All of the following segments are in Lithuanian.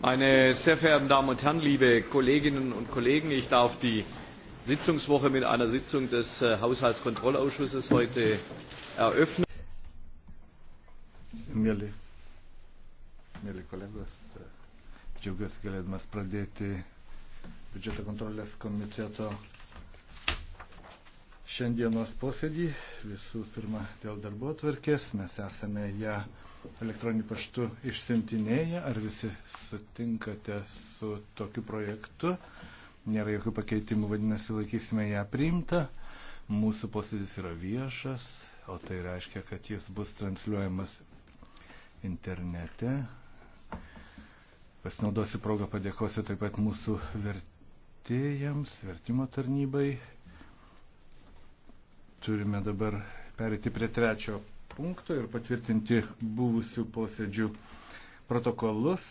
Meine sehr verehrten Damen und Herren, liebe Kolleginnen und Kollegen, ich darf die Sitzungswoche mit einer Sitzung des äh, Haushaltskontrollausschusses heute eröffnen. Mėly, mėly kolegos, Džiaugiuosi galėdamas pradėti biudžeto kontrolės komiteto šiandienos posėdį. Visų pirma, dėl darbo tvarkės mes esame ją elektroniniu paštu išsintinėję. Ar visi sutinkate su tokiu projektu? Nėra jokių pakeitimų, vadinasi, laikysime ją priimtą. Mūsų posėdis yra viešas, o tai reiškia, kad jis bus transliuojamas internete Pasinaudosiu progą padėkosiu taip pat mūsų vertėjams, vertimo tarnybai. Turime dabar perėti prie trečio punkto ir patvirtinti buvusių posėdžių protokolus.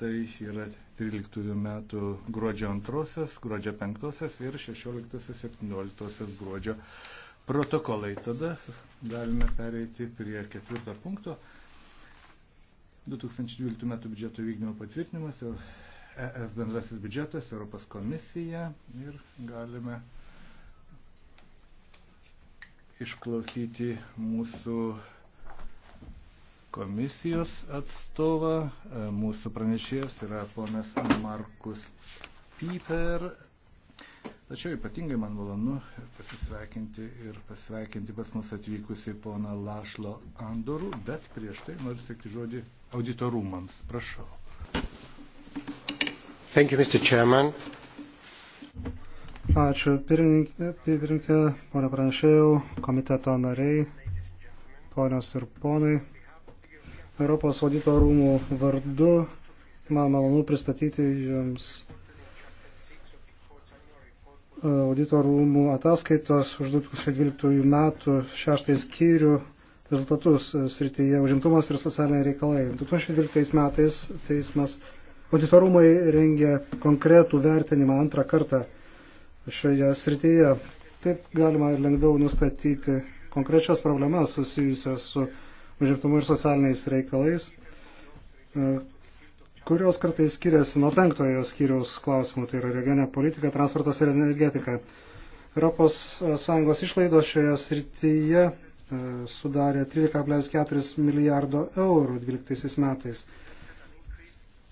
Tai yra 13 metų gruodžio 2, gruodžio 5 ir 16-17 gruodžio protokolai. Tada galime pereiti prie ketvirto punkto. 2012 m. biudžeto vykdymo patvirtinimas, ES e bendrasis biudžetas, Europos komisija ir galime išklausyti mūsų komisijos atstovą. E, mūsų pranešėjas yra ponas Markus Piper. Tačiau ypatingai man malonu pasisveikinti ir pasveikinti pas mus atvykusi poną Lašlo Andorų, bet prieš tai noriu sakyti žodį auditorumams. Prašau. Thank you, Mr. Chairman. Ačiū pirmininkė, pirmininkė ponio pranešėjau, komiteto nariai, ponios ir ponai. Europos audito rūmų vardu man malonu pristatyti jums audito rūmų ataskaitos už 2012 metų šeštąjį skyrių rezultatus srityje užimtumas ir socialiniai reikalai. 2012 metais teismas auditorumai rengė konkretų vertinimą antrą kartą šioje srityje. Taip galima ir lengviau nustatyti konkrečias problemas susijusias su užimtumu ir socialiniais reikalais, kurios kartais skiriasi nuo penktojo skyriaus klausimų, tai yra regionė politika, transportas ir energetika. ES e, išlaidos šioje srityje e, sudarė 13,4 milijardo eurų 12 metais.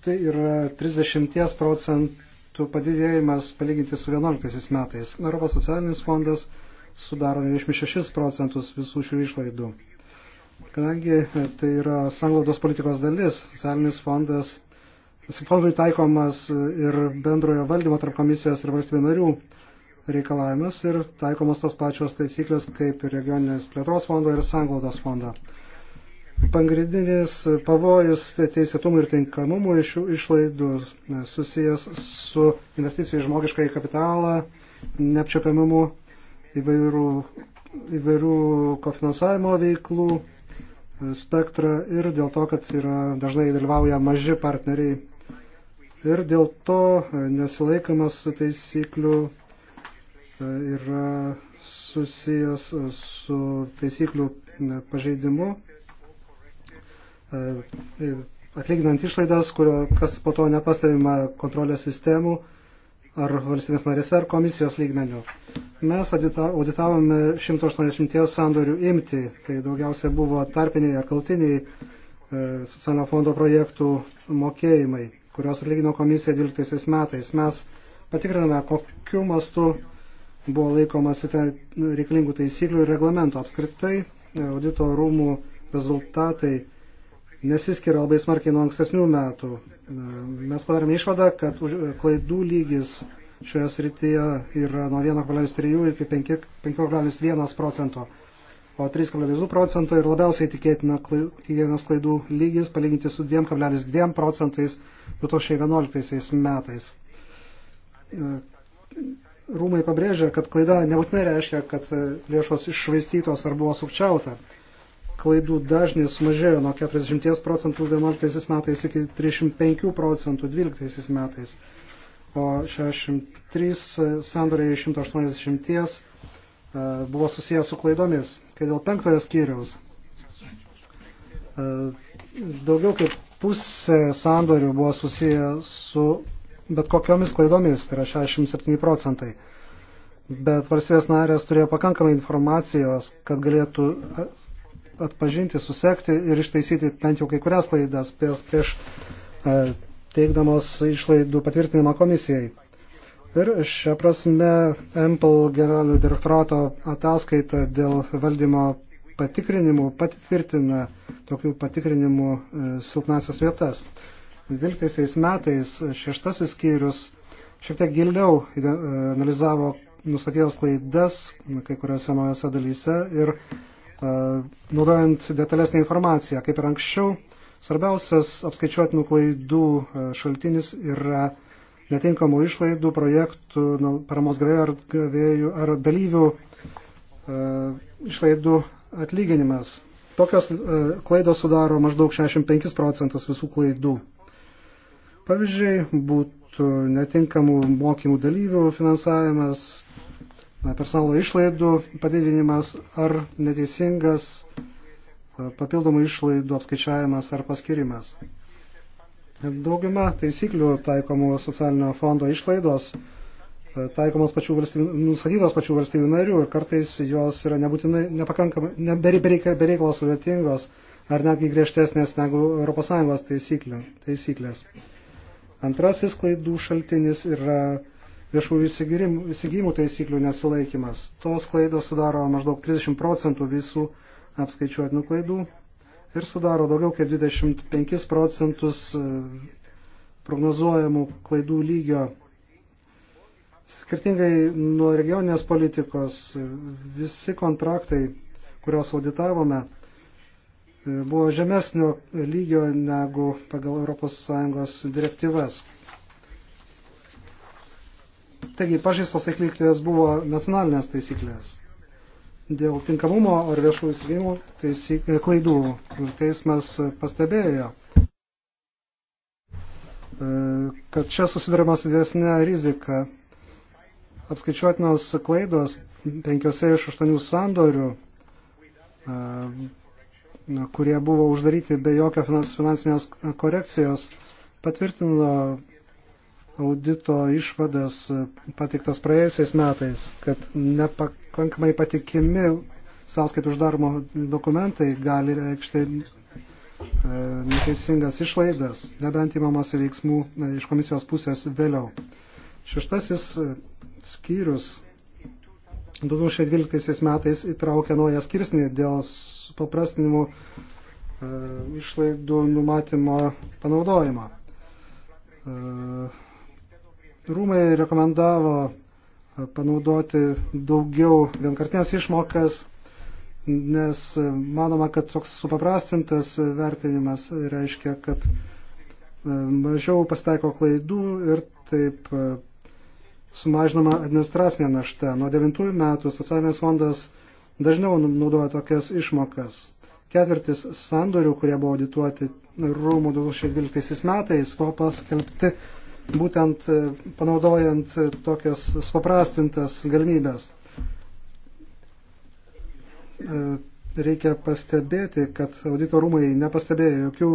Tai yra 30 procentų padidėjimas palyginti su 11 metais. Europos socialinis fondas sudaro 26 procentus visų šių išlaidų. Kadangi e, tai yra sanglaudos politikos dalis, socialinis fondas fondui taikomas ir bendrojo valdymo tarp komisijos ir valstybių narių reikalavimas ir taikomas tos pačios taisyklės kaip ir regioninės plėtros fondo ir sanglaudos fondo. Pagrindinis pavojus teisėtumui ir tinkamumui iš išlaidų susijęs su investicijų į žmogišką į kapitalą, neapčiapiamumu įvairių, įvairių kofinansavimo veiklų spektrą ir dėl to, kad yra dažnai dalyvauja maži partneriai ir dėl to e, nesilaikamas taisyklių e, yra susijęs su taisyklių e, pažeidimu, atlyginant išlaidas, kurio, kas po to nepastebima kontrolės sistemų ar valstybės narėse ar komisijos lygmenių. Mes auditavome 180 sandorių imti, tai daugiausia buvo tarpiniai ar kaltiniai socialinio fondo projektų mokėjimai kurios atlygino komisija 12 metais. Mes patikriname, kokiu mastu buvo laikomasi reikalingų taisyklių ir reglamento. Apskritai audito rūmų rezultatai nesiskiria labai smarkiai nuo ankstesnių metų. Mes padarėme išvadą, kad klaidų lygis šioje srityje yra nuo 1,3 iki 5,1 procento o 3,2 procento ir labiausiai tikėtinas klaidų lygis palyginti su 2,2 procentais 2011 metais. E, rūmai pabrėžia, kad klaida nebūtinai reiškia, kad lėšos iššvaistytos ar buvo sukčiauta. Klaidų dažnis sumažėjo nuo 40 procentų 11 metais iki 35 procentų 12 metais, o 63 sandoriai 180 E, buvo susijęs su klaidomis. Kai dėl penktojo skyriaus e, daugiau kaip pusė sandorių buvo susiję su bet kokiomis klaidomis, tai yra 67 procentai. Bet valstybės narės turėjo pakankamai informacijos, kad galėtų atpažinti, susekti ir ištaisyti bent jau kai kurias klaidas prieš e, teikdamos išlaidų patvirtinimą komisijai. Ir šią prasme Ample generalinio direktorato ataskaita dėl valdymo patikrinimų patvirtina tokių patikrinimų e, silpnasias vietas. 12 metais šeštasis skyrius šiek tiek giliau e, analizavo nustatytas klaidas kai kuriuose naujose dalyse ir e, naudojant detalesnį informaciją, kaip ir anksčiau, svarbiausias apskaičiuotinų klaidų šaltinis yra netinkamų išlaidų projektų nu, paramos gavėjų ar, ar dalyvių e, išlaidų atlyginimas. Tokios e, klaidos sudaro maždaug 65 procentus visų klaidų. Pavyzdžiai būtų netinkamų mokymų dalyvių finansavimas, personalo išlaidų padidinimas ar neteisingas e, papildomų išlaidų apskaičiavimas ar paskirimas. Dauguma taisyklių taikomų socialinio fondo išlaidos e, taikomos pačių valstybių, nusakytos pačių valstybių narių ir kartais jos yra nebūtinai nepakankamai, bereikalo sudėtingos ar netgi griežtesnės negu ES taisyklės. Antrasis klaidų šaltinis yra viešųjų įsigymų taisyklių nesilaikimas. Tos klaidos sudaro maždaug 30 procentų visų apskaičiuotinų klaidų ir sudaro daugiau kaip 25 procentus e, prognozuojamų klaidų lygio. Skirtingai nuo regioninės politikos, visi kontraktai, kuriuos auditavome, e, buvo žemesnio lygio negu pagal ES direktyvas. Taigi, pažįstos taisyklės buvo nacionalinės taisyklės. Dėl tinkamumo ar viešų įsigymų taisyk... E, klaidų teismas pastebėjo, e, kad čia susidurima su didesnė rizika. Apskaičiuotinos klaidos penkiose iš aštuonių sandorių e, kurie buvo uždaryti be jokio finansinės korekcijos, patvirtino audito išvadas patiktas praėjusiais metais, kad nepakankamai patikimi sąskaitų uždarmo dokumentai gali reikšti e, neteisingas išlaidas, nebent įmamas veiksmų e, iš komisijos pusės vėliau. Šeštasis e, skyrius 2012 metais įtraukė naują skirsnį dėl paprastinimų e, išlaidų numatymo panaudojimo. E, Rūmai rekomendavo e, panaudoti daugiau vienkartinės išmokas, nes e, manoma, kad toks supaprastintas vertinimas reiškia, kad e, mažiau pasitaiko klaidų ir taip sumažinama administracinė našta. Nuo 9 metų socialinis fondas dažniau nu-, naudoja tokias išmokas. Ketvirtis sandorių, kurie buvo audituoti rūmų 2012 metais, buvo paskelbti būtent e, panaudojant e, tokias supaprastintas galimybės. E, reikia pastebėti, kad auditorumai nepastebėjo jokių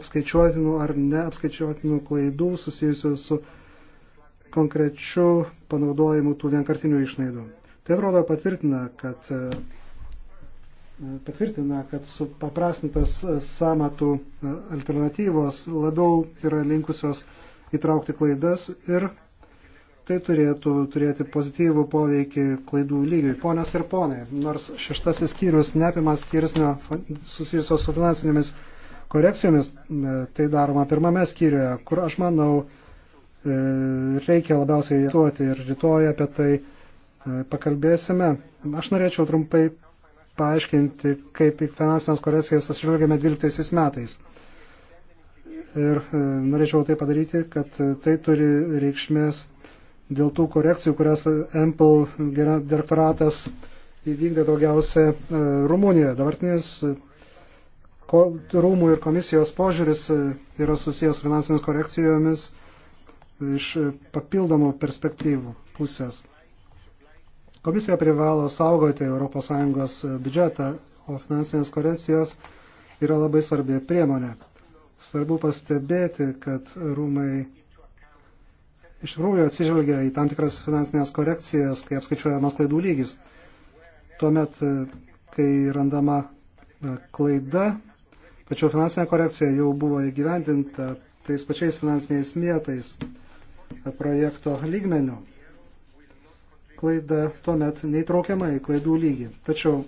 apskaičiuotinų ar neapskaičiuotinų klaidų susijusių su konkrečiu panaudojimu tų vienkartinių išnaidų. Tai atrodo patvirtina, kad, patvirtina, kad supaprastintas samatų alternatyvos labiau yra linkusios uh, įtraukti klaidas ir tai turėtų turėti pozityvų poveikį klaidų lygiui. Ponios ir ponai, nors šeštasis skyrius neapima skirsnio susijusios su finansinėmis korekcijomis, e, tai daroma pirmame skyriuje, kur aš manau e, reikia labiausiai tuoti ir rytoj apie tai e, pakalbėsime. Aš norėčiau trumpai paaiškinti, kaip į finansinės korekcijas atsižvelgiame 12 metais. Ir e, norėčiau tai padaryti, kad e, tai turi reikšmės dėl tų korekcijų, kurias Apple direktoratas įvykdė daugiausia e, Rumunijoje. Dabartinis rūmų ir komisijos požiūris yra susijęs su finansinėmis korekcijomis iš papildomų perspektyvų pusės. Komisija privalo saugoti ES biudžetą, o finansinės korekcijos yra labai svarbi priemonė. Svarbu pastebėti, kad rūmai iš tikrųjų atsižvelgia į tam tikras finansinės korekcijas, kai apskaičiuojamas klaidų lygis. Tuomet, kai randama klaida, tačiau finansinė korekcija jau buvo įgyvendinta tais pačiais finansiniais mėtais projekto lygmenių. Klaida tuomet neįtraukiama į klaidų lygį. Tačiau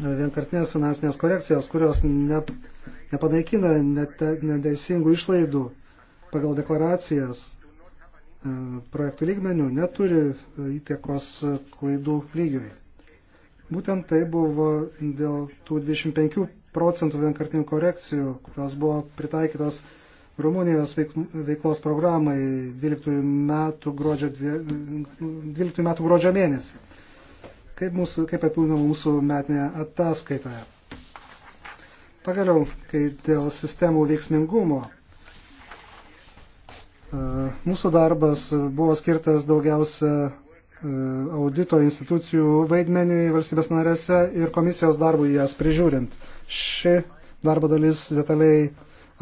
vienkartinės finansinės korekcijos, kurios ne, nepanaikina neteisingų išlaidų pagal deklaracijas e, projektų lygmenių, neturi e, įtiekos klaidų lygiui. Būtent tai buvo dėl tų 25 procentų vienkartinių korekcijų, kurios buvo pritaikytos Rumunijos veiklos programai 12 metų gruodžio, 12 metų gruodžio mėnesį. Kaip, mūsų, kaip apilino mūsų metinė ataskaitoje. Pagaliau, kai dėl sistemų veiksmingumo e, mūsų darbas buvo skirtas daugiausia e, audito institucijų vaidmeniui valstybės narėse ir komisijos darbui jas prižiūrint. Ši darbo dalis detaliai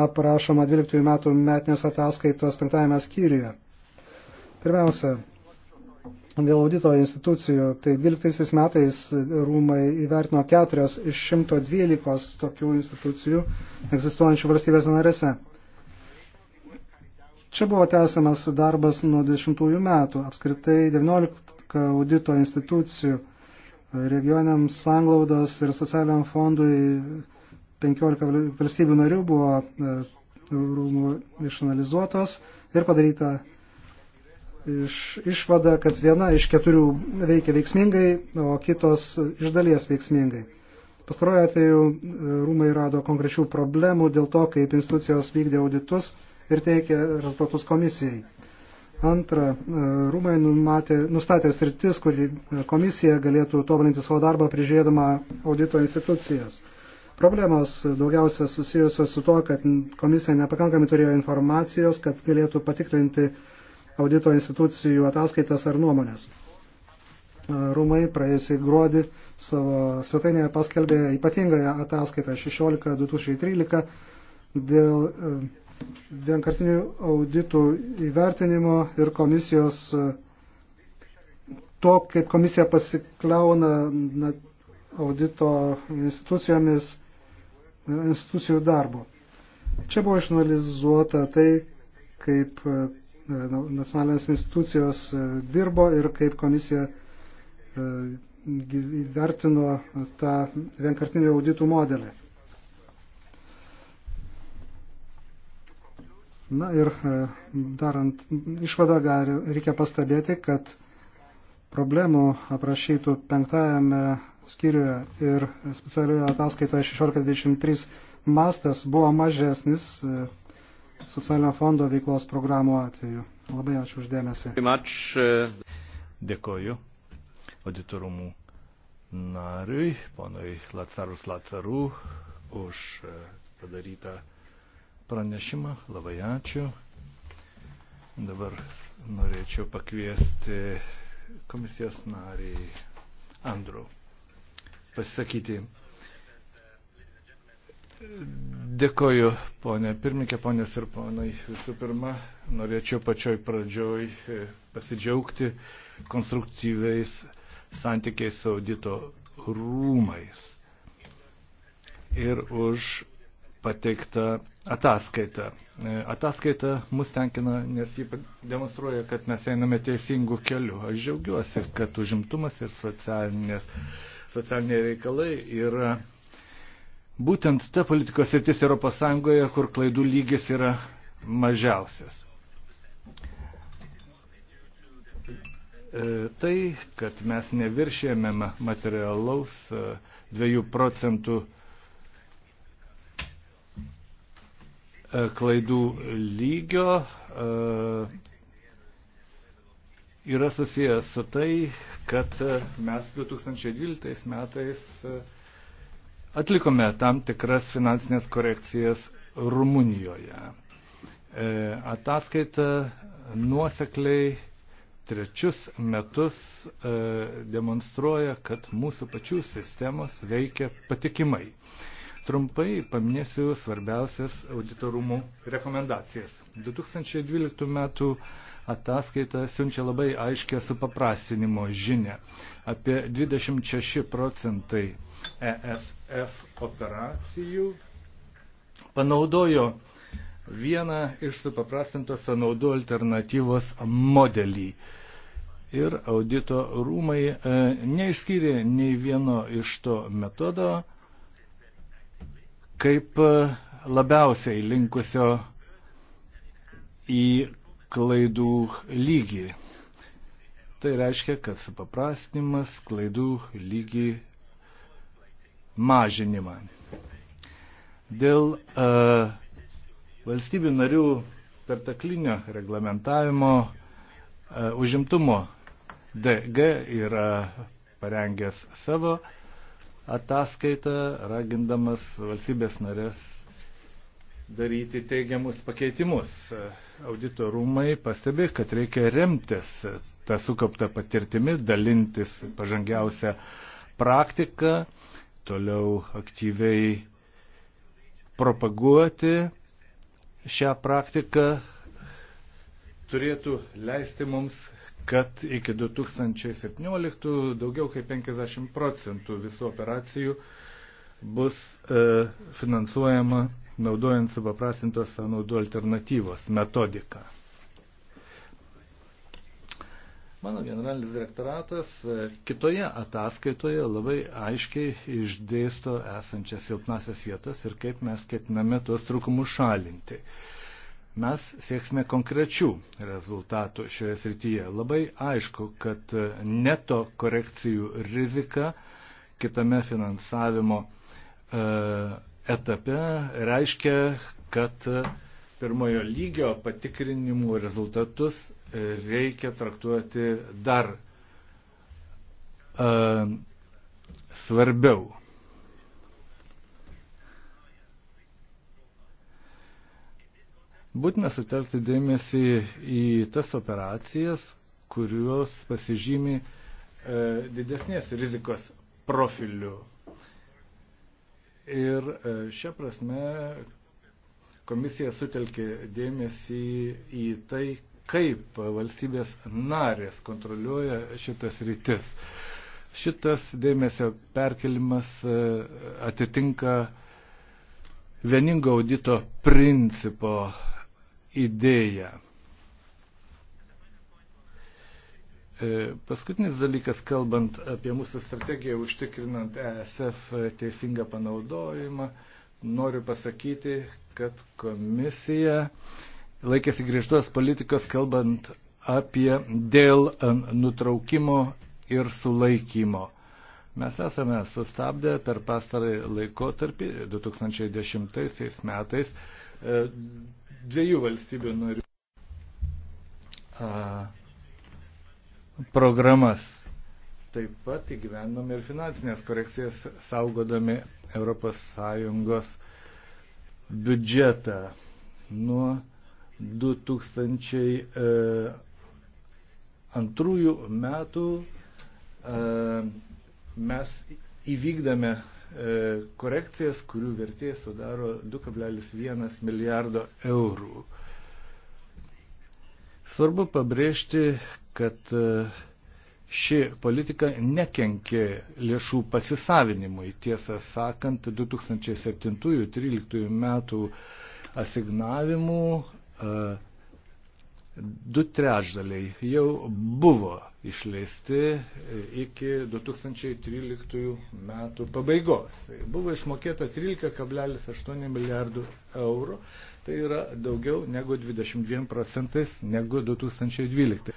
aprašoma 12 metų metinės ataskaitos penktame skyriuje. Pirmiausia, Dėl audito institucijų, tai 12 metais rūmai įvertino 4 iš 112 tokių institucijų egzistuojančių valstybės narėse. Čia buvo tęsiamas darbas nuo 20 metų. Apskritai 19 audito institucijų regioniams sanglaudos ir socialiniam fondui 15 valstybių narių buvo e, rūmų išanalizuotos ir padaryta iš, išvada, kad viena iš keturių veikia veiksmingai, o kitos iš dalies veiksmingai. Pastaruoju atveju e, rūmai rado konkrečių problemų dėl to, kaip institucijos vykdė auditus ir teikė rezultatus komisijai. Antra, e, rūmai numatė, nustatė sritis, kurį komisija galėtų tobulinti savo darbą prižiūrėdama audito institucijas. Problemos daugiausia susijusios su to, kad komisija nepakankamai turėjo informacijos, kad galėtų patikrinti uh, audito institucijų ataskaitas ar nuomonės. Rūmai praėjusį gruodį savo svetainėje paskelbė ypatingąją ataskaitą 16-2013 dėl e, vienkartinių auditų įvertinimo ir komisijos e, to, kaip komisija pasikliauna na, audito institucijomis, institucijų darbo. Čia buvo išanalizuota tai, kaip e, E, nacionalinės institucijos e, dirbo ir kaip komisija e, vertino tą vienkartinį auditų modelį. Na ir darant išvadą, gal reikia pastebėti, kad problemų aprašytų penktajame skyriuje ir specialioje ataskaitoje 1623 mastas buvo mažesnis socialinio fondo veiklos programų atveju. Labai ačiū uždėmesi. Uh, Dėkoju auditorumų nariui, ponui Lacarus Lacarų, už uh, padarytą pranešimą. Labai ačiū. Dabar norėčiau pakviesti komisijos narį Andrų pasisakyti Dėkoju, ponė pirmininkė, ponės ir ponai. Visų pirma, norėčiau pačioj pradžioj e, pasidžiaugti konstruktyviais santykiais su audito rūmais ir už pateiktą ataskaitą. E, ataskaita mus tenkina, nes jį demonstruoja, kad mes einame teisingų kelių. Aš džiaugiuosi, kad užimtumas ir socialinės, socialiniai reikalai yra. Ir būtent ta politikos sritis ES, kur klaidų lygis yra mažiausias. E, tai, kad mes neviršėjame materialaus 2 e, procentų e, klaidų lygio, yra susijęs su tai, kad mes 2012 metais atlikome tam tikras finansinės korekcijas Rumunijoje. E, ataskaita nuosekliai trečius metus e, demonstruoja, kad mūsų pačių sistemos veikia patikimai. Trumpai paminėsiu svarbiausias auditorumų rekomendacijas. 2012 metų ataskaita siunčia labai aiškę supaprastinimo žinę. Apie 26 procentai ESF operacijų panaudojo vieną iš supaprastintos sąnaudų alternatyvos modelį. Ir audito rūmai e, neišskyrė nei vieno iš to metodo kaip e, labiausiai linkusio į klaidų lygį. Tai reiškia, kad supaprastinimas klaidų lygį mažinimą. Dėl uh, valstybių narių pertaklinio reglamentavimo uh, užimtumo DG yra parengęs savo ataskaitą, ragindamas valstybės narės daryti teigiamus pakeitimus. Audito rūmai pastebi, kad reikia remtis tą sukauptą patirtimi, dalintis pažangiausią praktiką, toliau aktyviai propaguoti šią praktiką turėtų leisti mums, kad iki 2017 daugiau kaip 50 procentų visų operacijų bus e, finansuojama naudojant supaprastintos sąnaudų alternatyvos metodiką. Mano generalinis direktoratas e, kitoje ataskaitoje labai aiškiai išdėsto esančias silpnasias vietas ir kaip mes ketiname tuos trūkumus šalinti. Mes sieksime konkrečių rezultatų šioje srityje. Labai aišku, kad e, neto korekcijų rizika kitame finansavimo e, etape reiškia, kad pirmojo lygio patikrinimų rezultatus reikia traktuoti dar uh, svarbiau. Būtina sutelkti dėmesį į tas operacijas, kurios pasižymi e, didesnės rizikos profiliu. Ir e, šia prasme komisija sutelkė dėmesį į tai, kaip valstybės narės kontroliuoja šitas rytis. Šitas dėmesio perkelimas e, atitinka vieningo audito principo idėją. E, paskutinis dalykas, kalbant apie mūsų strategiją užtikrinant ESF teisingą panaudojimą, noriu pasakyti, kad komisija laikėsi griežtos politikos, kalbant apie dėl nutraukimo ir sulaikymo. Mes esame sustabdę per pastarąjį laikotarpį 2010 metais e, dviejų valstybių narių programas. Taip pat įgyvendome ir finansinės korekcijas saugodami ES biudžetą nuo 2002 metų e, mes įvykdame e, korekcijas, kurių vertė sudaro 2,1 milijardo eurų. Svarbu pabrėžti, kad e, ši politika nekenkė lėšų pasisavinimui. Tiesą sakant, 2007-2013 metų asignavimų E, du trečdaliai jau buvo išleisti e, iki 2013 metų pabaigos. Tai buvo išmokėta 13,8 milijardų eurų, tai yra daugiau negu 22 procentais negu 2012.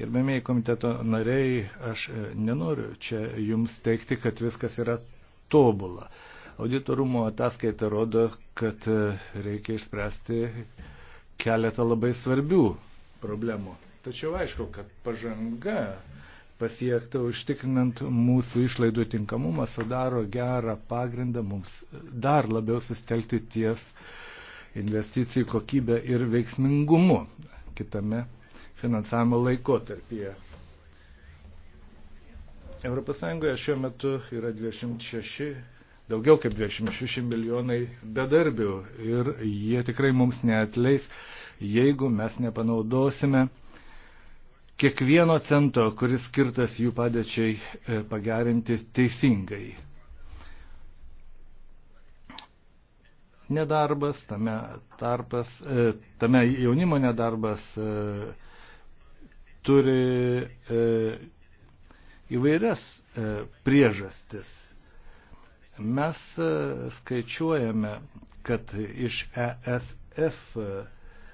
Gerbėmiai komiteto nariai, aš e, nenoriu čia jums teikti, kad viskas yra tobula. Auditorumo ataskaita rodo, kad reikia išspręsti keletą labai svarbių problemų. Tačiau aišku, kad pažanga pasiekta užtikrinant mūsų išlaidų tinkamumą sudaro gerą pagrindą mums dar labiau sustelkti ties investicijų kokybę ir veiksmingumu kitame finansavimo laikotarpyje. ES šiuo metu yra 26 daugiau kaip 26 milijonai bedarbių ir jie tikrai mums neatleis, jeigu mes nepanaudosime kiekvieno cento, kuris skirtas jų padėčiai e, pagerinti teisingai. Nedarbas, tame, tarpas, e, tame jaunimo nedarbas e, turi įvairias priežastis Mes e, skaičiuojame, kad iš ESF e,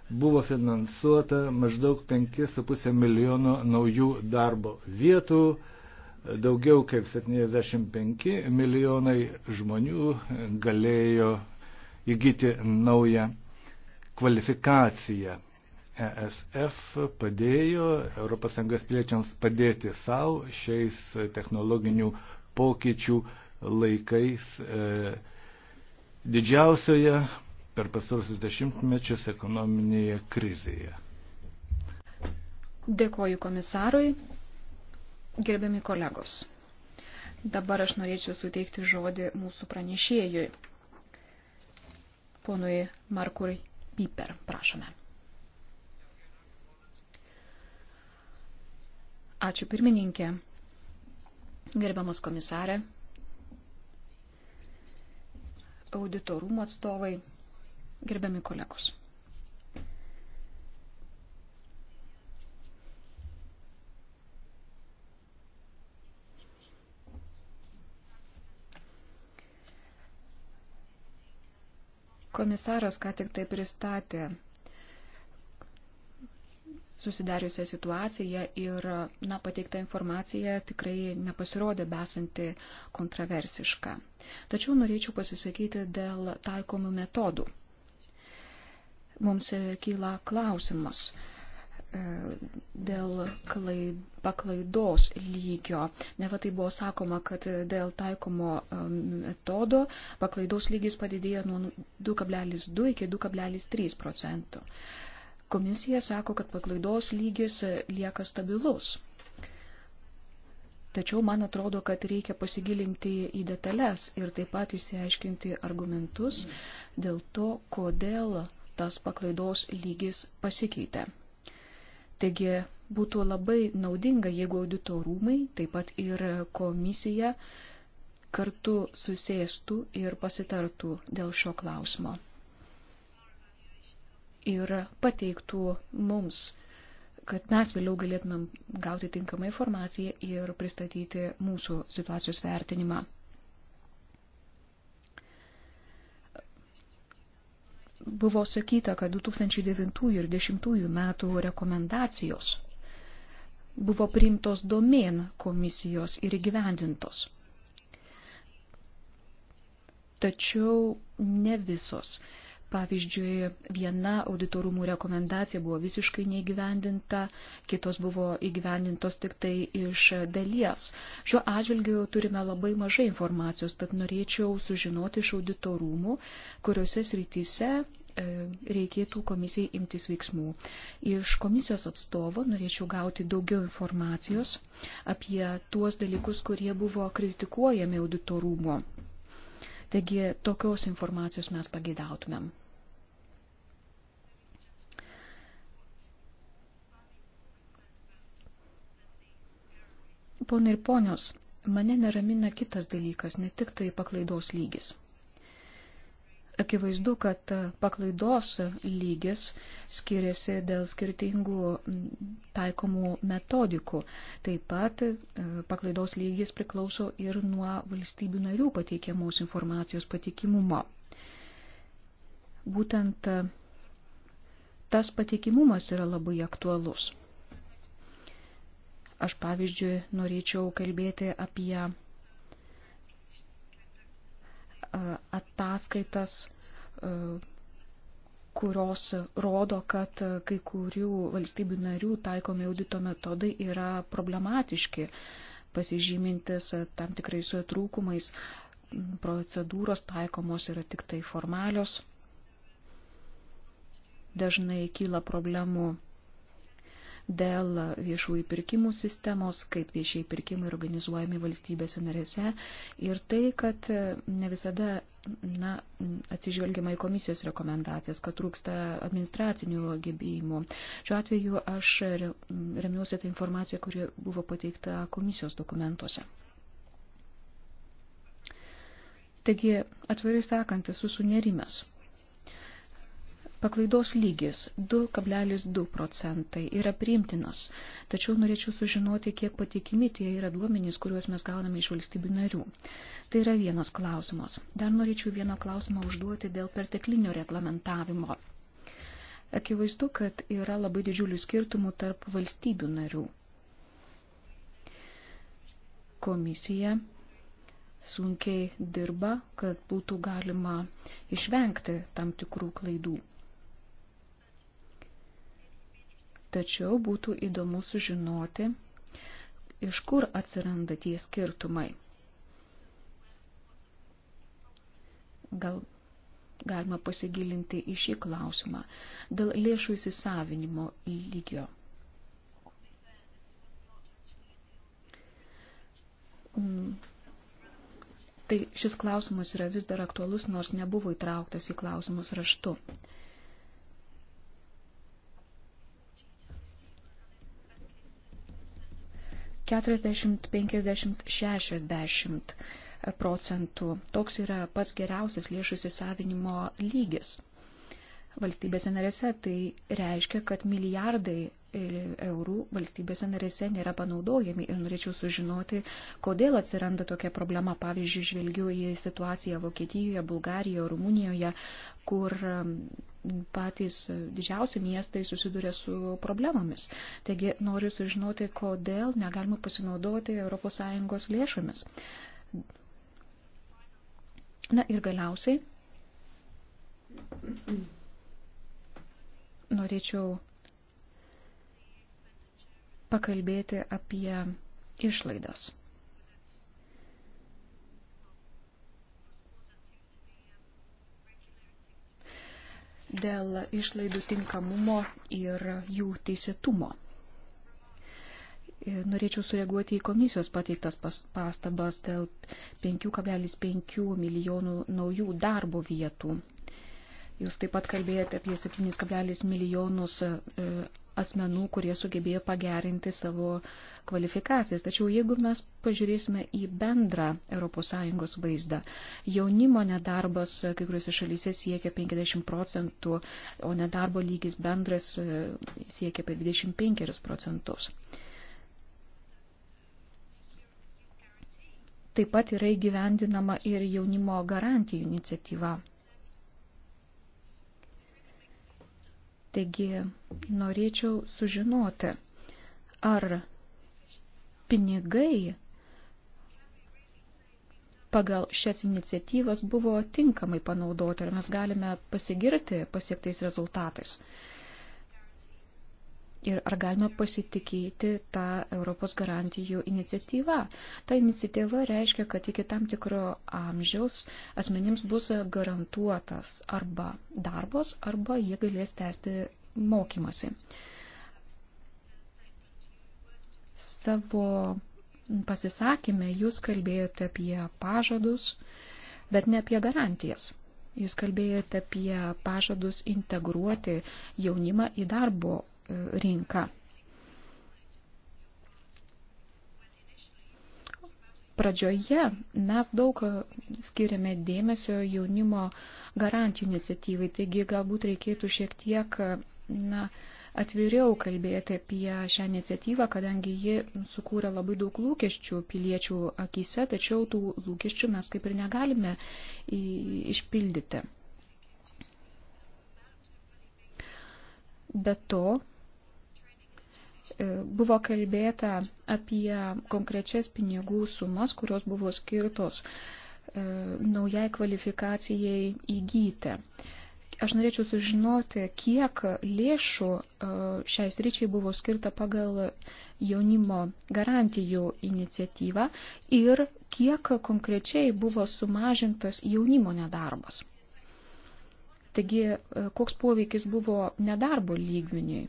buvo finansuota maždaug 5,5 milijono naujų darbo vietų, daugiau kaip 75 milijonai žmonių e, galėjo įgyti naują kvalifikaciją. ESF padėjo ES piliečiams padėti savo šiais technologinių pokyčių laikais e, didžiausioje per pastarusius dešimtmečius ekonominėje krizėje. Dėkoju komisarui, gerbiami kolegos. Dabar aš norėčiau suteikti žodį mūsų pranešėjui, ponui Markui Piper, prašome. Ačiū pirmininkė, gerbiamas komisarė, auditorumo atstovai, gerbiami kolegos. Komisaras ką tik tai pristatė susidariusią situaciją ir na, pateikta informacija tikrai nepasirodė besanti kontroversiška. Tačiau norėčiau pasisakyti dėl taikomų metodų. Mums kyla klausimas e, dėl klaid, paklaidos lygio. Ne va tai buvo sakoma, kad dėl taikomo e, metodo paklaidos lygis padidėjo nuo 2,2 iki 2,3 procentų. Komisija sako, kad paklaidos lygis lieka stabilus. Tačiau man atrodo, kad reikia pasigilinti į detalės ir taip pat įsiaiškinti argumentus dėl to, kodėl tas paklaidos lygis pasikeitė. Taigi būtų labai naudinga, jeigu auditorumai, taip pat ir komisija kartu susėstų ir pasitartų dėl šio klausimo ir pateiktų mums, kad mes vėliau galėtumėm gauti tinkamą informaciją ir pristatyti mūsų situacijos vertinimą. Buvo sakyta, kad 2009 ir 2010 metų rekomendacijos buvo priimtos domen komisijos ir įgyvendintos. Tačiau ne visos. Pavyzdžiui, viena auditorumų rekomendacija buvo visiškai neįgyvendinta, kitos buvo įgyvendintos tik tai iš dalies. Šiuo atžvilgiu turime labai mažai informacijos, tad norėčiau sužinoti iš auditorumų, kuriuose srityse e, reikėtų komisijai imtis veiksmų. Iš komisijos atstovo norėčiau gauti daugiau informacijos apie tuos dalykus, kurie buvo kritikuojami auditorumo Taigi tokios informacijos mes pageidautumėm. Pone ir ponios, mane neramina kitas dalykas, ne tik tai paklaidos lygis. Akivaizdu, kad e, paklaidos lygis skiriasi dėl skirtingų taikomų metodikų. Taip pat e, paklaidos lygis priklauso ir nuo valstybių narių pateikiamos informacijos patikimumo. Būtent e, tas patikimumas yra labai aktualus. Aš pavyzdžiui norėčiau kalbėti apie ataskaitas, kurios rodo, kad kai kurių valstybių narių taikomi audito metodai yra problematiški, pasižymintis tam tikrais trūkumais, procedūros taikomos yra tik tai formalios, dažnai kyla problemų dėl viešųjų pirkimų sistemos, kaip viešieji pirkimai organizuojami valstybėse narėse ir tai, kad e, ne visada na, atsižvelgiama į komisijos rekomendacijas, kad trūksta administracinių gebėjimų. Šiuo atveju aš remiuosi tą informaciją, kuri buvo pateikta komisijos dokumentuose. Taigi, atvirai sakant, esu sunerimęs. Paklaidos lygis 2,2 procentai yra priimtinas, tačiau norėčiau sužinoti, kiek patikimi tie yra duomenys, kuriuos mes gauname iš valstybių narių. Tai yra vienas klausimas. Dar norėčiau vieną klausimą užduoti dėl perteklinio reglamentavimo. Akivaizdu, kad yra labai didžiulių skirtumų tarp valstybių narių. Komisija sunkiai dirba, kad būtų galima išvengti tam tikrų klaidų. tačiau būtų įdomu sužinoti, iš kur atsiranda tie skirtumai. Gal galima pasigilinti į šį klausimą dėl lėšų įsisavinimo lygio. Mm. Tai šis klausimas yra vis dar aktualus, nors nebuvo įtrauktas į klausimus raštu. 40-50-60 procentų. Toks yra pats geriausias lėšų įsisavinimo lygis. Valstybėse narėse tai reiškia, kad milijardai E, eurų valstybėse narėse nėra panaudojami ir norėčiau sužinoti, kodėl atsiranda tokia problema. Pavyzdžiui, žvelgiu į situaciją Vokietijoje, Bulgarijoje, Rumunijoje, kur patys didžiausi miestai susiduria su problemomis. Taigi noriu sužinoti, kodėl negalima pasinaudoti ES lėšomis. Na ir galiausiai norėčiau pakalbėti apie išlaidas. Dėl išlaidų tinkamumo ir jų teisėtumo. Norėčiau sureaguoti į komisijos pateiktas pastabas dėl 5,5 milijonų naujų darbo vietų Jūs taip pat kalbėjote apie 7,5 milijonus e, asmenų, kurie sugebėjo pagerinti savo kvalifikacijas. Tačiau jeigu mes pažiūrėsime į bendrą ES vaizdą, jaunimo nedarbas e, kai kuriuose šalyse siekia 50 procentų, o nedarbo lygis bendras e, siekia apie 25 procentus. Taip pat yra įgyvendinama ir jaunimo garantijų iniciatyva. Taigi norėčiau sužinoti, ar pinigai pagal šias iniciatyvas buvo tinkamai panaudoti, ar mes galime pasigirti pasiektais rezultatais ir ar galime pasitikėti tą Europos garantijų iniciatyvą. Ta iniciatyva reiškia, kad iki tam tikro amžiaus asmenims bus garantuotas arba darbos, arba jie galės tęsti mokymasi. Savo pasisakymę jūs kalbėjote apie pažadus, bet ne apie garantijas. Jūs kalbėjote apie pažadus integruoti jaunimą į darbo rinką. Pradžioje mes daug skiriame dėmesio jaunimo garantijų iniciatyvai, taigi galbūt reikėtų šiek tiek na, atviriau kalbėti apie šią iniciatyvą, kadangi ji sukūrė labai daug lūkesčių piliečių akise, tačiau tų lūkesčių mes kaip ir negalime išpildyti. Be to, E, buvo kalbėta apie konkrečias pinigų sumas, kurios buvo skirtos e, naujai kvalifikacijai įgyti. Aš norėčiau sužinoti, kiek lėšų e, šiai sričiai buvo skirta pagal jaunimo garantijų iniciatyvą ir kiek konkrečiai buvo sumažintas jaunimo nedarbas. Taigi, koks poveikis buvo nedarbo lygmeniui.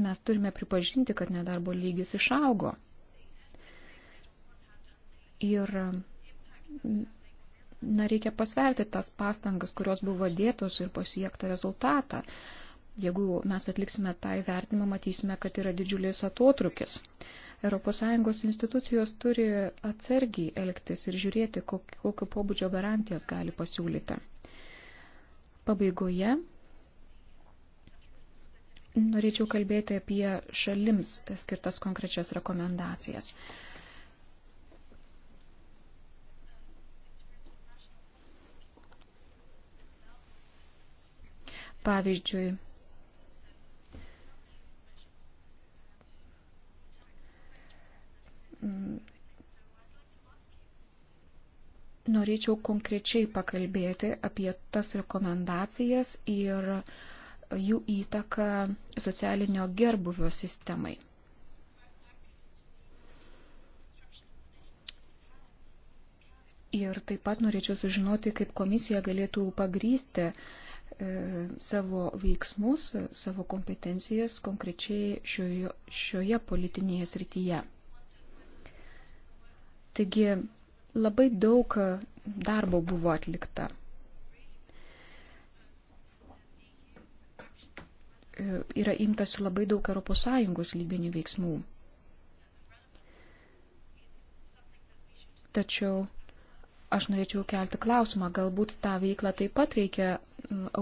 mes turime pripažinti, kad nedarbo lygis išaugo. Ir na, reikia pasverti tas pastangas, kurios buvo dėtos ir pasiektą rezultatą. Jeigu mes atliksime tą įvertimą, matysime, kad yra didžiulis atotrukis. ES institucijos turi atsargiai elgtis ir žiūrėti, kokio pobūdžio garantijas gali pasiūlyti. Pabaigoje Norėčiau kalbėti apie šalims skirtas konkrečias rekomendacijas. Pavyzdžiui, norėčiau konkrečiai pakalbėti apie tas rekomendacijas ir uh, jų įtaką socialinio gerbuvio sistemai. Ir taip pat norėčiau sužinoti, kaip komisija galėtų pagrysti e, savo veiksmus, savo kompetencijas konkrečiai šioje, šioje politinėje srityje. Taigi labai daug darbo buvo atlikta E, yra imtasi labai daug ES lygmenių veiksmų. Tačiau aš norėčiau kelti klausimą, galbūt tą veiklą taip pat reikia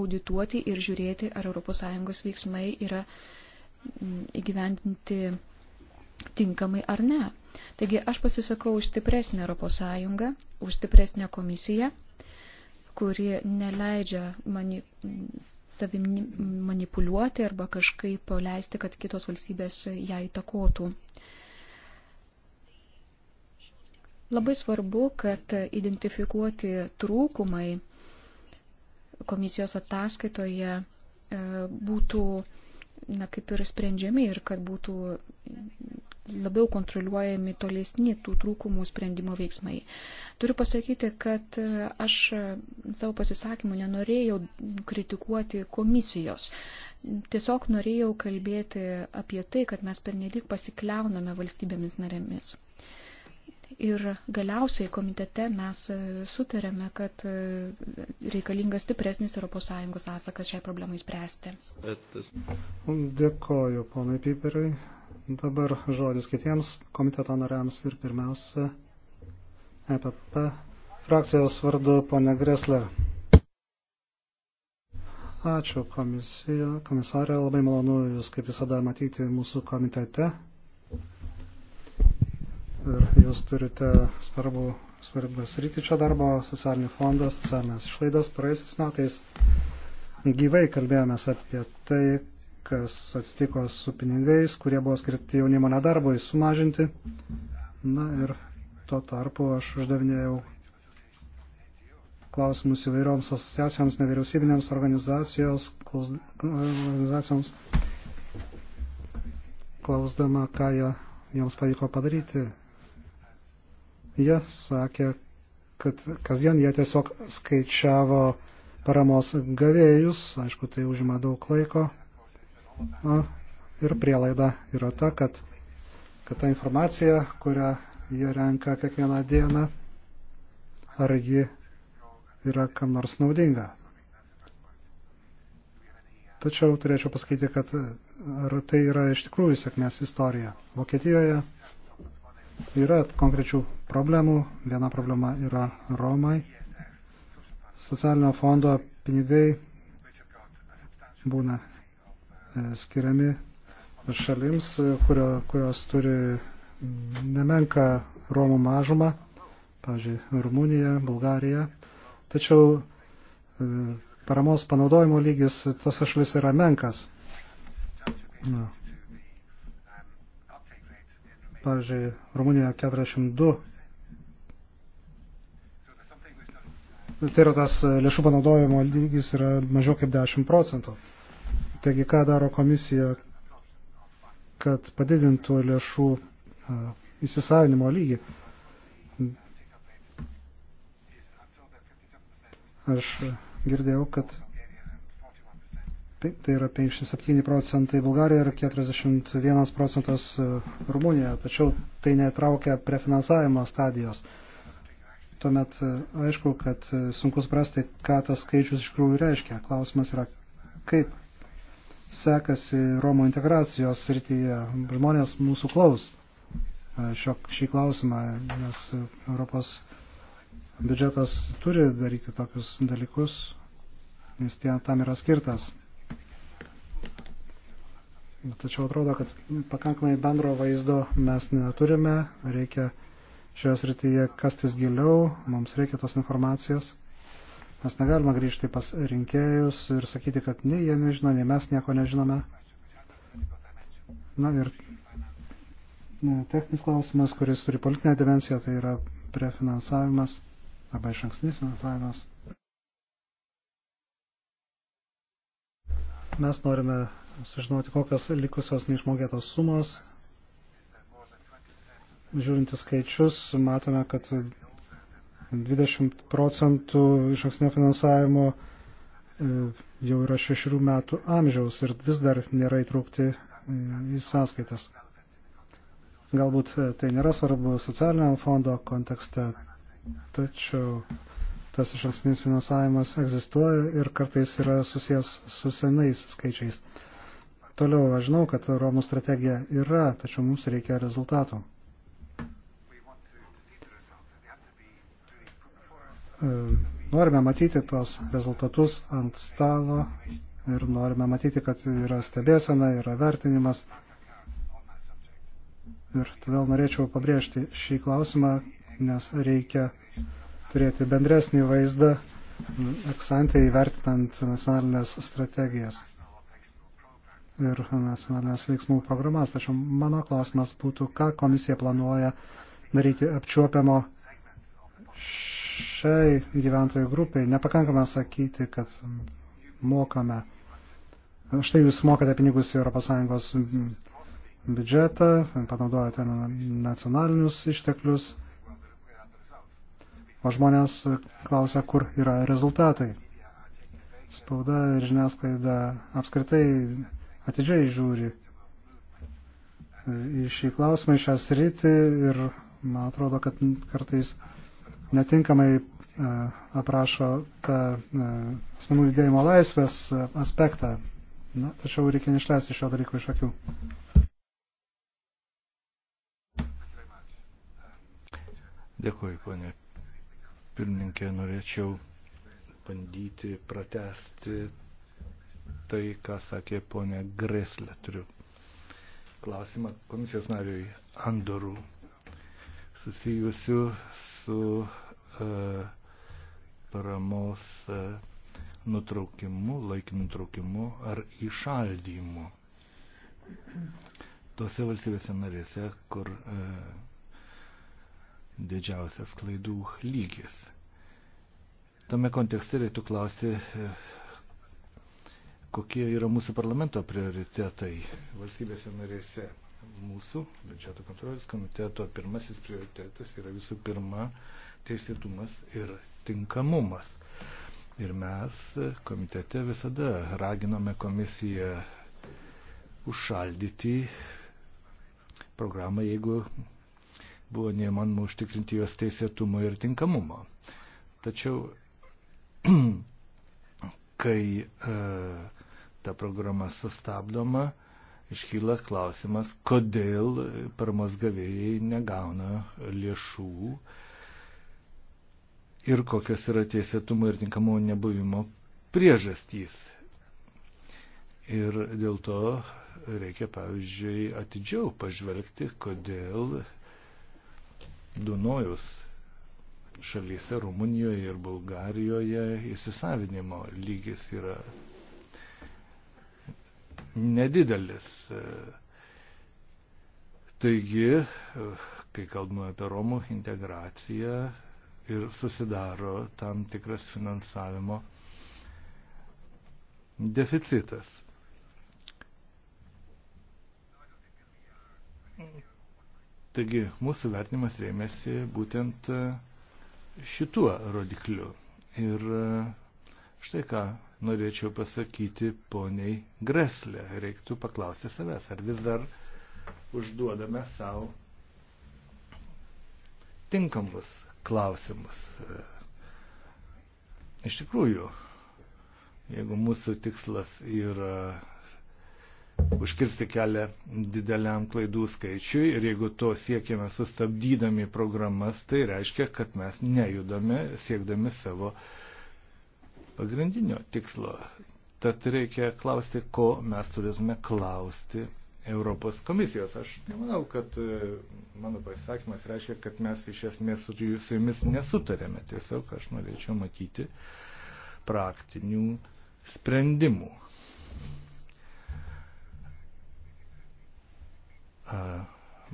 audituoti ir žiūrėti, ar ES veiksmai yra įgyvendinti tinkamai ar ne. Taigi aš pasisakau už stipresnę ES, už stipresnę komisiją kuri neleidžia mani, savim manipuliuoti arba kažkaip leisti, kad kitos valstybės ją įtakotų. Labai svarbu, kad identifikuoti trūkumai komisijos ataskaitoje e, būtų na, kaip ir sprendžiami ir kad būtų labiau kontroliuojami tolesni tų trūkumų sprendimo veiksmai. Turiu pasakyti, kad e, aš e, savo pasisakymu nenorėjau kritikuoti komisijos. Tiesiog norėjau kalbėti apie tai, kad mes pernelyg pasikliauname valstybėmis narėmis. Ir galiausiai komitete mes e, sutarėme, kad reikalingas stipresnis ES atsakas šiai problemai spręsti. Dėkoju, ponai Piperai. Dabar žodis kitiems komiteto nariams ir pirmiausia EPP frakcijos vardu ponė Gresler. Ačiū komisija, komisarė, labai malonu Jūs kaip visada matyti mūsų komitete. Ir Jūs turite svarbu, svarbu sritį čia darbo, socialinį fondą, socialinės išlaidas. Praėjusiais metais gyvai kalbėjomės apie tai, kas atsitiko su pinigais, kurie buvo skirti jaunimo nedarbui sumažinti. Na ir tuo tarpu aš uždavinėjau klausimus įvairioms asociacijoms, nevyriausybinėms organizacijoms, klaus, organizacijoms klausdama, ką jie, joms pavyko padaryti. Jie sakė, kad kasdien jie tiesiog skaičiavo paramos gavėjus, aišku, tai užima daug laiko Ir prielaida yra ta, kad, kad ta informacija, kurią jie renka kiekvieną dieną, ar ji yra kam nors naudinga. Tačiau turėčiau pasakyti, kad ar tai yra iš tikrųjų sėkmės istorija. Vokietijoje yra konkrečių problemų. Viena problema yra Romai. Socialinio fondo pinigai būna skiriami šalims, kurio, kurios turi nemenką Romų mažumą, pavyzdžiui, Rumunija, Bulgarija. Tačiau e, paramos panaudojimo lygis tose šalis yra menkas. Na. Pavyzdžiui, Rumunijoje 42. Tai yra tas lėšų panaudojimo lygis yra mažiau kaip 10 procentų. Taigi, ką daro komisija, kad padidintų lėšų įsisavinimo lygį? Aš girdėjau, kad tai yra 57 procentai Bulgarijoje ir 41 procentas Rumunijoje, tačiau tai netraukia prefinansavimo stadijos. Tuomet aišku, kad sunku suprasti, ką tas skaičius iš tikrųjų reiškia. Klausimas yra, kaip sekasi Romų integracijos srityje. Žmonės mūsų klaus e, šio, šį klausimą, nes Europos biudžetas turi daryti tokius dalykus, nes tie tam yra skirtas. Tačiau atrodo, kad pakankamai bendro vaizdo mes neturime, reikia šioje srityje kastis giliau, mums reikia tos informacijos. Mes negalime grįžti pas rinkėjus ir sakyti, kad nei jie nežino, nei mes nieko nežinome. Na ir techninis klausimas, kuris turi politinę dimensiją, tai yra prefinansavimas arba iš ankstinis finansavimas. Mes norime sužinoti, kokios likusios neišmokėtos sumos. Žiūrinti skaičius, matome, kad 20 procentų išaksnio finansavimo e, jau yra šešių metų amžiaus ir vis dar nėra įtraukti e, į sąskaitas. Galbūt e, tai nėra svarbu socialiniam fondo kontekste, tačiau tas išankstinis finansavimas egzistuoja ir kartais yra susijęs su senais skaičiais. Toliau, aš žinau, kad Romų strategija yra, tačiau mums reikia rezultatų. norime matyti tos rezultatus ant stalo ir norime matyti, kad yra stebėsena, yra vertinimas. Ir todėl norėčiau pabrėžti šį klausimą, nes reikia turėti bendresnį vaizdą eksantį įvertinant nacionalinės strategijas ir nacionalinės veiksmų programas. Tačiau mano klausimas būtų, ką komisija planuoja daryti apčiuopiamo šiai gyventojų grupiai nepakankama sakyti, kad mokame. Štai jūs mokate pinigus į ES biudžetą, panaudojate nacionalinius išteklius, o žmonės klausia, kur yra rezultatai. Spauda ir žiniasklaida apskritai atidžiai žiūri į šį klausimą, į šią sritį ir man atrodo, kad kartais netinkamai e, aprašo tą e, asmenų judėjimo laisvės e, aspektą. Na, tačiau reikia neišleisti šio dalyko iš akių. Dėkuoju, ponė. Pirmininkė, norėčiau bandyti pratesti tai, ką sakė ponė Greslė. Turiu klausimą komisijos nariui Andorų susijusiu su E, paramos e, nutraukimu, laikinu nutraukimu ar įšaldymu. Tose valstybėse narėse, kur e, didžiausias klaidų lygis. Tame kontekste reiktų klausti, e, kokie yra mūsų parlamento prioritetai valstybėse narėse. Mūsų biudžeto kontrolės komiteto pirmasis prioritetas yra visų pirma teisėtumas ir tinkamumas. Ir mes komitete visada raginome komisiją užšaldyti programą, jeigu buvo neįmanoma užtikrinti jos teisėtumo ir tinkamumo. Tačiau kai e, ta programa sustabdoma, iškyla klausimas, kodėl paramos gavėjai negauna lėšų e, ir kokios yra teisėtumo ir tinkamo nebuvimo priežastys. Ir dėl to reikia, pavyzdžiui, atidžiau pažvelgti, kodėl Dunojus šalyse, Rumunijoje ir Bulgarijoje įsisavinimo lygis yra nedidelis. Taigi, kai kalbame apie Romų integraciją, ir susidaro tam tikras finansavimo deficitas. Taigi mūsų vertinimas rėmėsi būtent šituo rodikliu. Ir štai ką norėčiau pasakyti poniai Greslė. Reiktų paklausti savęs, ar vis dar užduodame savo tinkamus klausimus. Iš tikrųjų, jeigu mūsų tikslas yra užkirsti kelią dideliam klaidų skaičiui ir jeigu to siekime sustabdydami programas, tai reiškia, kad mes nejudame siekdami savo pagrindinio tikslo. Tad reikia klausti, ko mes turėtume klausti Europos komisijos. Aš nemanau, kad e, mano pasisakymas reiškia, kad mes iš esmės su jumis nesutarėme. Tiesiog aš norėčiau matyti praktinių sprendimų.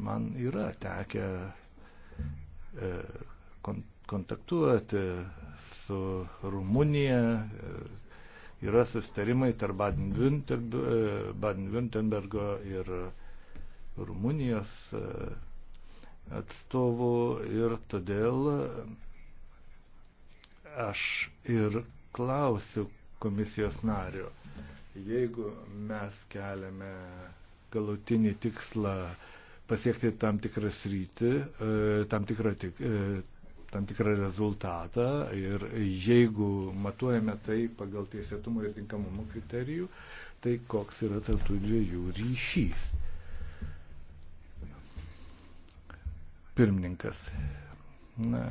Man yra tekę e, kontaktuoti su Rumunija, e, yra sustarimai tarp e, Baden-Württembergo ir Rumunijos e, atstovų ir todėl aš ir klausiu komisijos nario, jeigu mes keliame galutinį tikslą pasiekti tam tikrą sritį, e, tam tikrą tik, tam tikrą rezultatą ir jeigu matuojame tai pagal teisėtumo ir tinkamumo kriterijų, tai koks yra tarptų dviejų ryšys. Pirmininkas. Na,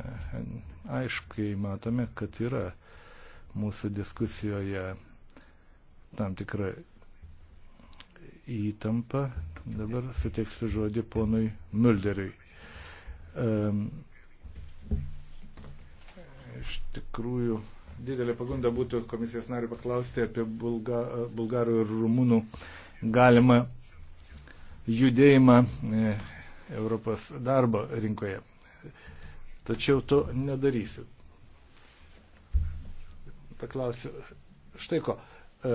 aiškiai matome, kad yra mūsų diskusijoje tam tikra įtampa. Dabar suteiksiu žodį ponui Mulderiui. Um, Iš tikrųjų, didelė pagunda būtų komisijos nariu paklausti apie bulga, bulgarų ir rumunų galimą judėjimą e, Europos darbo rinkoje. Tačiau to nedarysiu. Paklausiu, štai ko, e,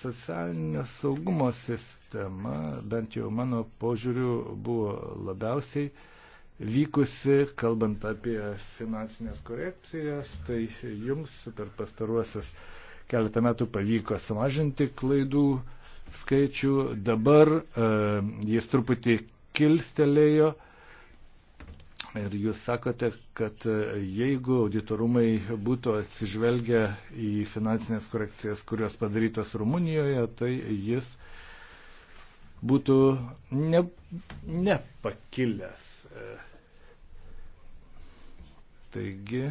socialinio saugumo sistema, bent jau mano požiūriu, buvo labiausiai vykusi, kalbant apie finansinės korekcijas, tai jums per pastaruosius keletą metų pavyko sumažinti klaidų skaičių, dabar e, jis truputį kilstelėjo ir jūs sakote, kad e, jeigu auditorumai būtų atsižvelgę į finansinės korekcijas, kurios padarytos Rumunijoje, tai jis būtų ne, nepakilęs. Taigi,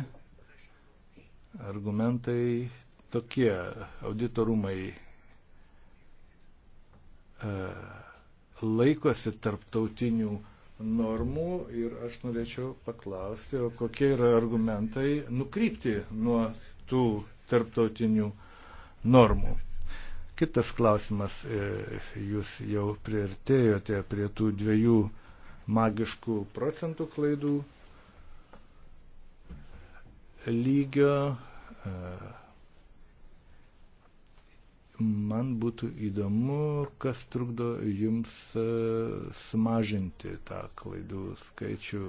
argumentai tokie auditorumai e, laikosi tarptautinių normų ir aš norėčiau paklausti, o kokie yra argumentai nukrypti nuo tų tarptautinių normų. Kitas klausimas, e, jūs jau priartėjote prie tų dviejų magiškų procentų klaidų lygio. E, man būtų įdomu, kas trukdo jums e, sumažinti tą klaidų skaičių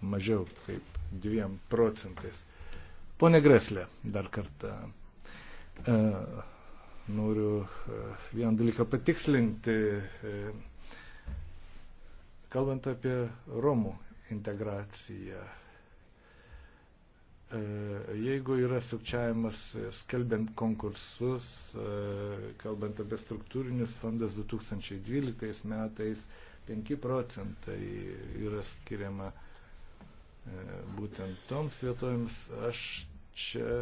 mažiau kaip dviem procentais. Pone Greslė, dar kartą e, noriu vieną dalyką patikslinti. Kalbant apie Romų integraciją, e, jeigu yra sukčiavimas e, skelbiant konkursus, e, kalbant apie struktūrinius fondas 2012 metais, 5 procentai yra skiriama būtent toms vietojams. Aš čia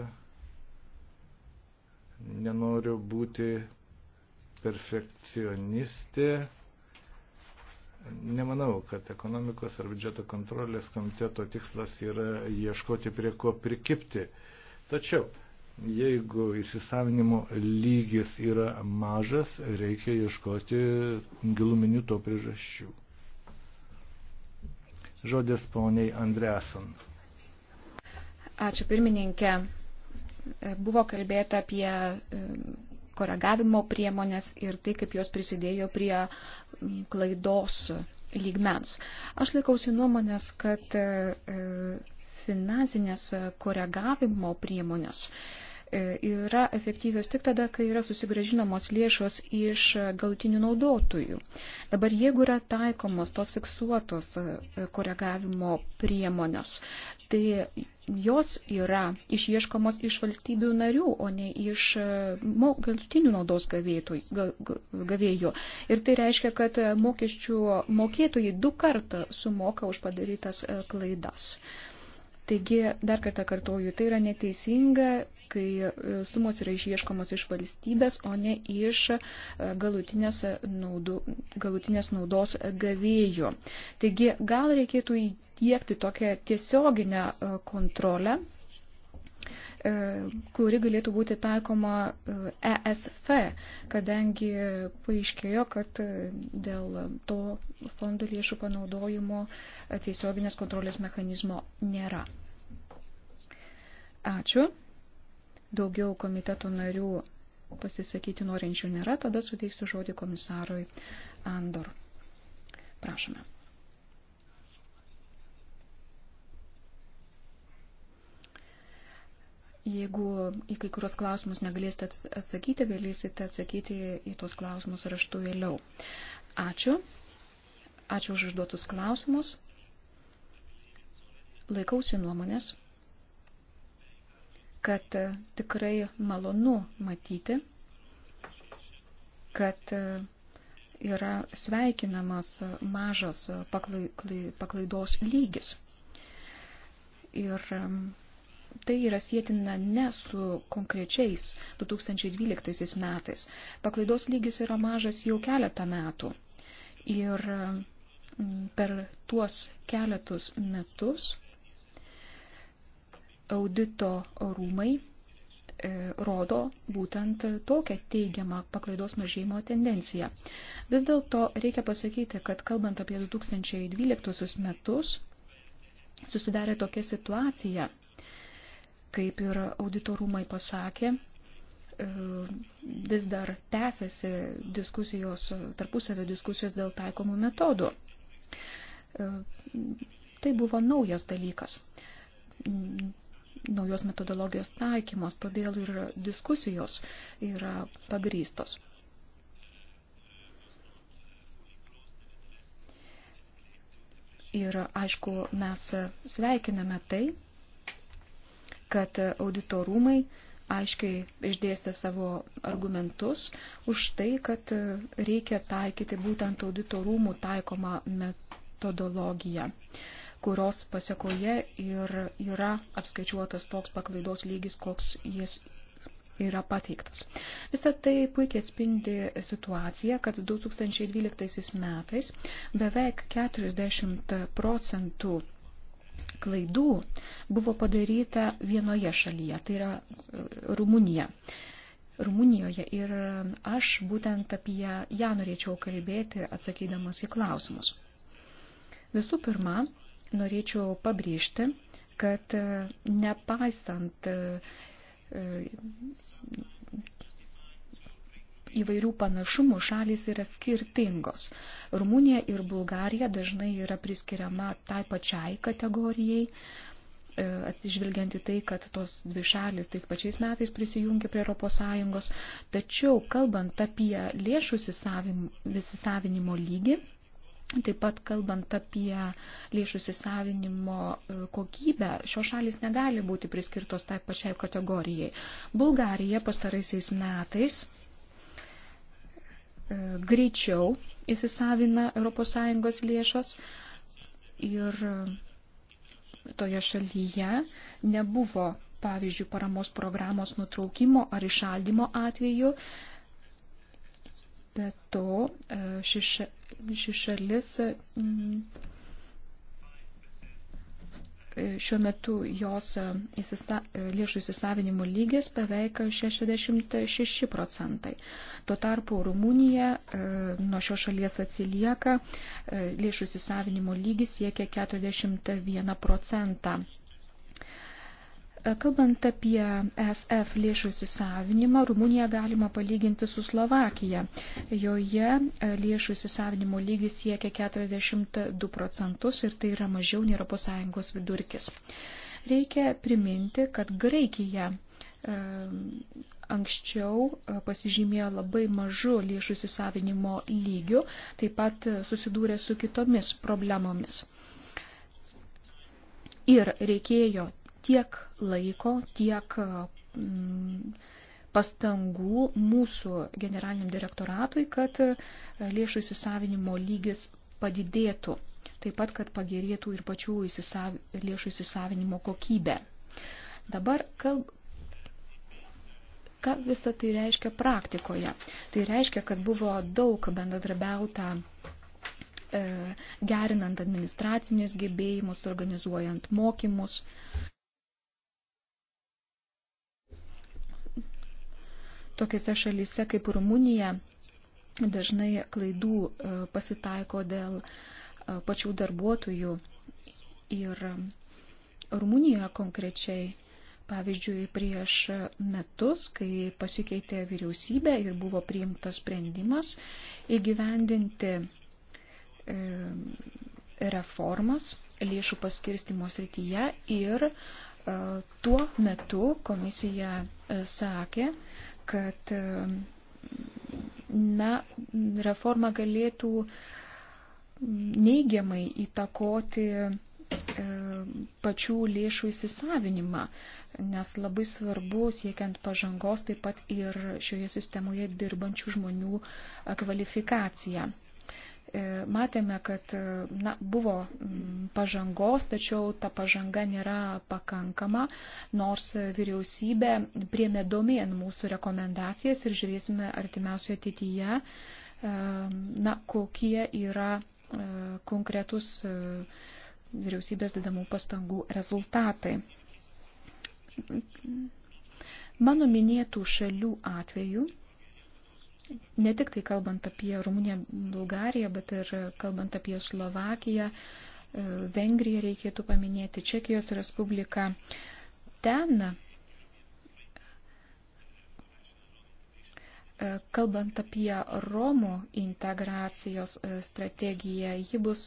nenoriu būti perfekcionistė, Nemanau, kad ekonomikos ar biudžeto kontrolės komiteto tikslas yra ieškoti prie ko prikipti. Tačiau, jeigu įsisavinimo lygis yra mažas, reikia ieškoti giluminių to priežasčių. Žodis poniai Andreson. Ačiū pirmininkė. Buvo kalbėta apie koregavimo priemonės ir tai, kaip jos prisidėjo prie klaidos lygmens. Aš laikausi nuomonės, kad e, e, finansinės koregavimo priemonės e, yra efektyvios tik tada, kai yra susigražinamos lėšos iš gautinių naudotojų. Dabar jeigu yra taikomos tos fiksuotos koregavimo priemonės, tai jos yra išieškomos iš valstybių narių, o ne iš e, galutinių naudos gavėtų, gavėjų. Ir tai reiškia, kad e, mokesčių mokėtojai du kartą sumoka už padarytas e, klaidas. Taigi, dar kartą kartuoju, tai yra neteisinga, kai sumos yra išieškomos iš valstybės, o ne iš galutinės, naudu, galutinės naudos gavėjų. Taigi, gal reikėtų į tiekti tokią tiesioginę e, kontrolę, e, kuri galėtų būti taikoma ESF, e kadangi paaiškėjo, kad dėl to fondo lėšų panaudojimo tiesioginės kontrolės mechanizmo nėra. Ačiū. Daugiau komiteto narių pasisakyti norinčių nėra, tada suteiksiu žodį komisarui Andor. Prašome. Jeigu į kai kurios klausimus negalėsite atsakyti, galėsite atsakyti į tuos klausimus raštu vėliau. Ačiū. Ačiū už užduotus klausimus. Laikausi nuomonės, kad e, tikrai malonu matyti, kad e, yra sveikinamas mažas paklaidos lygis. Ir tai yra sėtina ne su konkrečiais 2012 metais. Paklaidos lygis yra mažas jau keletą metų. Ir mm, per tuos keletus metus audito rūmai e, rodo būtent tokią teigiamą paklaidos mažėjimo tendenciją. Vis dėlto reikia pasakyti, kad kalbant apie 2012 metus, susidarė tokia situacija, kaip ir auditorumai pasakė, e, vis dar tęsiasi diskusijos, tarpusavio diskusijos dėl taikomų metodų. E, tai buvo naujas dalykas, naujos metodologijos taikymas, todėl ir diskusijos yra pagrystos. Ir aišku, mes sveikiname tai, kad auditorumai aiškiai išdėstė savo argumentus už tai, kad reikia taikyti būtent auditorumų taikomą metodologiją kurios pasiekoje ir yra apskaičiuotas toks paklaidos lygis, koks jis yra pateiktas. Visą tai puikiai atspindi situaciją, kad 2012 metais beveik 40 procentų klaidų buvo padaryta vienoje šalyje, tai yra e, Rumunija. Rumunijoje ir aš būtent apie ją norėčiau kalbėti atsakydamas į klausimus. Visų pirma, norėčiau pabrėžti, kad e, nepaisant e, įvairių panašumų šalys yra skirtingos. Rumunija ir Bulgarija dažnai yra priskiriama tai pačiai kategorijai, e, atsižvelgiant į tai, kad tos dvi šalis tais pačiais metais prisijungė prie ES. Tačiau, kalbant apie lėšų įsisavinimo lygį, Taip pat kalbant apie lėšų įsisavinimo e, kokybę, šios šalis negali būti priskirtos tai pačiai kategorijai. Bulgarija pastaraisiais metais E, greičiau įsisavina ES lėšas ir e, toje šalyje nebuvo, pavyzdžiui, paramos programos nutraukimo ar išaldymo atveju. Be to, e, ši šalis šiuo metu jos e, įsista, e, lėšų įsisavinimo lygis beveik 66 procentai. Tuo tarpu Rumunija e, nuo šios šalies atsilieka, lėšų įsisavinimo lygis siekia 41 procentą. E, kalbant apie e SF lėšų įsisavinimą, Rumuniją galima palyginti su Slovakija. Joje e, lėšų įsisavinimo lygis siekia 42 procentus ir tai yra mažiau nei ES vidurkis. Reikia priminti, kad Graikija anksčiau pasižymėjo labai mažu lėšų įsisavinimo lygiu, taip pat susidūrė su kitomis problemomis ir reikėjo tiek laiko, tiek mm, pastangų mūsų generaliniam direktoratui, kad e, lėšų įsisavinimo lygis padidėtų. Taip pat, kad pagerėtų ir pačių įsisav... lėšų įsisavinimo kokybė. Dabar kalb... ką visą tai reiškia praktikoje? Tai reiškia, kad buvo daug bendradarbiauta e, gerinant administracinius gebėjimus, organizuojant mokymus. tokiuose šalyse kaip Rumunija dažnai klaidų e, pasitaiko dėl e, pačių darbuotojų. Ir Rumunijoje konkrečiai, pavyzdžiui, prieš metus, kai pasikeitė vyriausybė ir buvo priimtas sprendimas įgyvendinti e, reformas lėšų paskirstimo srityje ir tuo metu komisija sakė, kad na, reforma galėtų neigiamai įtakoti e, pačių lėšų įsisavinimą, nes labai svarbu siekiant pažangos taip pat ir šioje sistemoje dirbančių žmonių kvalifikacija. E, matėme, kad e, na, buvo mm, pažangos, tačiau ta pažanga nėra pakankama, nors vyriausybė priemė domėn mūsų rekomendacijas ir žiūrėsime artimiausioje ateityje, e, na, kokie yra konkretus vyriausybės didamų pastangų rezultatai. Mano minėtų šalių atveju ne tik tai kalbant apie Rumuniją, Bulgariją, bet ir kalbant apie Slovakiją, e, Vengriją reikėtų paminėti, Čekijos Respubliką. Ten, e, kalbant apie Romų integracijos e, strategiją, ji bus,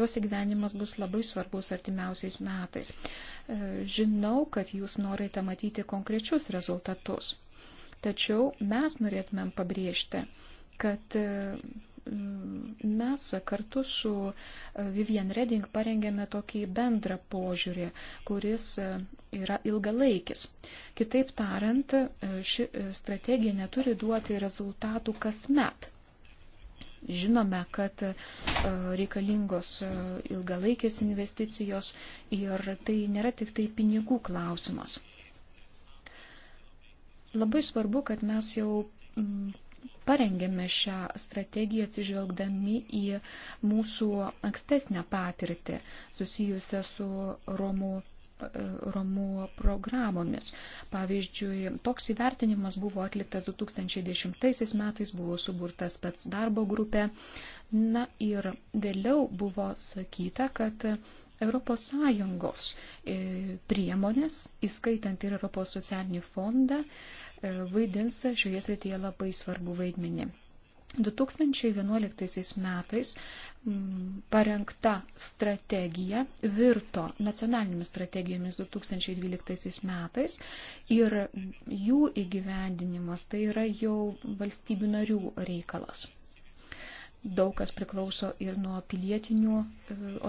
jos įgyvenimas bus labai svarbus artimiausiais metais. Žinau, kad jūs norite matyti konkrečius rezultatus. Tačiau mes norėtumėm pabrėžti, kad e, mes kartu su e, Vivian Redding parengėme tokį bendrą požiūrį, kuris e, yra ilgalaikis. Kitaip tariant, ši strategija neturi duoti rezultatų kasmet. Žinome, kad reikalingos ilgalaikės investicijos ir tai nėra tik tai pinigų klausimas. Labai svarbu, kad mes jau mm, parengėme šią strategiją atsižvelgdami į mūsų ankstesnę patirtį susijusią su Romų e, Romų programomis. Pavyzdžiui, toks įvertinimas buvo atliktas 2010 metais, buvo suburta spets darbo grupė. Na ir vėliau buvo sakyta, kad ES e, priemonės, įskaitant ir ES socialinį fondą, E, vaidins šioje srityje labai svarbu vaidmenį. 2011 metais parengta strategija virto nacionalinėmis strategijomis 2012 metais ir jų įgyvendinimas tai yra jau valstybių narių reikalas daug kas priklauso ir nuo pilietinių e,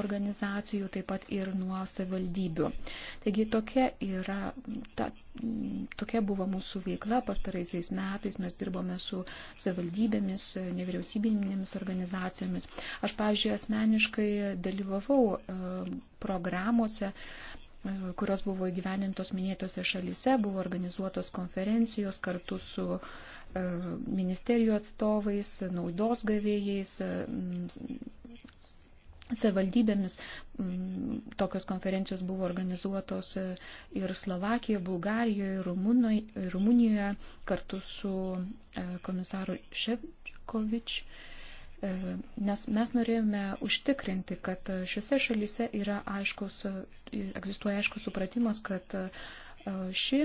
organizacijų, taip pat ir nuo savivaldybių. Taigi tokia, yra, ta, tokia buvo mūsų veikla pastaraisiais metais, mes dirbome su savivaldybėmis, nevyriausybinėmis organizacijomis. Aš, pavyzdžiui, asmeniškai dalyvavau e, programuose e, kurios buvo įgyvenintos minėtose šalyse, buvo organizuotos konferencijos kartu su uh, E, ministerijų atstovais, naudos gavėjais, savivaldybėmis. Tokios konferencijos buvo organizuotos e, ir Slovakijoje, Bulgarijoje, Rumunijoje kartu su e, komisaru Ševčkovič. Nes mes norėjome užtikrinti, kad šiuose šalyse yra aiškus, egzistuoja aiškus supratimas, kad ši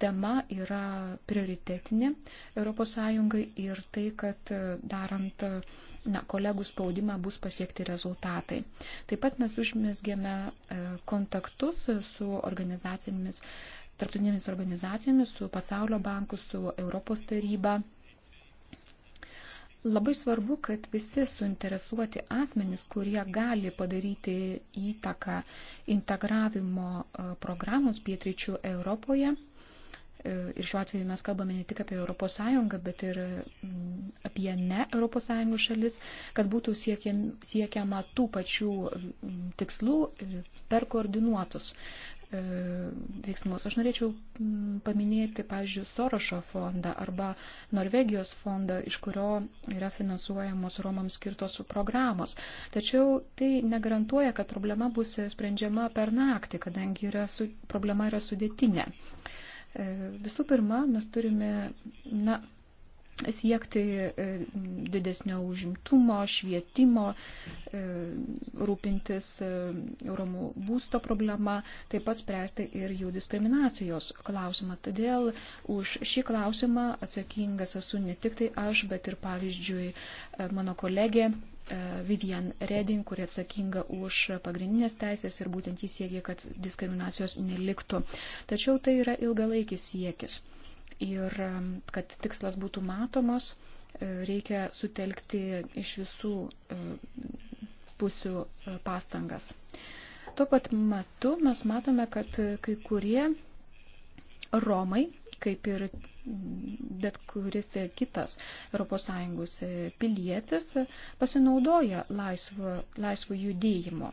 tema yra prioritetinė ES ir tai, kad e, darant e, na, kolegų spaudimą bus pasiekti rezultatai. Taip pat mes užmėsgėme e, kontaktus su organizacijomis, tarptautinėmis organizacijomis, su Pasaulio banku, su Europos taryba. Labai svarbu, kad visi suinteresuoti asmenys, kurie gali padaryti įtaką integravimo programos pietryčių Europoje, E, ir šiuo atveju mes kalbame ne tik apie Europos Sąjungą, bet ir mm, apie ne Europos Sąjungos šalis, kad būtų siekiam, siekiama tų pačių mm, tikslų e, per koordinuotus e, veiksmus. Aš norėčiau mm, paminėti, pavyzdžiui, Sorošo fondą arba Norvegijos fondą, iš kurio yra finansuojamos Romams skirtos programos. Tačiau tai negarantuoja, kad problema bus sprendžiama per naktį, kadangi yra su, problema yra sudėtinė. E, visų pirma, mes turime na, siekti e, didesnio užimtumo, švietimo, e, rūpintis romų būsto problema, taip pat spręsti ir jų diskriminacijos klausimą. Todėl už šį klausimą atsakingas esu ne tik tai aš, bet ir pavyzdžiui mano kolegė Vivian Reding, kuri atsakinga už pagrindinės teisės ir būtent jis siekia, kad diskriminacijos neliktų. Tačiau tai yra ilgalaikis siekis. Ir um, kad tikslas būtų matomas, e, reikia sutelkti iš visų e, pusių e, pastangas. Tuo pat metu mes matome, kad kai kurie Romai kaip ir bet kuris kitas ES pilietis pasinaudoja laisvo, laisvo judėjimo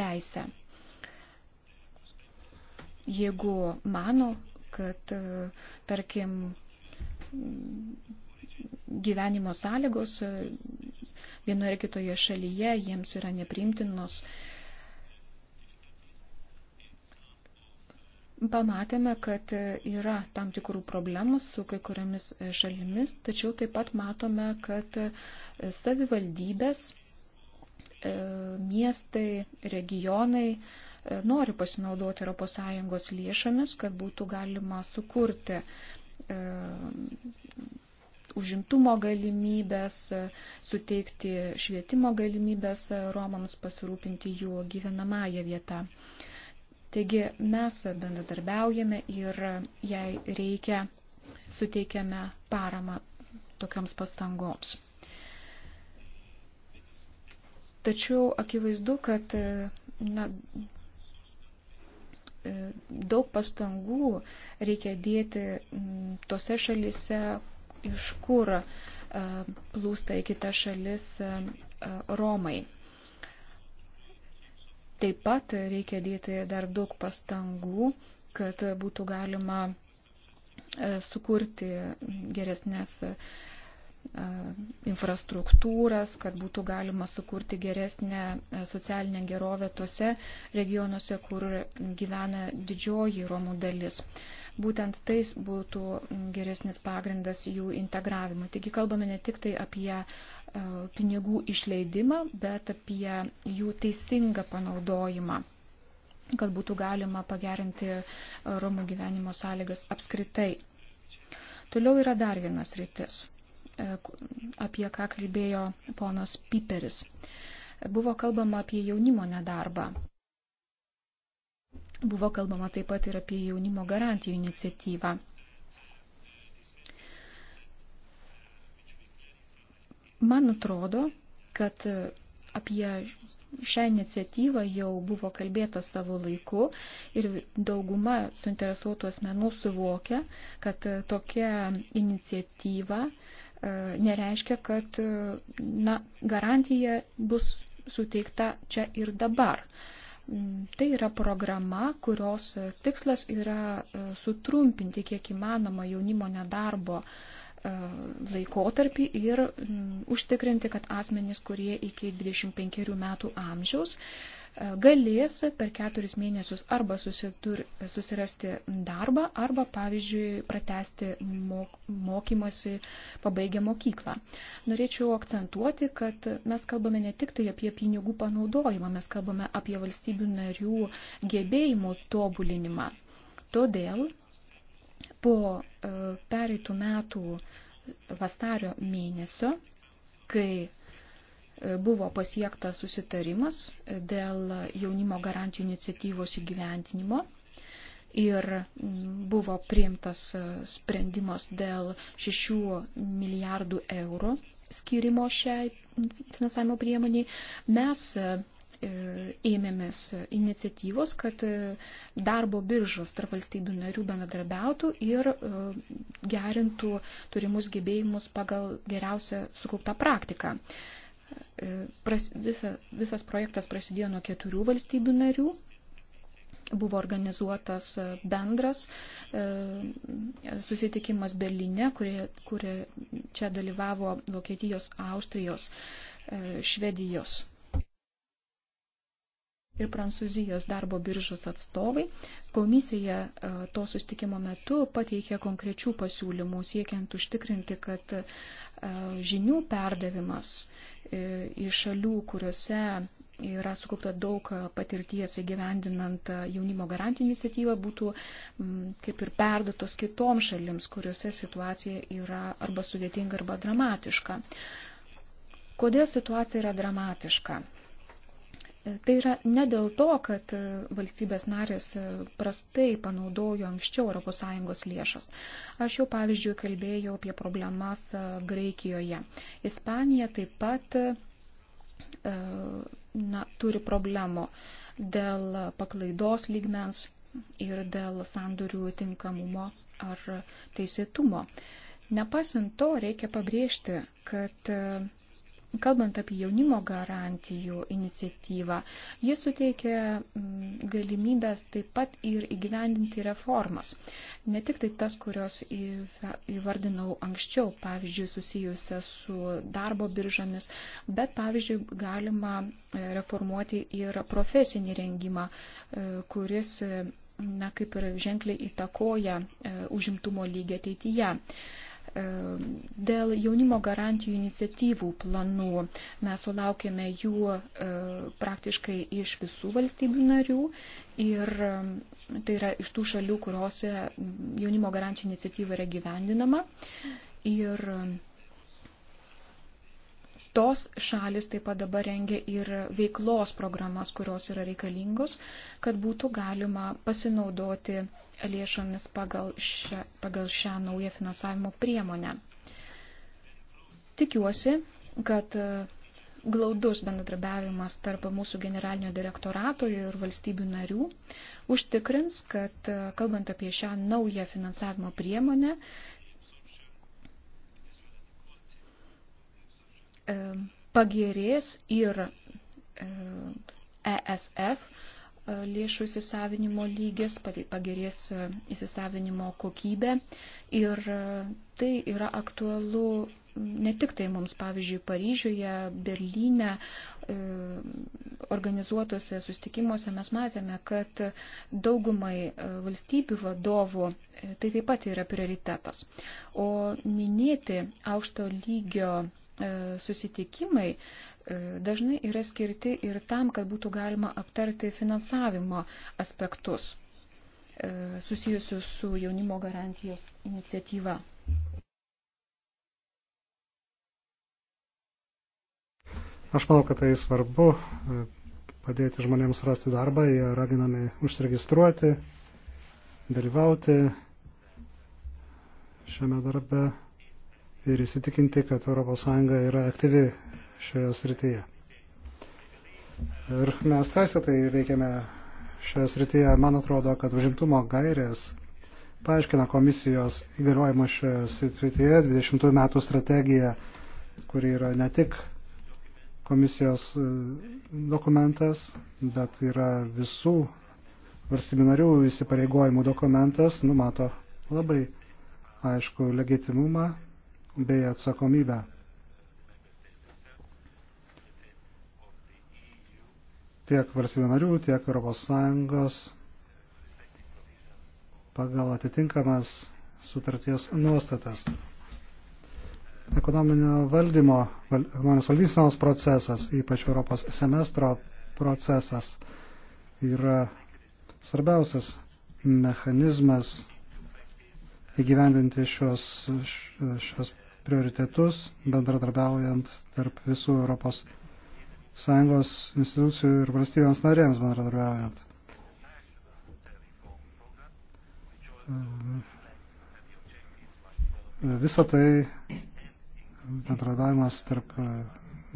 teisę. Jeigu mano, kad, tarkim, gyvenimo sąlygos vienoje ar kitoje šalyje jiems yra neprimtinos, Pamatėme, kad yra tam tikrų problemų su kai kuriamis šalimis, tačiau taip pat matome, kad savivaldybės, e, miestai, regionai e, nori pasinaudoti ES lėšomis, kad būtų galima sukurti e, užimtumo galimybės, suteikti švietimo galimybės Romams pasirūpinti jų gyvenamąją vietą. Taigi mes bendradarbiaujame ir jei reikia, suteikiame paramą tokioms pastangoms. Tačiau akivaizdu, kad na, daug pastangų reikia dėti tose šalise, iš kur plūsta į kitas šalis Romai. Taip pat reikia dėti dar daug pastangų, kad būtų galima e, sukurti geresnės e, infrastruktūras, kad būtų galima sukurti geresnę e, socialinę gerovę tose regionuose, kur gyvena didžioji Romų dalis būtent tai būtų geresnis pagrindas jų integravimui. Taigi kalbame ne tik tai apie e, pinigų išleidimą, bet apie jų teisingą panaudojimą kad būtų galima pagerinti e, Romų gyvenimo sąlygas apskritai. Toliau yra dar vienas rytis, e, apie ką kalbėjo ponas Piperis. Buvo kalbama apie jaunimo nedarbą. Buvo kalbama taip pat ir apie jaunimo garantijų iniciatyvą. Man atrodo, kad apie šią iniciatyvą jau buvo kalbėta savo laiku ir dauguma suinteresuotų asmenų suvokia, kad tokia iniciatyva e, nereiškia, kad na, garantija bus suteikta čia ir dabar. Mm, tai yra programa, kurios e, tikslas yra e, sutrumpinti kiek įmanoma jaunimo nedarbo e, laikotarpį ir mm, užtikrinti, kad asmenys, kurie iki 25 metų amžiaus E, galės per keturis mėnesius arba susitur, susirasti darbą, arba, pavyzdžiui, pratesti mok, mokymasi pabaigę mokyklą. Norėčiau akcentuoti, kad mes kalbame ne tik tai apie pinigų panaudojimą, mes kalbame apie valstybių narių gebėjimų tobulinimą. Todėl po e, pereitų metų vasario mėnesio, kai buvo pasiektas susitarimas dėl jaunimo garantijų iniciatyvos įgyvendinimo ir mm, buvo priimtas e, sprendimas dėl 6 milijardų eurų skirimo šiai finansavimo priemoniai. Mes e, e, ėmėmės iniciatyvos, kad darbo biržos tarp valstybių narių bendradarbiautų ir gerintų turimus gebėjimus pagal geriausią sukauptą praktiką. E, pras, visa, visas projektas prasidėjo nuo keturių valstybių narių. Buvo organizuotas e, bendras e, susitikimas Berlyne, kurie, kurie čia dalyvavo Vokietijos, Austrijos, Švedijos ir Prancūzijos darbo biržos atstovai. Komisija to sustikimo metu pateikė konkrečių pasiūlymų siekiant užtikrinti, kad E, žinių perdavimas e, į šalių, kuriuose yra sukaupta daug patirties įgyvendinant e, jaunimo garantijų iniciatyvą, būtų kaip ir perdotos kitoms šalims, kuriuose situacija yra arba sudėtinga, arba dramatiška. Kodėl situacija yra dramatiška? Tai yra ne dėl to, kad e, valstybės narės e, prastai panaudojo anksčiau ES lėšas. Aš jau pavyzdžiui kalbėjau apie problemas e, Graikijoje. Ispanija taip pat na, turi problemų dėl paklaidos lygmens ir dėl sandorių tinkamumo ar teisėtumo. Nepasint to reikia pabrėžti, kad Kalbant apie jaunimo garantijų iniciatyvą, jis suteikia mm, galimybės taip pat ir įgyvendinti reformas. Ne tik tai tas, kurios įvardinau anksčiau, pavyzdžiui, susijusią su darbo biržomis, bet, pavyzdžiui, galima e, reformuoti ir profesinį rengimą, e, kuris, e, na, kaip ir ženkliai įtakoja užimtumo lygį ateityje. E, dėl jaunimo garantijų iniciatyvų planų mes sulaukėme jų e, praktiškai iš visų valstybių narių ir e, tai yra iš tų šalių, kuriuose jaunimo garantijų iniciatyva yra gyvendinama. Ir tos šalis taip pat dabar rengia ir veiklos programas, kurios yra reikalingos, kad būtų galima pasinaudoti lėšomis pagal šią, pagal šią naują finansavimo priemonę. Tikiuosi, kad e, glaudus bendradarbiavimas tarp mūsų generalinio direktorato ir valstybių narių užtikrins, kad e, kalbant apie šią naują finansavimo priemonę, pagerės ir ESF e e, lėšų įsisavinimo lygis, pagerės e, įsisavinimo kokybė ir tai yra aktualu ne tik tai mums, pavyzdžiui, Paryžiuje, Berlyne organizuotose sustikimuose mes matėme, kad daugumai valstybių vadovų tai taip pat yra prioritetas. O minėti aukšto lygio E, susitikimai e, dažnai yra skirti ir tam, kad būtų galima aptarti finansavimo aspektus e, susijusius su jaunimo garantijos iniciatyva. Aš manau, kad tai svarbu padėti žmonėms rasti darbą, jie raginami užsiregistruoti, dalyvauti šiame darbe ir įsitikinti, kad ES yra aktyvi šioje srityje. Ir mes teisėtai veikiame šioje srityje. Man atrodo, kad užimtumo gairės paaiškina komisijos įgaliojimą šioje srityje 20 metų strategija, kuri yra ne tik komisijos e, dokumentas, bet yra visų valstybinarių įsipareigojimų dokumentas, numato labai aišku legitimumą bei atsakomybę. Tiek valstybių narių, tiek ES pagal atitinkamas sutarties nuostatas. Ekonominio valdymo, ekonominės valdysenos procesas, ypač Europos semestro procesas, yra svarbiausias mechanizmas įgyvendinti šios, šios prioritetus, bendradarbiaujant tarp visų Europos Sąjungos institucijų ir valstybėms narėms bendradarbiaujant. Visą tai bendradavimas tarp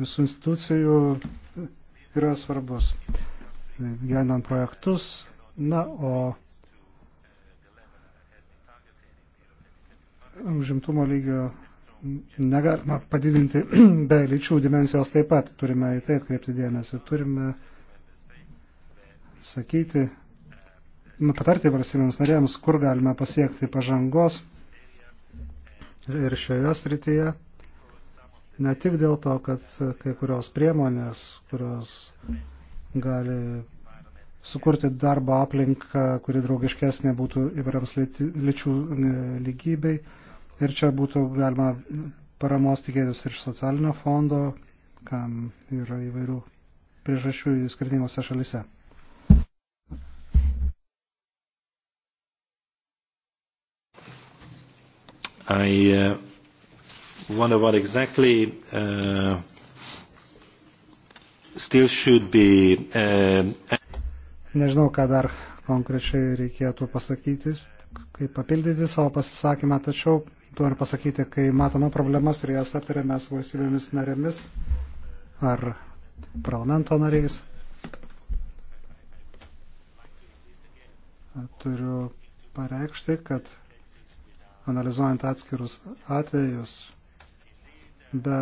visų institucijų yra svarbus. Gyvenant projektus, na, o užimtumo lygio negalima padidinti be lyčių dimensijos taip pat. Turime į tai atkreipti dėmesį. Turime sakyti, nu, patarti valstybėms narėms, kur galime pasiekti pažangos ir šioje srityje. Ne tik dėl to, kad kai kurios priemonės, kurios gali sukurti darbo aplinką, kuri draugiškesnė būtų įvairiams lyčių e, lygybei, Ir čia būtų galima paramos tikėtis ir iš socialinio fondo, kam yra įvairių priežasčių skirtingose šalise. I uh, wonder what exactly uh, still should be. Uh, Nežinau, ką dar konkrečiai reikėtų pasakyti, kaip papildyti savo pasisakymą, tačiau noriu pasakyti, kai matome problemas ir jas aptarėme su valstybėmis narėmis ar parlamento nariais. Turiu pareikšti, kad analizuojant atskirus atvejus be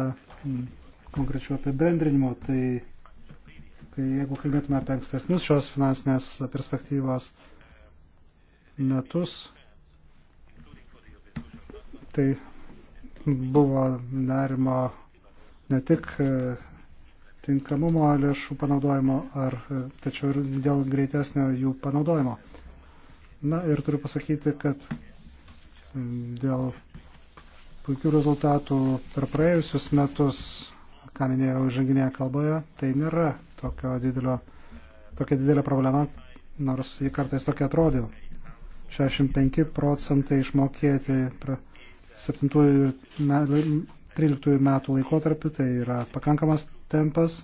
konkrečių apibendrinimų, tai, tai jeigu kalbėtume apie ankstesnius šios finansinės perspektyvos metus, tai buvo nerimo ne tik e, tinkamumo lėšų panaudojimo, ar, e, tačiau ir dėl greitesnio jų panaudojimo. Na ir turiu pasakyti, kad dėl puikių rezultatų per praėjusius metus, ką minėjau žanginėje kalboje, tai nėra tokio didelio, tokia didelė problema, nors ji kartais tokia atrodė. 65 procentai išmokėti pra, 7-13 metų laikotarpiu, tai yra pakankamas tempas.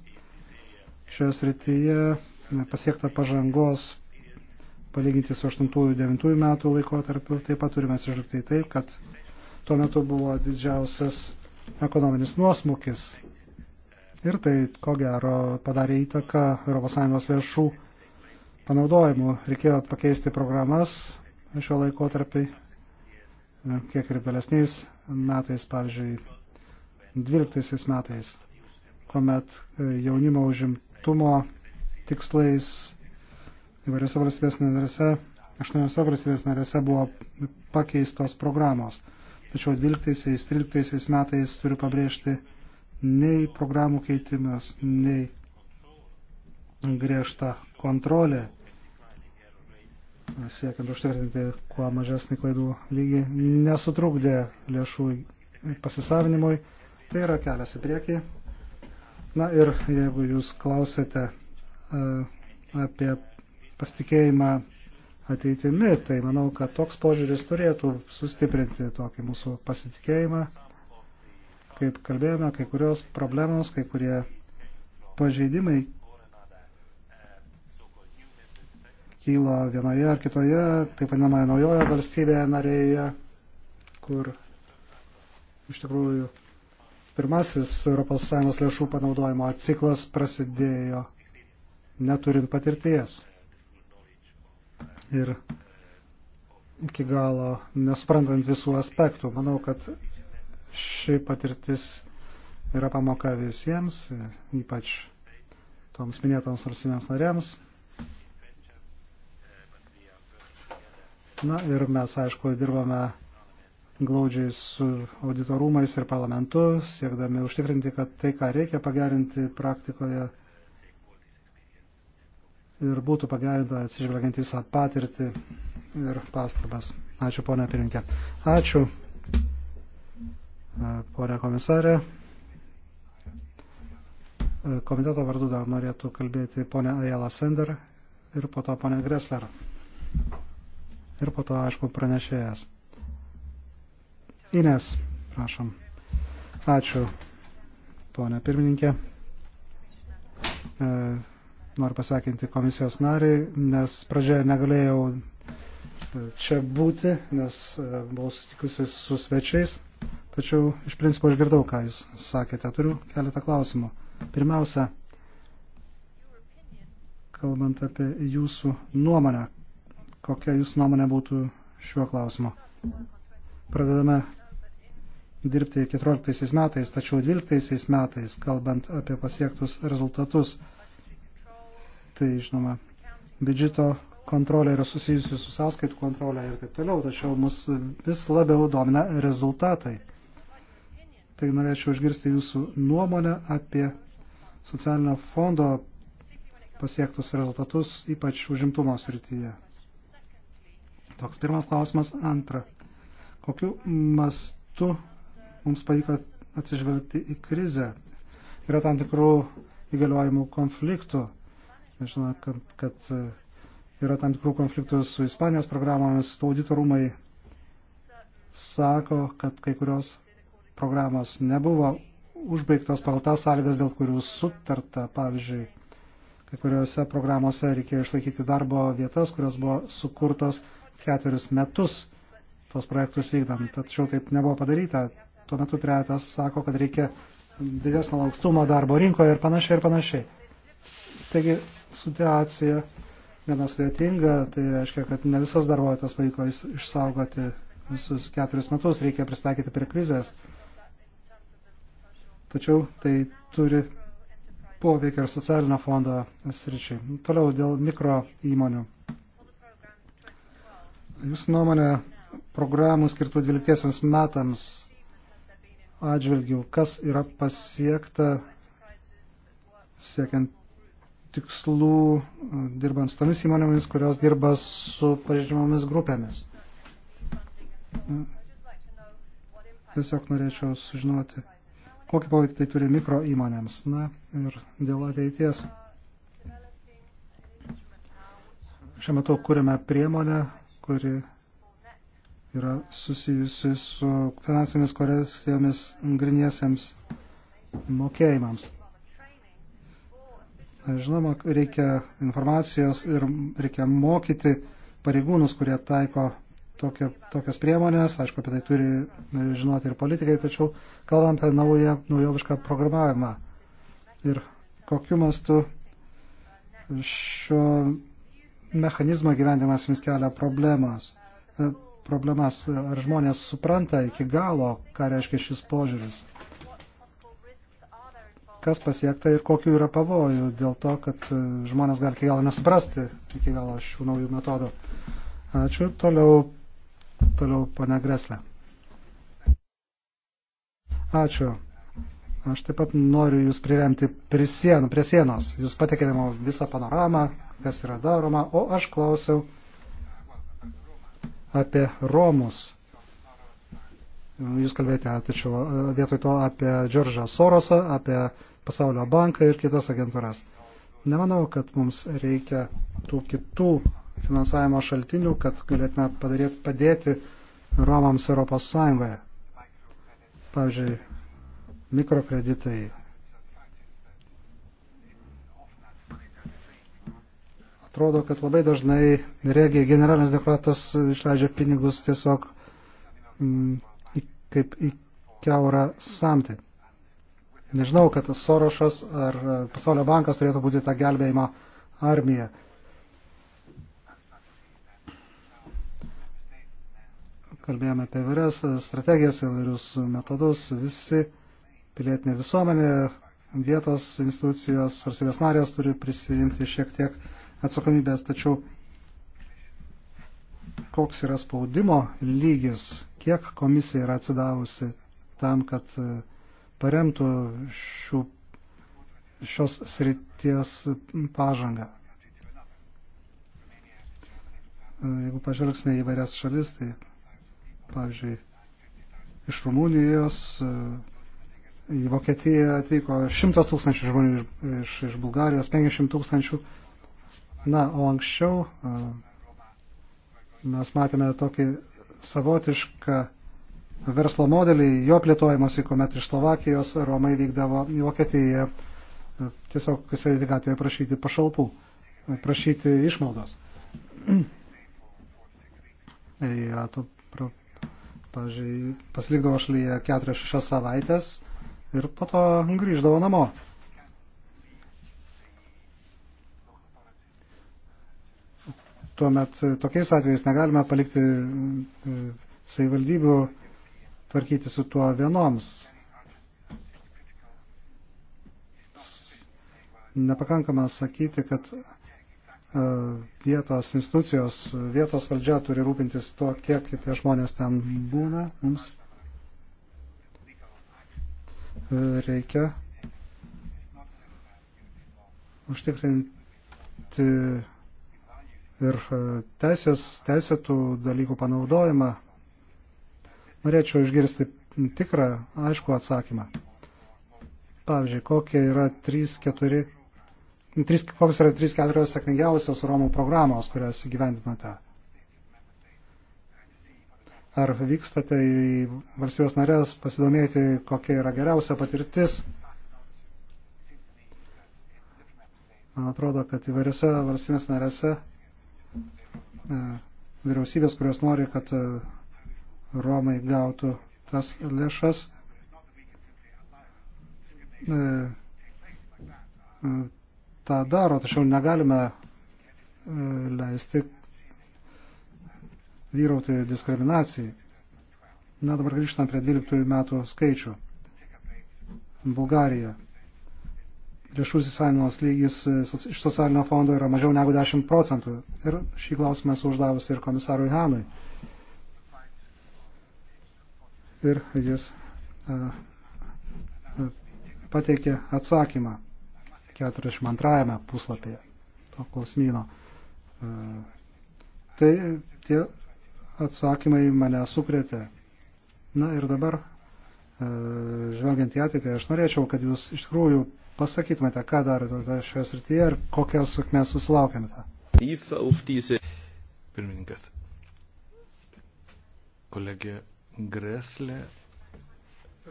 Šioje srityje pasiekta pažangos palyginti su 8-9 metų laikotarpiu. Taip pat turime atsižvelgti į tai, kad tuo metu buvo didžiausias ekonominis nuosmukis. Ir tai, ko gero, padarė įtaką ES lėšų panaudojimu. Reikėjo pakeisti programas šio laikotarpiai kiek ir vėlesniais metais, pavyzdžiui, 12 metais, kuomet e, jaunimo užimtumo tikslais įvairiose valstybės narėse, aštuoniose valstybės narėse buvo pakeistos programos. Tačiau 12-13 metais turiu pabrėžti nei programų keitimas, nei griežta kontrolė siekiant užtikrinti kuo mažesnį klaidų lygį, nesutrukdė lėšų pasisavinimui. Tai yra kelias į priekį. Na ir jeigu jūs klausėte e, apie pasitikėjimą ateitimi, tai manau, kad toks požiūris turėtų sustiprinti tokį mūsų pasitikėjimą. Kaip kalbėjome, kai kurios problemos, kai kurie pažeidimai kyla vienoje ar kitoje, taip vadinamoje naujoje valstybėje narėje, kur iš tikrųjų pirmasis ES lėšų panaudojimo ciklas prasidėjo neturint patirties. Ir iki galo nesprantant visų aspektų. Manau, kad ši patirtis yra pamoka visiems, ypač toms minėtoms valstybėms narėms. Na ir mes, aišku, dirbame glaudžiai su auditorumais ir parlamentu, siekdami užtikrinti, kad tai, ką reikia pagerinti praktikoje, ir būtų pagerinta atsižvelgiant visą patirtį ir pastabas. Ačiū, ponia pirinkė. Ačiū, e, ponia komisarė. E, komiteto vardu dar norėtų kalbėti ponia Ajala Sender ir po to ponia Gressler ir po to, aišku, pranešėjas. Ines, prašom. Ačiū, ponė pirmininkė. E, noriu pasveikinti komisijos narį, nes pradžioje negalėjau e, čia būti, nes e, buvau susitikusi su svečiais, tačiau iš principo išgirdau, ką jūs sakėte. Turiu keletą klausimų. Pirmiausia, kalbant apie jūsų nuomonę, Kokia jūsų nuomonė būtų šiuo klausimu? Pradedame dirbti 14 metais, tačiau 12 metais, kalbant apie pasiektus rezultatus, tai žinoma, biudžeto kontrolė yra susijusi su sąskaitų kontrolė ir taip toliau, tačiau mus vis labiau domina rezultatai. Tai norėčiau išgirsti jūsų nuomonę apie socialinio fondo pasiektus rezultatus, ypač užimtumo srityje. Toks pirmas klausimas. Antra. Kokiu mastu mums pavyko atsižvelgti į krizę? Yra tam tikrų įgaliojimų konfliktų. Žinoma, kad, kad e, yra tam tikrų konfliktų su Ispanijos programomis, auditorumai sako, kad kai kurios programos nebuvo užbaigtos pagal tas sąlygas, dėl kurių sutarta. Pavyzdžiui, kai kuriuose programuose reikėjo išlaikyti darbo vietas, kurios buvo sukurtos ketverius metus tos projektus vykdant. Tačiau taip nebuvo padaryta. Tuo metu trejatas sako, kad reikia didesnio lankstumo darbo rinkoje ir panašiai ir panašiai. Taigi situacija gana sudėtinga, tai reiškia, kad ne visas darbo vietas pavyko išsaugoti visus keturis metus, reikia pristaikyti prie krizės. Tačiau tai turi poveikį ir socialinio fondo sričiai. Toliau dėl mikro įmonių. Jūsų nuomonė programų skirtų 12 metams atžvilgių, kas yra pasiekta siekiant tikslų, dirbant su tomis įmonėmis, kurios dirba su pažymiomis grupėmis. Tiesiog norėčiau sužinoti, kokį poveikį tai turi mikro įmonėms. Na ir dėl ateities. Šiuo metu kūrėme priemonę, kuri yra susijusi su finansinėmis korekcijomis griniesiems mokėjimams. Žinoma, reikia informacijos ir reikia mokyti pareigūnus, kurie taiko tokia, tokias priemonės. Aišku, apie tai turi žinoti ir politikai, tačiau kalbant apie naują, naujovišką programavimą ir kokiu mastu šio mechanizmo gyvendimas jums kelia problemas. E, problemas. Ar žmonės supranta iki galo, ką reiškia šis požiūris? Kas pasiekta ir kokiu yra pavojų dėl to, kad e, žmonės gal iki galo nesuprasti iki galo šių naujų metodų. Ačiū. Toliau, toliau pane Greslė. Ačiū. Aš taip pat noriu jūs priremti prie, sienų, prie sienos. Jūs patekėte visą panoramą, kas yra daroma, o aš klausiau apie Romus. Jūs kalbėjote, tačiau e, vietoj to apie Džordžą Sorosą, apie Pasaulio banką ir kitas agentūras. Nemanau, kad mums reikia tų kitų finansavimo šaltinių, kad galėtume padarėti, padėti Romams Europos Sąjungoje. Pavyzdžiui, mikrokreditai atrodo, kad labai dažnai regija generalinis dekoratas išleidžia pinigus tiesiog m, mm, kaip į keurą samtį. Nežinau, kad Sorošas ar e, Pasaulio bankas turėtų būti tą gelbėjimo armiją. Kalbėjome apie vairias e, strategijas, vairius metodus, visi pilietinė visuomenė, vietos institucijos, varsybės narės turi prisijimti šiek tiek atsakomybės, tačiau koks yra spaudimo lygis, kiek komisija yra atsidavusi tam, kad e, paremtų šių, šios srities pažangą. E, jeigu pažvelgsime į vairias šalis, tai pavyzdžiui, iš Rumunijos e, į Vokietiją atvyko 100 tūkstančių žmonių iš, iš, iš Bulgarijos, 50 tūkstančių 000 Na, o anksčiau mes matėme tokį savotišką verslo modelį, jo plėtojimuose, kuomet iš Slovakijos Romai vykdavo į Vokietiją tiesiog sėdėti gatvėje prašyti pašalpų, prašyti išmaldos. ja, to, pra, pažiūrėjau, pasilikdavo šalyje 4-6 savaitės ir po to grįždavo namo. tuomet e, tokiais atvejais negalime palikti e, savivaldybių tvarkyti su tuo vienoms. Nepakankama sakyti, kad e, vietos institucijos, vietos valdžia turi rūpintis tuo, kiek tie žmonės ten būna. Mums reikia užtikrinti ir e, teisės, teisėtų dalykų panaudojimą, norėčiau išgirsti tikrą, aišku atsakymą. Pavyzdžiui, kokie yra 3-4, kokios yra 3-4 sėkmingiausios Romų programos, kurias gyvendinate. Ar vykstate į valstybės narės pasidomėti, kokia yra geriausia patirtis Man atrodo, kad įvairiose valstybės narėse E, vyriausybės, kurios nori, kad e, Romai gautų tas lėšas. E, Ta daro, tačiau negalime leisti vyrauti diskriminacijai. Na, dabar grįžtam prie 12 metų skaičių. Bulgarija lėšų įsisavinimas lygis e, iš socialinio fondo yra mažiau negu 10 procentų. Ir šį klausimą esu uždavusi ir komisarui Hanui. Ir jis e, e, pateikė atsakymą 42 puslapyje to klausimyno. Tai tie atsakymai mane sukrėtė. Na ir dabar, žvelgiant į ateitį, aš norėčiau, kad jūs iš tikrųjų pasakytumėte, ką darote šioje srityje ir kokias sėkmės susilaukėte? Pirmininkas. Kolegė Greslė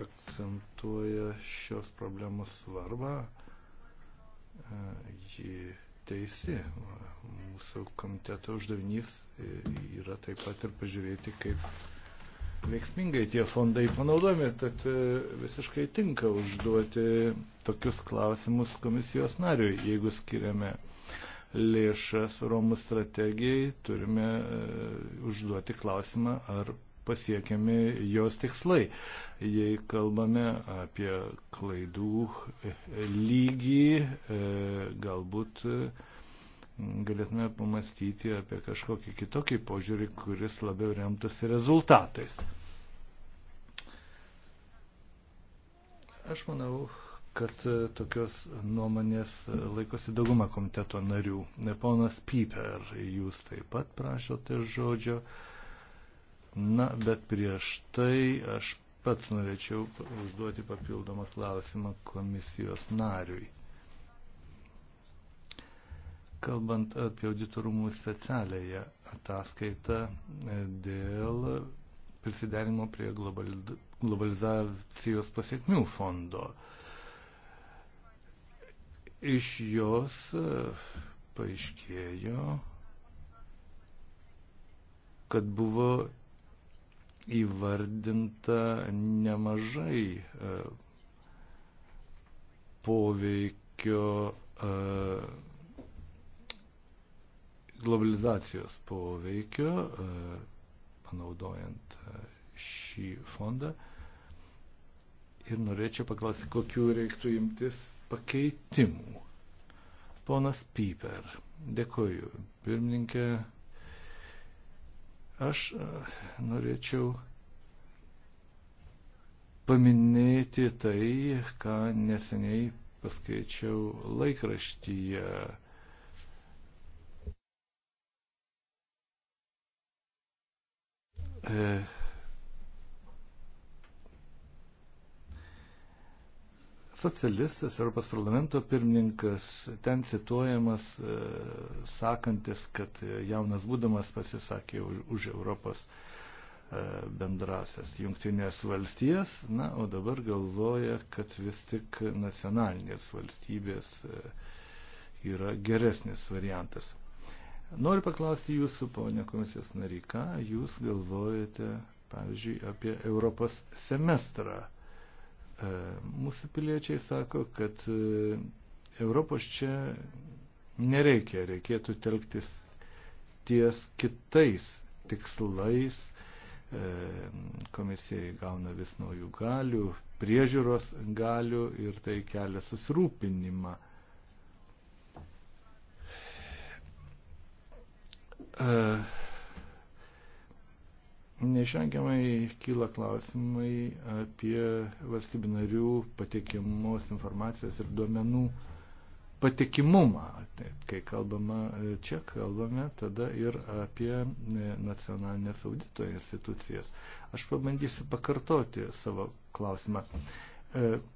akcentuoja šios problemos svarbą. E, ji teisi. Mūsų komiteto uždavinys e, yra taip pat ir pažiūrėti, kaip veiksmingai tie fondai panaudojami, tad e, visiškai tinka užduoti tokius klausimus komisijos nariui. Jeigu skiriame lėšas Romų strategijai, turime e, užduoti klausimą, ar pasiekiami jos tikslai. Jei kalbame apie klaidų e, lygį, galbūt galėtume pamastyti apie kažkokį kitokį požiūrį, kuris labiau remtųsi rezultatais. Aš manau, kad tokios nuomonės laikosi dauguma komiteto narių. Ponas Piper, jūs taip pat prašote žodžio. Na, bet prieš tai aš pats norėčiau užduoti papildomą klausimą komisijos nariui. Kalbant apie auditorumų specialiąją ataskaitą e, dėl prisiderimo prie globalizacijos pasiekmių fondo. Iš jos e, paaiškėjo, kad buvo įvardinta nemažai e, poveikio globalizacijos poveikio, e, panaudojant e, šį fondą. Ir norėčiau paklausti, kokiu reiktų imtis pakeitimų. Ponas Piper, dėkoju. Pirmininkė, aš e, norėčiau paminėti tai, ką neseniai paskaičiau laikraštyje E, socialistas, Europos parlamento pirmininkas, ten cituojamas, e, sakantis, kad jaunas būdamas pasisakė už, už Europos e, bendrasias jungtinės valstijas, na, o dabar galvoja, kad vis tik nacionalinės valstybės e, yra geresnis variantas. Noriu paklausti jūsų, ponė komisijos nary, ką jūs galvojate, pavyzdžiui, apie Europos semestrą. E, mūsų piliečiai sako, kad e, Europos čia nereikia, reikėtų telktis ties kitais tikslais. E, komisijai gauna vis naujų galių, priežiūros galių ir tai kelia susirūpinimą. E, neišvengiamai kyla klausimai apie valstybinarių patikimos informacijos ir duomenų patikimumą. Tai kai kalbama e, čia, kalbame tada ir apie e, nacionalinės audito institucijas. Aš pabandysiu pakartoti savo klausimą.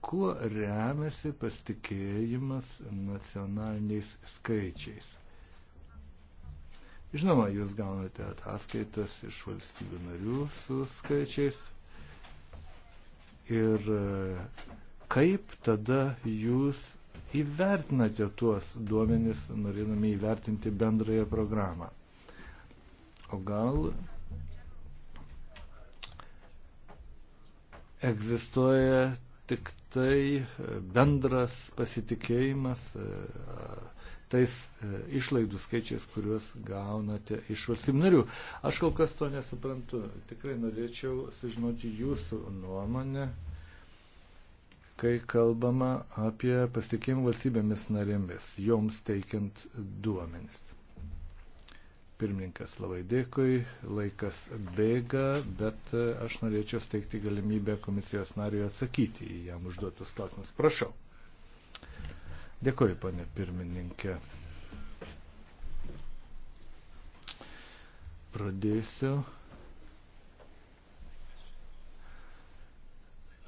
Kuo remiasi pasitikėjimas nacionaliniais skaičiais? Žinoma, jūs gaunate ataskaitas iš valstybių narių su skaičiais. Ir e, kaip tada jūs įvertinate tuos duomenis, norėdami įvertinti bendrąją programą? O gal egzistuoja tik tai bendras pasitikėjimas? A, e, tais e, išlaidų skaičiais, kuriuos gaunate iš valstybių narių. Aš kol kas to nesuprantu. Tikrai norėčiau sužinoti jūsų nuomonę, kai kalbama apie pasitikėjimą valstybėmis narėmis, joms teikiant duomenis. Pirmininkas labai dėkui, laikas bėga, bet e, aš norėčiau steigti galimybę komisijos nariui atsakyti į jam užduotus klausimus. Prašau. Dėkuoju, ponė pirmininkė. Pradėsiu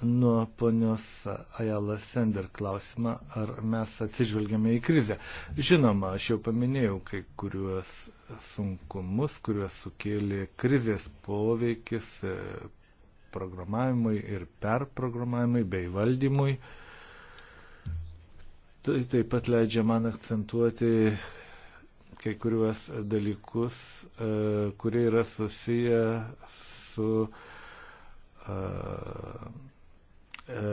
nuo ponios Ajala Sender klausimą, ar mes atsižvelgiame į krizę. Žinoma, aš jau paminėjau kai kuriuos sunkumus, kuriuos sukėlė krizės poveikis e, programavimui ir perprogramavimui bei valdymui. E, Tai taip pat leidžia man akcentuoti kai kuriuos dalykus, e, kurie yra susiję su e, e,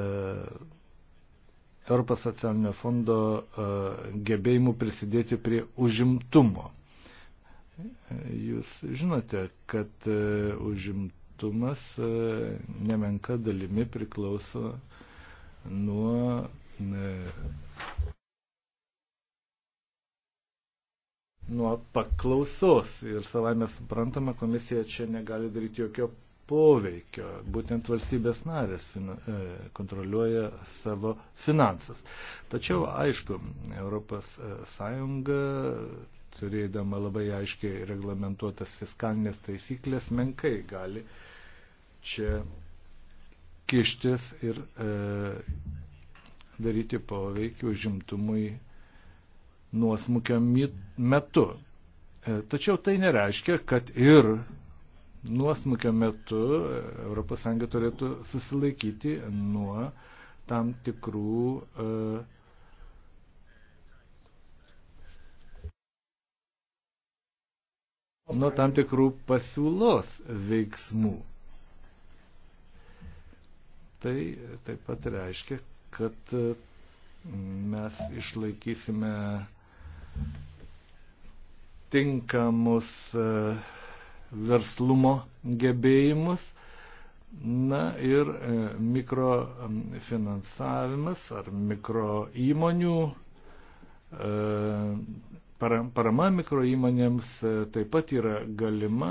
Europos socialinio fondo gebėjimu prisidėti prie užimtumo. Jūs žinote, kad užimtumas nemenka dalimi priklauso nuo nuo paklausos ir savame suprantama komisija čia negali daryti jokio poveikio. Būtent valstybės narės fina, e, kontroliuoja savo finansus. Tačiau, aišku, ES e, turėdama labai aiškiai reglamentuotas fiskalinės taisyklės menkai gali čia kištis ir e, daryti poveikį užimtumui nuosmukio metu. E, tačiau tai nereiškia, kad ir nuosmukio metu ES turėtų susilaikyti nuo tam tikrų e, nuo tam tikrų pasiūlos veiksmų. Tai taip pat reiškia, kad e, mes išlaikysime tinkamus e, verslumo gebėjimus. Na ir e, mikrofinansavimas ar mikroįmonių e, parama mikroįmonėms taip pat yra galima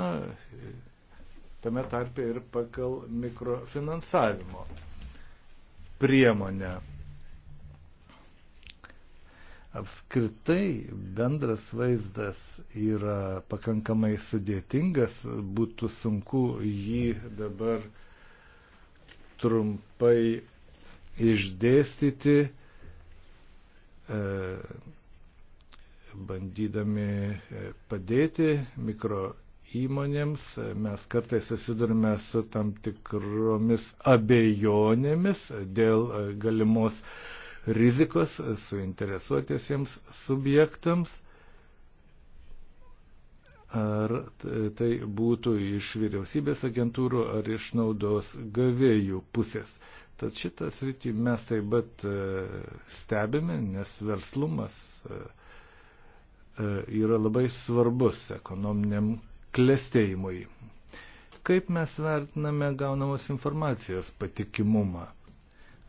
tame tarpe ir pagal mikrofinansavimo priemonę. Apskritai bendras vaizdas yra pakankamai sudėtingas, būtų sunku jį dabar trumpai išdėstyti, e, bandydami e, padėti mikro įmonėms, mes kartais susidurime su tam tikromis abejonėmis dėl galimos rizikos suinteresuotėsiems subjektams. Ar tai būtų iš vyriausybės agentūrų ar iš naudos gavėjų pusės. Tad šitą sritį mes taip pat e, stebime, nes verslumas e, e, yra labai svarbus ekonominiam klestėjimui. Kaip mes vertiname gaunamos informacijos patikimumą?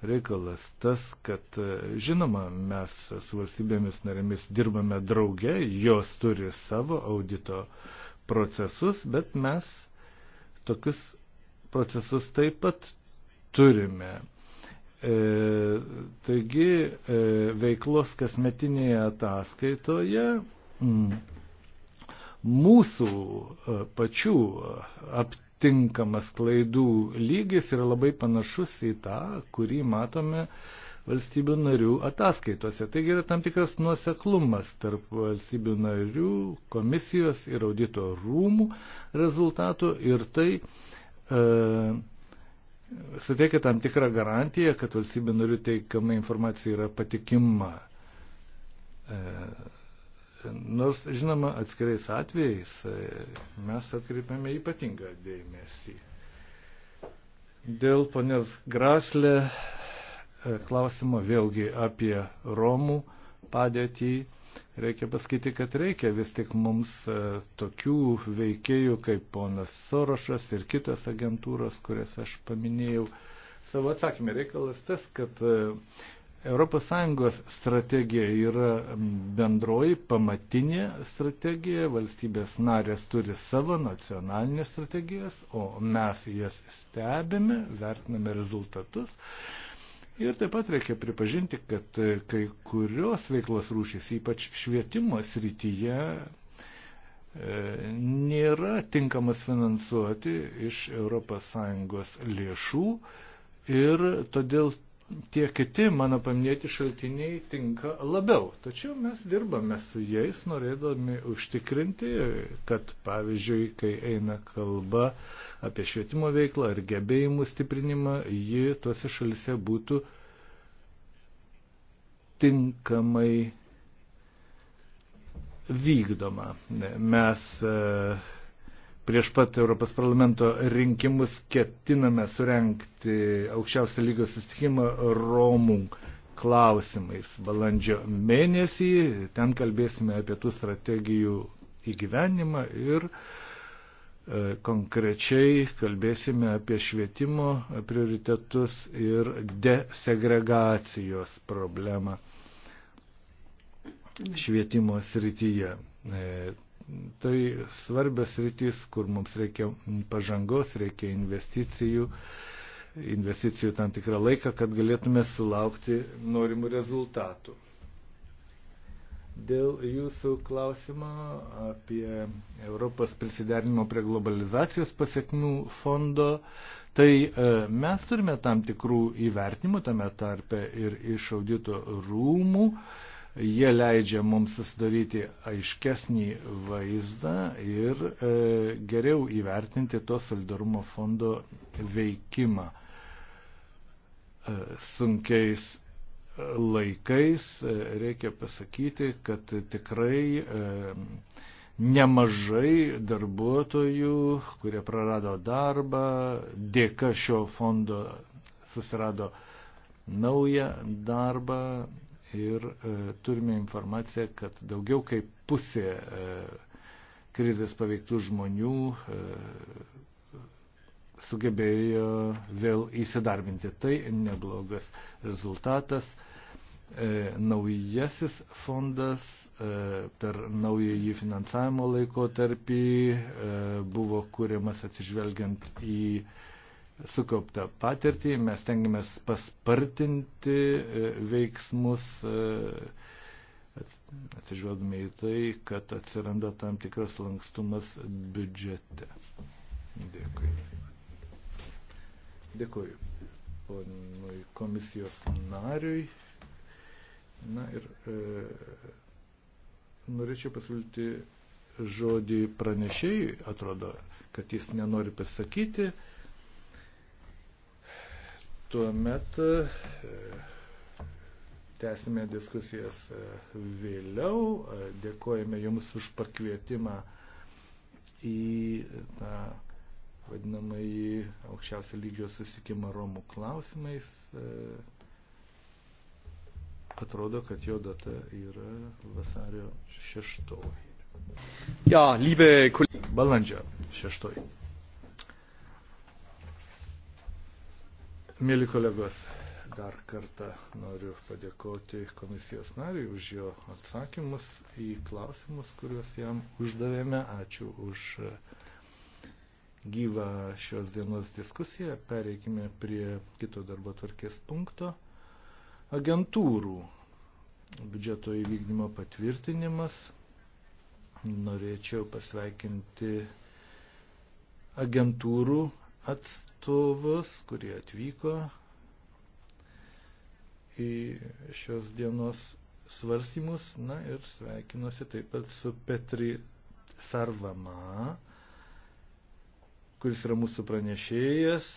reikalas tas, kad e, žinoma, mes su valstybėmis narėmis dirbame drauge, jos turi savo audito procesus, bet mes tokius procesus taip pat turime. E, taigi e, veiklos kasmetinėje ataskaitoje mm, mūsų e, pačių e, apt tinkamas klaidų lygis yra labai panašus į tą, kurį matome valstybių narių ataskaitose. Taigi yra tam tikras nuoseklumas tarp valstybių narių, komisijos ir audito rūmų rezultatų ir tai e, suteikia tam tikrą garantiją, kad valstybių narių teikiama informacija yra patikima. E, Nors, žinoma, atskirais atvejais e, mes atkreipiame ypatingą dėmesį. Dėl ponios Graslė e, klausimo vėlgi apie Romų padėtį. Reikia pasakyti, kad reikia vis tik mums e, tokių veikėjų kaip ponas Sorošas ir kitos agentūros, kurias aš paminėjau savo atsakymę. Reikalas tas, kad ES strategija yra bendroji pamatinė strategija, valstybės narės turi savo nacionalinės strategijas, o mes jas stebime, vertiname rezultatus. Ir taip pat reikia pripažinti, kad kai kurios veiklos rūšys, ypač švietimo srityje, e, nėra tinkamas finansuoti iš ES lėšų ir todėl tie kiti mano paminėti šaltiniai tinka labiau. Tačiau mes dirbame su jais, norėdami užtikrinti, kad pavyzdžiui, kai eina kalba apie švietimo veiklą ar gebėjimų stiprinimą, ji tuose šalise būtų tinkamai vykdoma. Mes e, Prieš pat Europos parlamento rinkimus ketiname surenkti aukščiausio lygio sustikimą Romų klausimais balandžio mėnesį. Ten kalbėsime apie tų strategijų įgyvenimą ir e, konkrečiai kalbėsime apie švietimo prioritetus ir desegregacijos problemą švietimo srityje. E, tai svarbios rytis, kur mums reikia pažangos, reikia investicijų, investicijų tam tikrą laiką, kad galėtume sulaukti norimų rezultatų. Dėl jūsų klausimo apie Europos prisiderinimo prie globalizacijos pasiekmių fondo, tai e, mes turime tam tikrų įvertimų tame tarpe ir iš audito rūmų, Jie leidžia mums susidaryti aiškesnį vaizdą ir e, geriau įvertinti to solidarumo fondo veikimą. E, sunkiais e, laikais e, reikia pasakyti, kad tikrai e, nemažai darbuotojų, kurie prarado darbą, dėka šio fondo susirado naują darbą, ir e, turime informaciją, kad daugiau kaip pusė e, krizės paveiktų žmonių e, sugebėjo vėl įsidarbinti. Tai neblogas rezultatas. E, naujasis fondas e, per naująjį finansavimo laikotarpį e, buvo kūriamas atsižvelgiant į e, sukauptą patirtį, mes tengiamės paspartinti e, veiksmus, e, atsižvelgdami į tai, kad atsiranda tam tikras lankstumas biudžete. Dėkui. Dėkui ponui komisijos nariui. Na ir e, norėčiau pasiūlyti žodį pranešėjui, atrodo, kad jis nenori pasakyti. E, Tuomet e, tęsime diskusijas e, vėliau. E, dėkojame Jums už pakvietimą į tą vadinamąjį aukščiausio lygio susikimą Romų klausimais. Atrodo, kad jo data yra vasario šeštoji. Ja, liebe kolegė. Balandžio šeštoji. Mėly kolegos, dar kartą noriu padėkoti komisijos nariui už jo atsakymus į klausimus, kuriuos jam uždavėme. Ačiū už gyvą šios dienos diskusiją. Pereikime prie kito darbo tvarkės punkto. Agentūrų biudžeto įvykdymo patvirtinimas. Norėčiau pasveikinti agentūrų atstovus, kurie atvyko į šios dienos svarstymus. Na ir sveikinuosi taip pat su Petri Sarvama, kuris yra mūsų pranešėjas.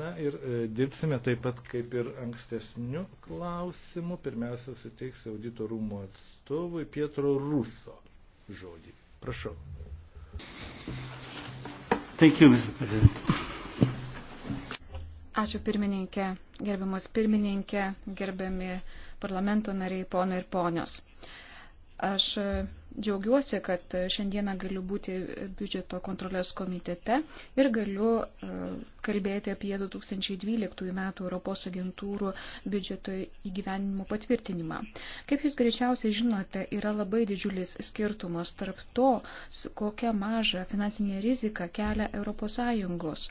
Na ir dirbsime taip pat kaip ir ankstesniu klausimu. Pirmiausia, suteiksiu audito rūmų atstovui Pietro Ruso žodį. Prašau. Thank you, Mr. President. Ačiū pirmininkė, gerbiamas pirmininkė, gerbiami parlamento nariai, ponai ir ponios. Aš Džiaugiuosi, kad šiandieną galiu būti biudžeto kontrolės komitete ir galiu e, kalbėti apie 2012 m. Europos agentūrų biudžeto įgyvenimo patvirtinimą. Kaip jūs greičiausiai žinote, yra labai didžiulis skirtumas tarp to, kokią mažą finansinę riziką kelia ES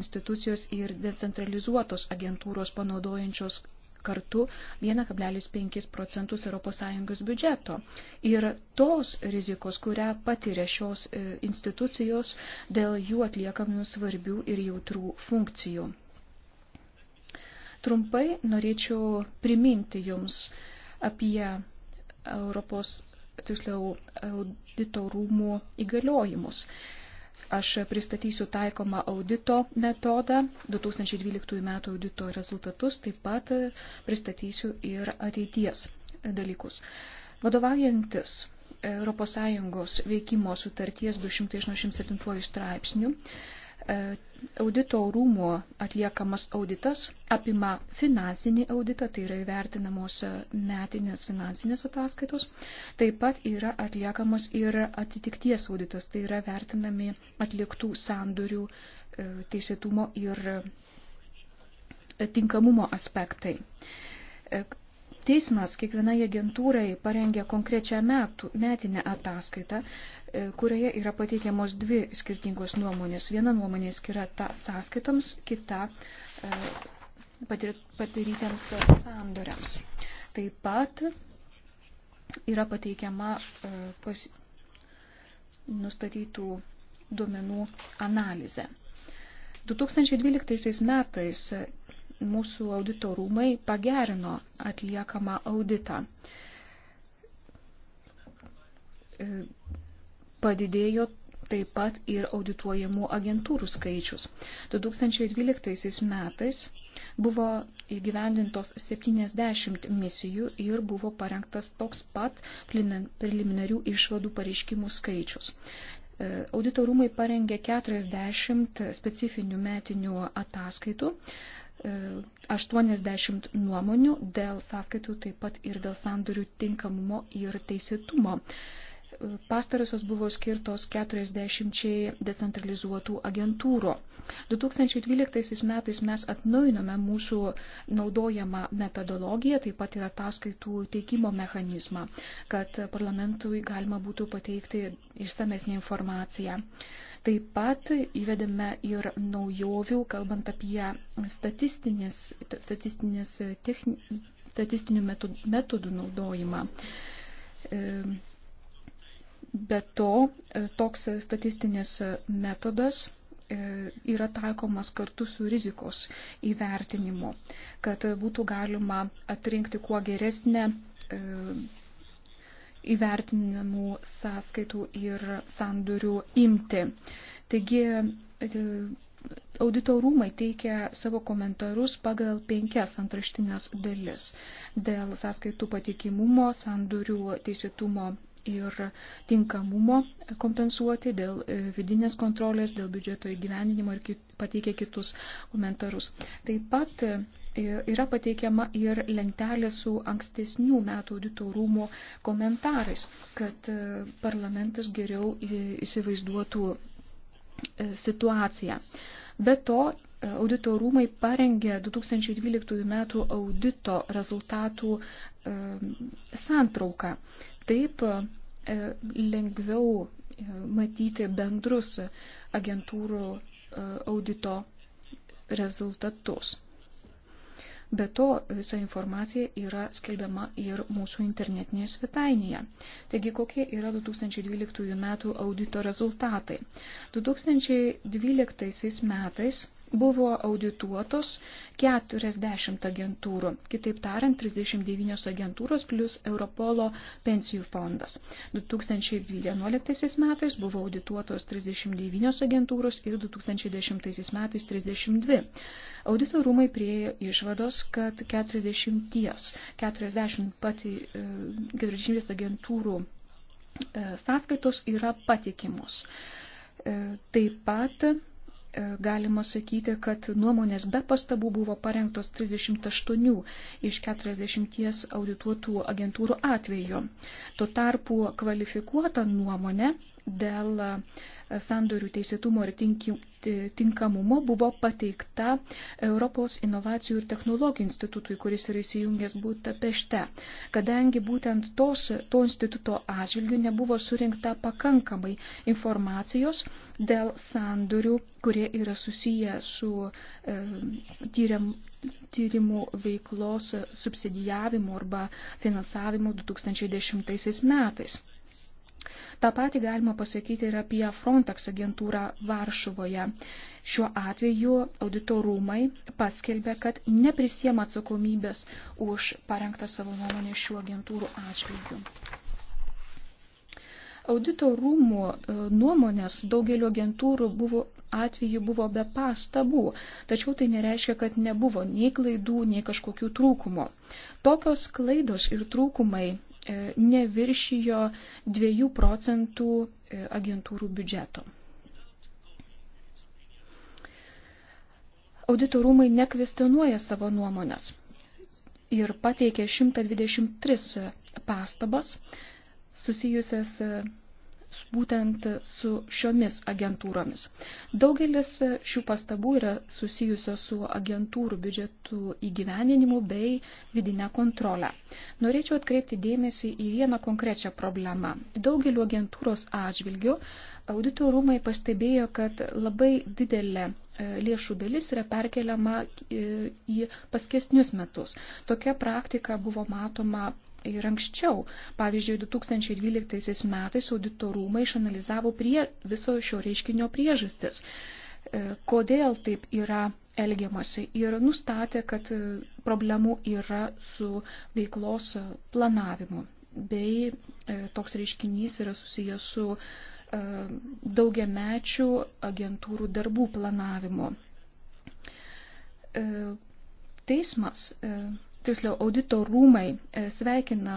institucijos ir decentralizuotos agentūros panaudojančios kartu 1,5 procentus ES biudžeto. Ir tos rizikos, kurią patiria šios e, institucijos dėl jų atliekamų svarbių ir jautrų funkcijų. Trumpai norėčiau priminti Jums apie Europos, tiksliau, auditorumų įgaliojimus. Aš pristatysiu taikomą audito metodą, 2012 metų audito rezultatus, taip pat pristatysiu ir ateities dalykus. Vadovaujantis ES veikimo sutarties 287 straipsnių, E, audito rūmo atliekamas auditas apima finansinį auditą, tai yra įvertinamos metinės finansinės ataskaitos. Taip pat yra atliekamas ir atitikties auditas, tai yra vertinami atliktų sandorių e, teisėtumo ir e, tinkamumo aspektai. Teismas kiekvienai agentūrai parengė konkrečią metų, metinę ataskaitą, E, kurioje yra pateikiamos dvi skirtingos nuomonės. Viena nuomonė skiria ta sąskaitoms, kita e, padarytiems sandoriams. Taip pat yra pateikiama e, pas, nustatytų duomenų analizė. 2012 metais mūsų auditorumai pagerino atliekamą auditą padidėjo taip pat ir audituojamų agentūrų skaičius. 2012 metais buvo įgyvendintos 70 misijų ir buvo parengtas toks pat preliminarių išvadų pareiškimų skaičius. E, auditorumai parengė 40 specifinių metinių ataskaitų, 80 e, nuomonių dėl sąskaitų, taip pat ir dėl sandorių tinkamumo ir teisėtumo. Pastarosios buvo skirtos 40 decentralizuotų agentūrų. 2012 metais mes atnaujinome mūsų naudojamą metodologiją, taip pat ir ataskaitų teikimo mechanizmą, kad parlamentui galima būtų pateikti išsamesnį informaciją. Taip pat įvedėme ir naujovių, kalbant apie statistinis, statistinis techni, statistinių metodų, metodų naudojimą. E, Be to, e, toks statistinis metodas e, yra taikomas kartu su rizikos įvertinimu, kad būtų galima atrinkti kuo geresnę e, įvertinimų sąskaitų ir sandurių imti. Taigi audito rūmai teikia savo komentarus pagal penkias antraštinės dalis dėl sąskaitų patikimumo, sandurių teisėtumo ir tinkamumo kompensuoti dėl e, vidinės kontrolės, dėl biudžeto įgyvendinimo ir pateikė kitus komentarus. Taip pat e, yra pateikiama ir lentelė su ankstesnių metų audito rūmų komentarais, kad e, parlamentas geriau įsivaizduotų situaciją. Be to, audito rūmai parengė 2012 metų audito rezultatų santrauką. Taip e, lengviau e, matyti bendrus agentūrų e, audito rezultatus. Be to, visa informacija yra skelbiama ir mūsų internetinėje svetainėje. Taigi, kokie yra 2012 metų audito rezultatai? 2012 metais Buvo audituotos 40 agentūrų, kitaip tariant, 39 agentūros plus Europolo pensijų fondas. 2011 metais buvo audituotos 39 agentūros ir 2010 metais 32. Audito rūmai priejo išvados, kad 40, 40, pati, 40 e, agentūrų e, sąskaitos yra patikimos. E, taip pat E, galima sakyti, kad nuomonės be pastabų buvo parengtos 38 iš 40 audituotų agentūrų atveju. Tuo tarpu kvalifikuota nuomonė dėl e, sandorių teisėtumo ir tinkamumo buvo pateikta Europos inovacijų ir technologijų institutui, kuris yra įsijungęs Būtapešte, kadangi būtent tos, to instituto atžvilgių nebuvo surinkta pakankamai informacijos dėl sandorių, kurie yra susiję su e, tyriam, tyrimų veiklos subsidijavimo arba finansavimo 2010 metais. Ta patį galima pasakyti ir apie Frontex agentūrą Varšuvoje. Šiuo atveju auditorumai paskelbė, kad neprisiema atsakomybės už parengtą savo nuomonę šių agentūrų atžvilgių. Audito rūmų e, nuomonės daugelio agentūrų buvo atveju buvo be pastabų, tačiau tai nereiškia, kad nebuvo nei klaidų, nei kažkokių trūkumo. Tokios klaidos ir trūkumai E, neviršijo 2 procentų e, agentūrų biudžeto. Auditorumai nekvestionuoja savo nuomonės ir pateikė 123 pastabas susijusias e, būtent su šiomis agentūromis. Daugelis šių pastabų yra susijusios su agentūrų biudžetų įgyveninimu bei vidinę kontrolę. Norėčiau atkreipti dėmesį į vieną konkrečią problemą. Daugeliu agentūros atžvilgių audito rūmai pastebėjo, kad labai didelė e, lėšų dalis yra perkeliama e, į paskesnius metus. Tokia praktika buvo matoma ir anksčiau. Pavyzdžiui, 2012 metais auditorumai išanalizavo prie viso šio reiškinio priežastis, e, kodėl taip yra elgiamasi ir nustatė, kad e, problemų yra su veiklos planavimu. Bei e, toks reiškinys yra susijęs su daugiamečių agentūrų darbų planavimu. Teismas tiksliau audito rūmai e, sveikina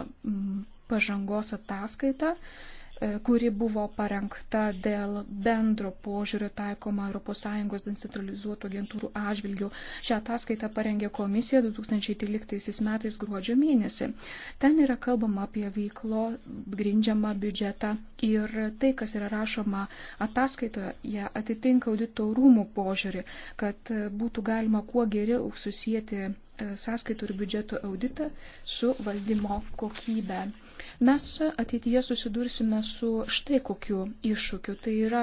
pažangos ataskaitą, e, kuri buvo parengta dėl bendro požiūrio taikoma ES decentralizuotų agentūrų atžvilgių. Šią ataskaitą parengė komisija 2013 metais gruodžio mėnesį. Ten yra kalbama apie veiklo grindžiamą biudžetą ir tai, kas yra rašoma ataskaitoje, atitinka audito rūmų požiūrį, kad e, būtų galima kuo geriau susijęti sąskaitų ir biudžeto auditą su valdymo kokybe. Mes ateityje susidursime su štai kokiu iššūkiu, tai yra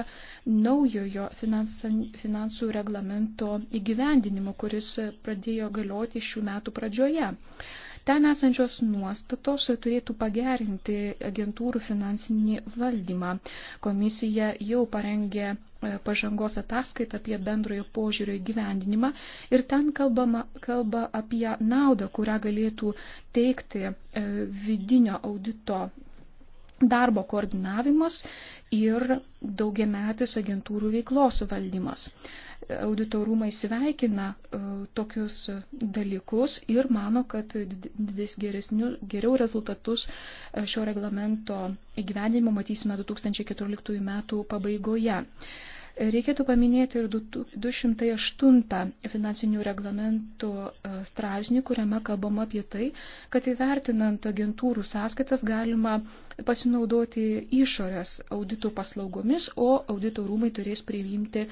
naujojo finansų reglamento įgyvendinimu, kuris pradėjo galioti šių metų pradžioje. Ten esančios nuostatos turėtų pagerinti agentūrų finansinį valdymą. Komisija jau parengė e, pažangos ataskaitą apie bendrojo požiūrio įgyvendinimą ir ten kalbama, kalba apie naudą, kurią galėtų teikti e, vidinio audito darbo koordinavimas ir daugiametis agentūrų veiklos valdymas auditorumai sveikina e, tokius dalykus ir mano, kad vis geresnių, geriau rezultatus e, šio reglamento įgyvenimo matysime 2014 metų pabaigoje. Reikėtų paminėti ir 208 finansinių reglamentų e, straipsnį, kuriame kalbama apie tai, kad įvertinant agentūrų sąskaitas galima pasinaudoti išorės auditų paslaugomis, o audito rūmai turės priimti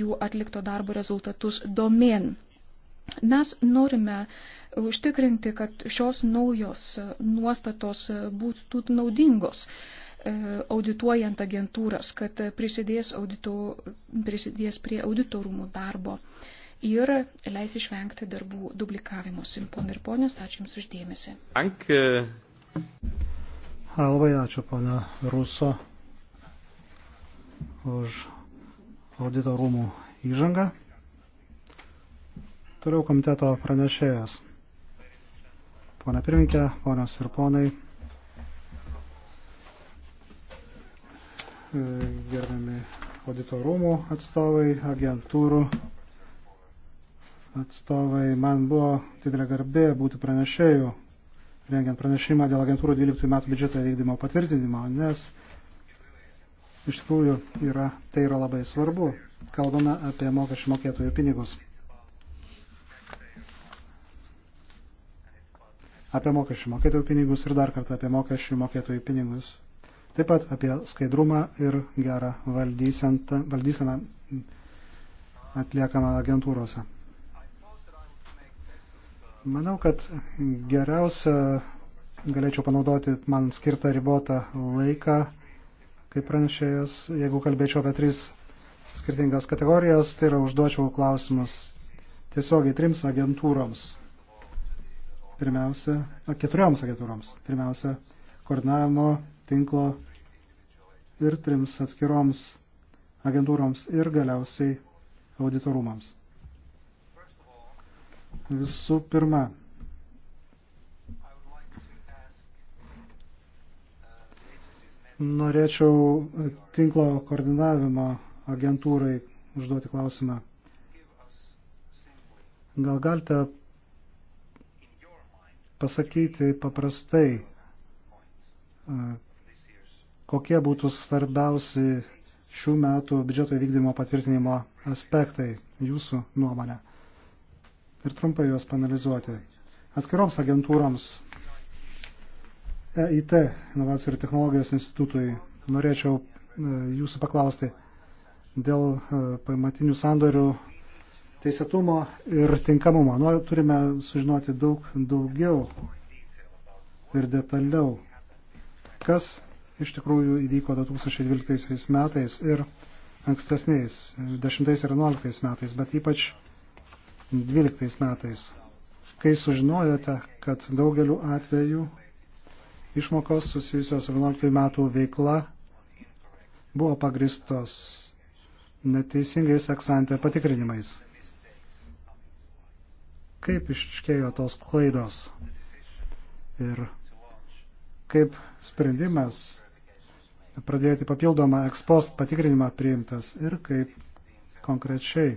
jų atlikto darbo rezultatus domen. Mes norime užtikrinti, kad šios naujos nuostatos būtų naudingos E, audituojant agentūras, kad prisidės, audito, prisidės prie auditorumų darbo ir leis išvengti darbų dublikavimus. Pone ir ponios, ačiū Jums uždėmesi. Ank. Labai ačiū, pana Ruso, už auditorumų įžangą. Toliau komiteto pranešėjas. Pone pirminkė, ponios ir ponai. E, gerbiami auditorumų atstovai, agentūrų atstovai. Man buvo didelė garbė būti pranešėjų, rengiant pranešimą dėl agentūrų 12 metų biudžeto vykdymo patvirtinimo, nes iš tikrųjų yra, tai yra labai svarbu. Kalbame apie mokesčių mokėtojų pinigus. Apie mokesčių mokėtojų pinigus ir dar kartą apie mokesčių mokėtojų pinigus. Taip pat apie skaidrumą ir gerą valdyseną atliekamą agentūrose. Manau, kad geriausia galėčiau panaudoti man skirtą ribotą laiką, kaip pranešėjas, jeigu kalbėčiau apie tris skirtingas kategorijas, tai yra užduočiau klausimus tiesiogiai trims agentūroms. Pirmiausia, keturioms agentūroms. Pirmiausia, koordinavimo tinklo ir trims atskiroms agentūroms ir galiausiai auditorumams. Visų pirma, norėčiau tinklo koordinavimo agentūrai užduoti klausimą. Gal galite pasakyti paprastai, kokie būtų svarbiausi šių metų biudžeto įvykdymo patvirtinimo aspektai jūsų nuomonė ir trumpai juos panalizuoti. Atskiroms agentūroms EIT, Inovacijų ir technologijos institutui, norėčiau e, jūsų paklausti dėl e, pamatinių sandorių teisėtumo ir tinkamumo. Nu, turime sužinoti daug daugiau ir detaliau, kas iš tikrųjų įvyko 2012 metais ir ankstesniais, 10 ir 11 metais, bet ypač 12 metais, kai sužinojote, kad daugeliu atveju išmokos susijusios 11 metų veikla buvo pagristos neteisingais eksantė patikrinimais. Kaip iškėjo tos klaidos ir kaip sprendimas pradėti papildomą ekspost patikrinimą priimtas ir kaip konkrečiai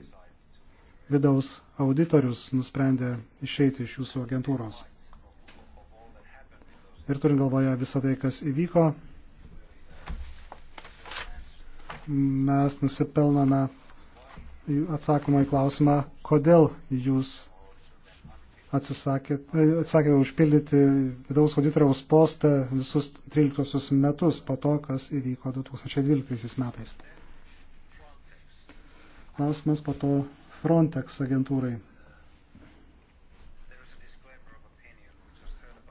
vidaus auditorius nusprendė išeiti iš jūsų agentūros. Ir turint galvoje visą tai, kas įvyko, mes nusipelnome atsakymą į klausimą, kodėl jūs atsisakė, e, atsisakė užpildyti vidaus auditoriaus postą visus 13 metus po to, kas įvyko 2012 metais. Klausimas po to Frontex agentūrai.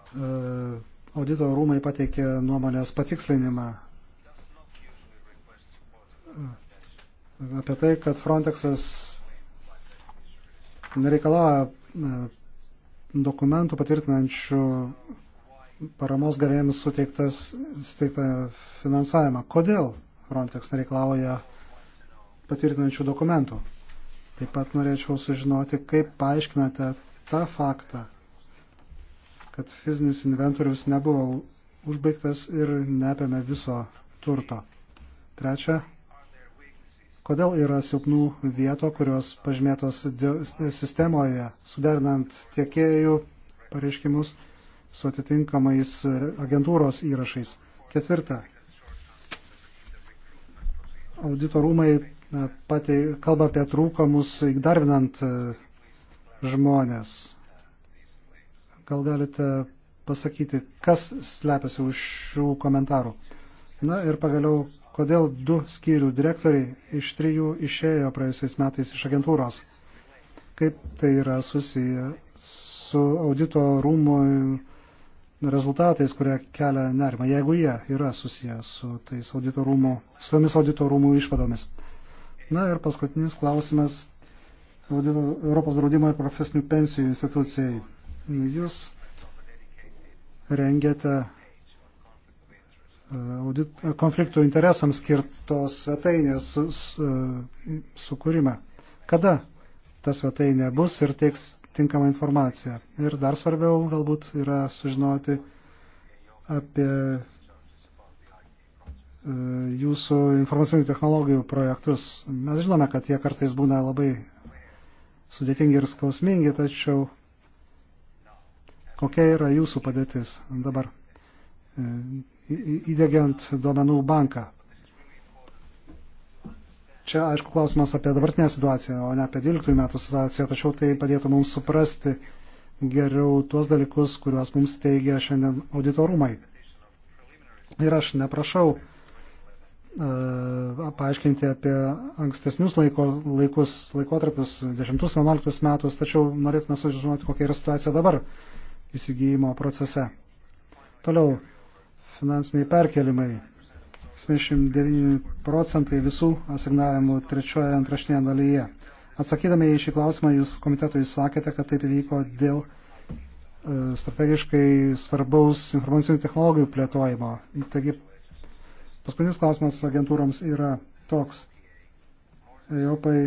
E, audito rūmai pateikė nuomonės patikslinimą e, apie tai, kad Frontexas nereikalavo dokumentų patvirtinančių paramos gavėjams suteiktas, suteiktą finansavimą. Kodėl Frontex nereikalauja patvirtinančių dokumentų? Taip pat norėčiau sužinoti, kaip paaiškinate tą faktą, kad fizinis inventorius nebuvo užbaigtas ir neapėmė viso turto. Trečia, Kodėl yra silpnų vietų, kurios pažymėtos sistemoje, suderinant tiekėjų pareiškimus su atitinkamais agentūros įrašais. Ketvirta. Auditorumai patei, kalba apie trūkomus įdarvinant e, žmonės. Gal galite pasakyti, kas slepiasi už šių komentarų? Na ir pagaliau kodėl du skyrių direktoriai iš trijų išėjo praėjusiais metais iš agentūros. Kaip tai yra susiję su audito rūmų rezultatais, kurie kelia nerimą, jeigu jie yra susiję su, tais audito rūmų, su tomis audito rūmų išvadomis. Na ir paskutinis klausimas audito, Europos draudimo ir profesinių pensijų institucijai. Jūs rengiate audit, konfliktų interesams skirtos svetainės sukūrimą. Kada ta svetainė bus ir tieks tinkamą informaciją. Ir dar svarbiau galbūt yra sužinoti apie e, jūsų informacinių technologijų projektus. Mes žinome, kad jie kartais būna labai sudėtingi ir skausmingi, tačiau kokia yra jūsų padėtis dabar? E, įdėgiant duomenų banką. Čia, aišku, klausimas apie dabartinę situaciją, o ne apie 12 metų situaciją, tačiau tai padėtų mums suprasti geriau tuos dalykus, kuriuos mums teigia šiandien auditorumai. Ir aš neprašau e, paaiškinti apie ankstesnius laiko, laikus, laikotarpius 10-11 metus, tačiau norėtume sužinoti, kokia yra situacija dabar įsigijimo procese. Toliau, finansiniai perkelimai. 79 procentai visų asignavimų trečioje antraštinėje dalyje. Atsakydami į šį klausimą, jūs komitetui sakėte, kad taip įvyko dėl e, strategiškai svarbaus informacinių technologijų plėtojimo. Taigi, paskutinis klausimas agentūroms yra toks. Jopai,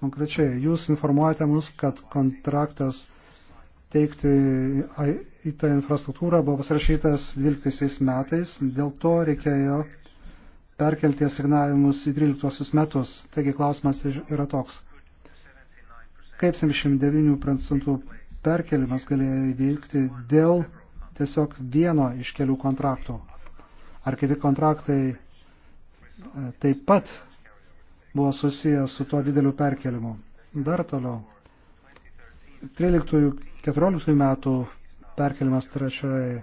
konkrečiai, jūs informuojate mus, kad kontraktas teikti į tą infrastruktūrą buvo pasirašytas 12 metais, dėl to reikėjo perkelti asignavimus į 13 metus. Taigi klausimas yra toks. Kaip 79 procentų perkelimas galėjo įvykti dėl tiesiog vieno iš kelių kontraktų? Ar kiti kontraktai e, taip pat buvo susijęs su tuo dideliu perkelimu? Dar toliau. 13-14 metų perkelimas trečioje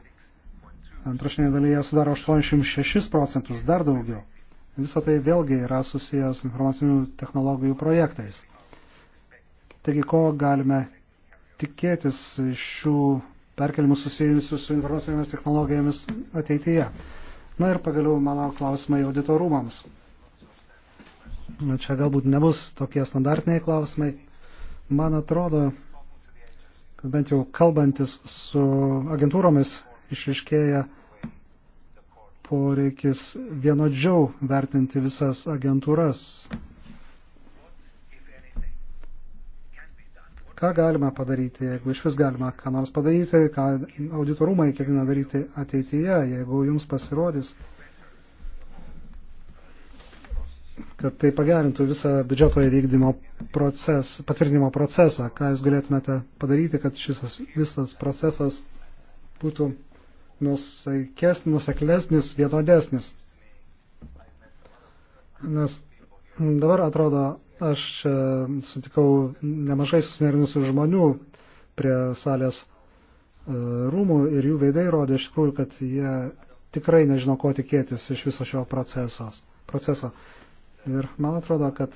antrašinėje dalyje sudaro 86 procentus, dar daugiau. Visą tai vėlgi yra susijęs informacinių technologijų projektais. Taigi, ko galime tikėtis šių perkelimų susijusių su informacinėmis technologijomis ateityje? Na ir pagaliau mano klausimai auditorumams. Čia galbūt nebus tokie standartiniai klausimai. Man atrodo, kad bent jau kalbantis su agentūromis išiškėja poreikis vienodžiau vertinti visas agentūras. Ką galima padaryti, jeigu iš vis galima ką nors padaryti, ką auditorumai ketina daryti ateityje, jeigu jums pasirodys, kad tai pagerintų visą biudžeto įvykdymo proces, patvirtinimo procesą. Ką jūs galėtumėte padaryti, kad šis visas procesas būtų nusaikesnis, nuseklesnis, vienodesnis. Nes dabar atrodo, aš e, sutikau nemažai susinerinusių žmonių prie salės e, rūmų ir jų veidai rodė iš tikrųjų, kad jie tikrai nežino, ko tikėtis iš viso šio procesos. proceso. Ir man atrodo, kad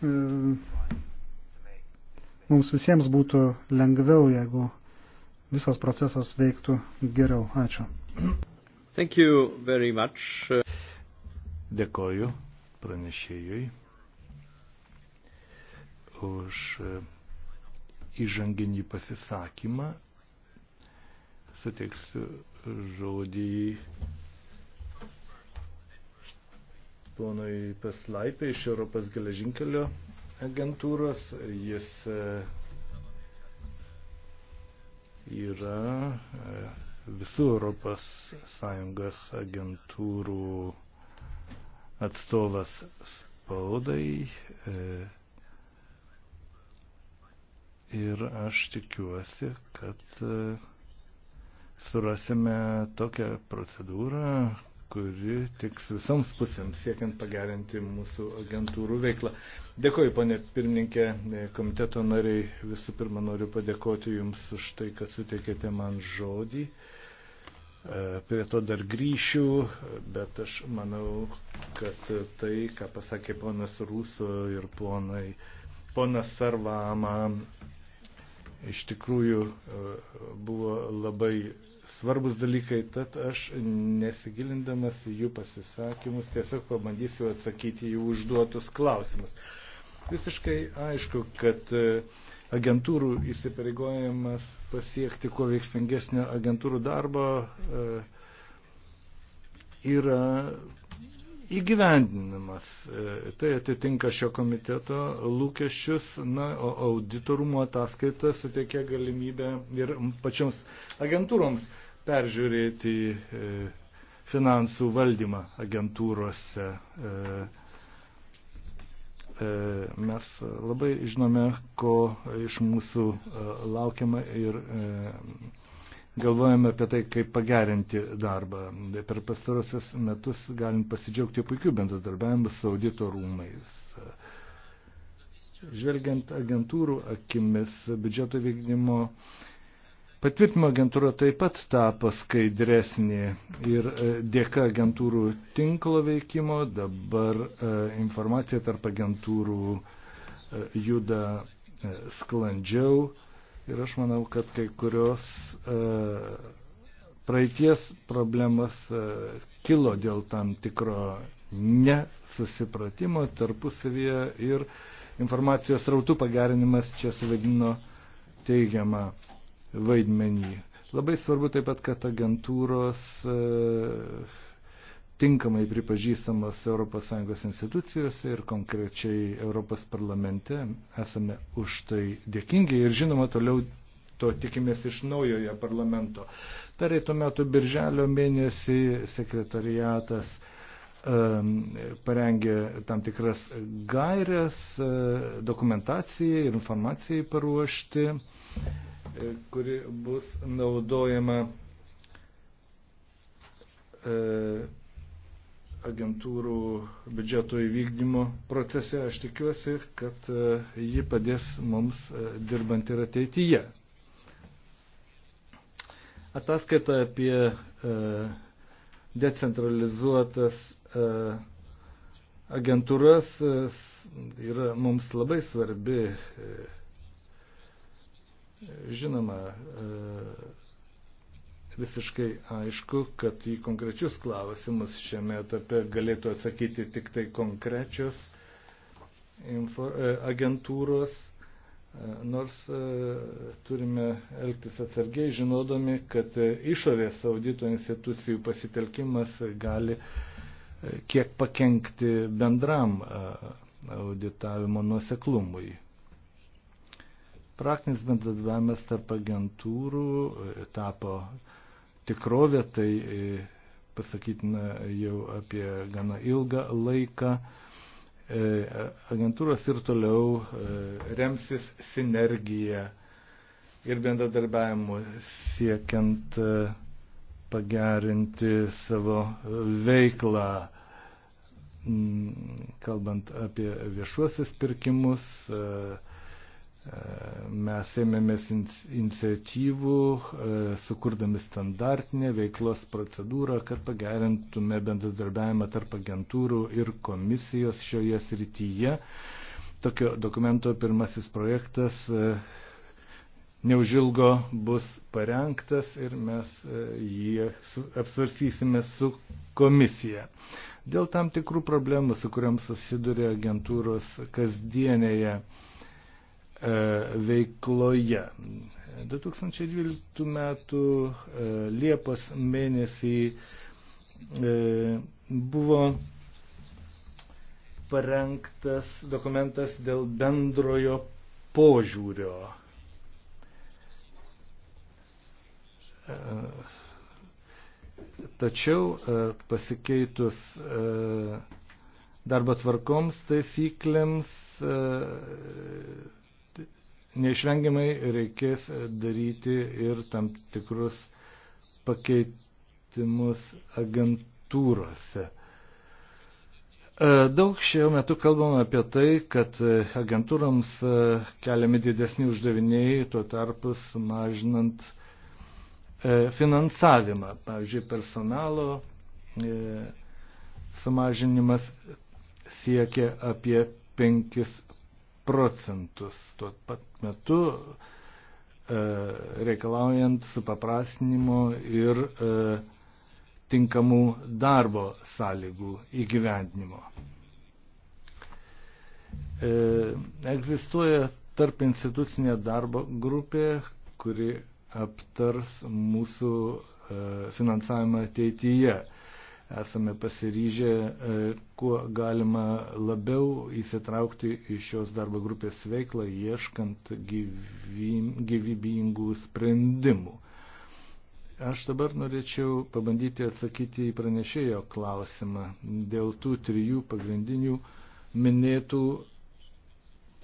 e, mums visiems būtų lengviau, jeigu visas procesas veiktų geriau. Ačiū. Thank you very much. Dėkoju pranešėjui už e, įžanginį pasisakymą. Suteiksiu žodį ponui Paslaipė iš Europos geležinkelio agentūros. Jis e, yra e, visų Europos Sąjungos agentūrų atstovas spaudai. E, ir aš tikiuosi, kad surasime tokią procedūrą, kuri tiks visoms pusėms siekiant pagerinti mūsų agentūrų veiklą. Dėkoju, ponė pirmininkė, komiteto nariai. Visų pirma, noriu padėkoti Jums už tai, kad suteikėte man žodį. E, prie to dar grįšiu, bet aš manau, kad tai, ką pasakė ponas Rūso ir ponai, ponas Sarvama, iš tikrųjų e, buvo labai svarbus dalykai, tad aš nesigilindamas į jų pasisakymus tiesiog pabandysiu atsakyti jų užduotus klausimus. Visiškai aišku, kad e, agentūrų įsipareigojimas pasiekti kuo veiksmingesnio agentūrų darbo e, yra įgyvendinimas. E, tai atitinka šio komiteto lūkesčius, na, o auditorumo ataskaita suteikia galimybę ir pačioms agentūroms peržiūrėti e, finansų valdymą agentūrose. E, e, mes labai žinome, ko iš mūsų laukiama ir galvojame apie tai, kaip pagerinti darbą. Tai per pastarosius metus galim pasidžiaugti puikiu bendradarbiavimu su audito rūmais. Žvelgiant agentūrų akimis, biudžeto vykdymo uh, Patvirtimo agentūra taip pat tapo skaidresnė ir e, dėka agentūrų tinklo veikimo dabar e, informacija tarp agentūrų e, juda sklandžiau ir aš manau, kad kai kurios praeities problemas kilo dėl tam tikro nesusipratimo tarpusavyje ir informacijos rautų pagerinimas čia suvedino teigiamą vaidmenį. Labai svarbu taip pat, kad agentūros e, tinkamai pripažįstamos ES institucijose ir konkrečiai Europos parlamente. Esame už tai dėkingi ir žinoma toliau to tikimės iš naujojo parlamento. Pereitų metų birželio mėnesį sekretariatas e, parengė tam tikras gairias e, dokumentacijai ir informacijai paruošti. E, kuri bus naudojama e, agentūrų biudžeto įvykdymo procese. Aš tikiuosi, kad e, ji padės mums dirbant ir ateityje. Ataskaita apie decentralizuotas agentūras yra mums labai svarbi Žinoma, e, visiškai aišku, kad į konkrečius klausimus šiame etape galėtų atsakyti tik tai konkrečios info, e, agentūros, e, nors turime elgtis atsargiai, žinodami, kad išorės audito institucijų pasitelkimas gali kiek pakengti bendram auditavimo nuoseklumui. Praktinis bendradarbiavimas tarp agentūrų e, tapo tikrovė, tai e, pasakytina jau apie gana ilgą laiką. E, agentūros ir toliau remsis sinergija ir bendradarbiavimu siekiant pagerinti savo veiklą mm, kalbant apie viešuosius pirkimus, Mes ėmėmės iniciatyvų, e, sukurdami standartinę veiklos procedūrą, kad pagerintume bendradarbiavimą tarp agentūrų ir komisijos šioje srityje. Tokio dokumento pirmasis projektas e, neužilgo bus parengtas ir mes e, jį apsvarsysime su komisija. Dėl tam tikrų problemų, su kuriam susiduria agentūros kasdienėje E, veikloje. 2012 m. E, Liepos mėnesį e, buvo parengtas dokumentas dėl bendrojo požiūrio. Tačiau pasikeitus darbo tvarkoms taisyklėms neišvengiamai reikės daryti ir tam tikrus pakeitimus agentūrose. E, daug šiuo metu kalbam apie tai, kad agentūrams e, keliami didesni uždaviniai, tuo tarpu sumažinant e, finansavimą. Pavyzdžiui, personalo sumažinimas siekia apie 5 procentus. Tuo pat metu e, reikalaujant supaprastinimo ir e, tinkamų darbo sąlygų įgyvendinimo. E, egzistuoja tarp institucinė darbo grupė, kuri aptars mūsų finansavimą ateityje. Esame pasiryžę, e, kuo galima labiau įsitraukti į šios darbo grupės veiklą, ieškant gyvy, gyvybingų sprendimų. Aš dabar norėčiau pabandyti atsakyti į pranešėjo klausimą dėl tų trijų pagrindinių minėtų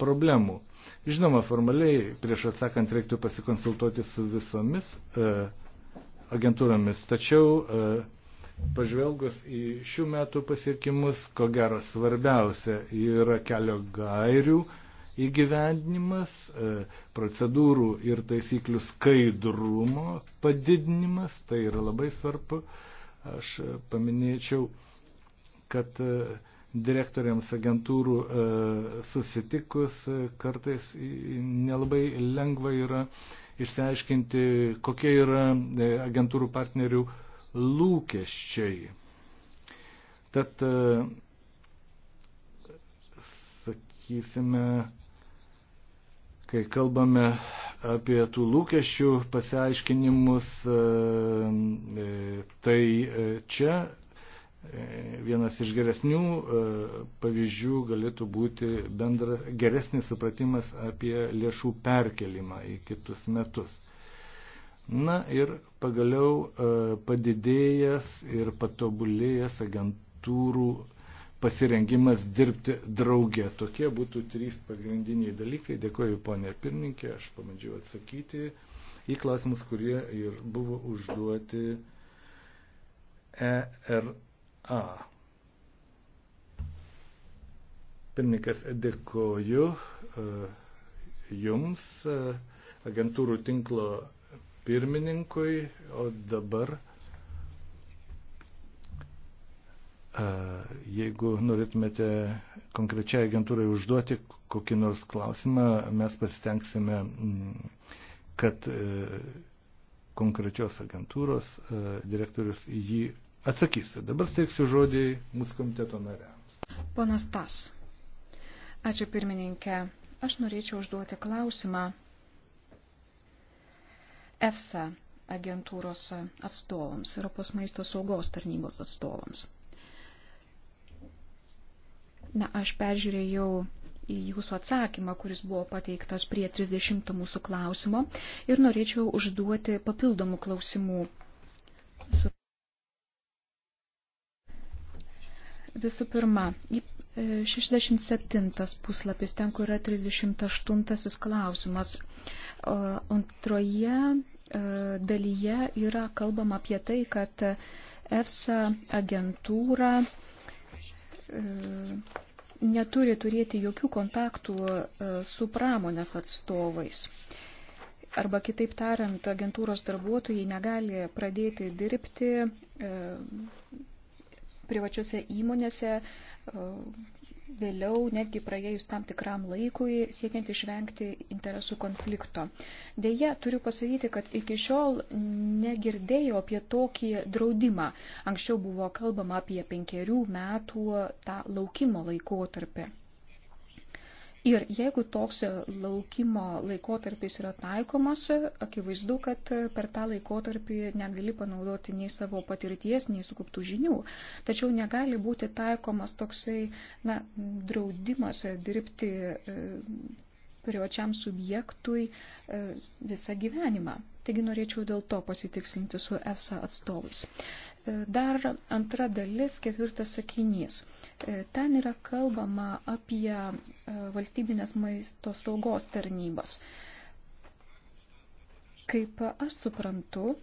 problemų. Žinoma, formaliai prieš atsakant reiktų pasikonsultuoti su visomis e, agentūromis, tačiau e, Pažvelgus į šių metų pasiekimus, ko gero svarbiausia yra kelio gairių įgyvendinimas, e, procedūrų ir taisyklių skaidrumo padidinimas, tai yra labai svarbu. Aš e, paminėčiau, kad e, direktoriams agentūrų susitikus kartais nelabai lengva yra išsiaiškinti, kokie yra agentūrų partnerių lūkesčiai. Tad, e, sakysime, kai kalbame apie tų lūkesčių pasiaiškinimus, e, tai e, čia vienas iš geresnių pavyzdžių galėtų būti bendra, geresnis supratimas apie lėšų perkelimą į kitus metus. Na ir pagaliau e, padidėjęs ir patobulėjęs agentūrų pasirengimas dirbti drauge. Tokie būtų trys pagrindiniai dalykai. Dėkuoju, ponė pirmininkė, aš pamandžiau atsakyti į klausimus, kurie ir buvo užduoti ERA. Pirmininkas, dėkoju e, Jums, e, agentūrų tinklo pirmininkui, o dabar, jeigu norėtumėte konkrečiai agentūrai užduoti kokį nors klausimą, mes pasitengsime, mm, kad e, konkrečios agentūros e, direktorius į jį atsakys. Dabar steiksiu žodį mūsų komiteto nariams. Ponas Tas. Ačiū pirmininkė. Aš norėčiau užduoti klausimą EFSA agentūros atstovams, Europos maisto saugos tarnybos atstovams. Na, aš peržiūrėjau jūsų atsakymą, kuris buvo pateiktas prie 30 mūsų klausimo ir norėčiau užduoti papildomų klausimų. Visų pirma, 67 e, puslapis, ten kur yra 38 klausimas. Antroje e, dalyje yra kalbama apie tai, kad EFSA agentūra e, neturi turėti jokių kontaktų e, su pramonės atstovais. Arba kitaip tariant, agentūros darbuotojai negali pradėti dirbti privačiose įmonėse e, vėliau netgi praėjus tam tikram laikui siekiant išvengti interesų konflikto. Deja, turiu pasakyti, kad iki šiol negirdėjau apie tokį draudimą. Anksčiau buvo kalbama apie penkerių metų tą laukimo laikotarpį. Ir jeigu toks laukimo laikotarpis yra taikomas, akivaizdu, kad per tą laikotarpį negali panaudoti nei savo patirties, nei sukauptų žinių. Tačiau negali būti taikomas toksai na, draudimas dirbti e, privačiam subjektui e, visą gyvenimą. Taigi norėčiau dėl to pasitikslinti su EFSA atstovais. E, dar antra dalis, ketvirtas sakinys. E, ten yra kalbama apie e, valstybinės maisto saugos tarnybas. Kaip aš suprantu,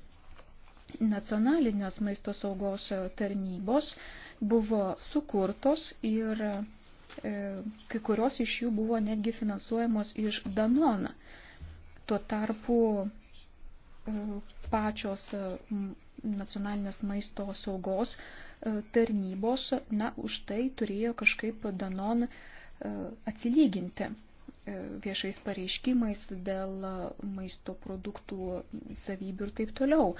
nacionalinės maisto saugos tarnybos buvo sukurtos ir e, kai kurios iš jų buvo netgi finansuojamos iš Danona. Tuo tarpu pačios nacionalinės maisto saugos e, tarnybos, na, už tai turėjo kažkaip Danon e, atsilyginti e, viešais pareiškimais dėl maisto produktų savybių ir taip toliau.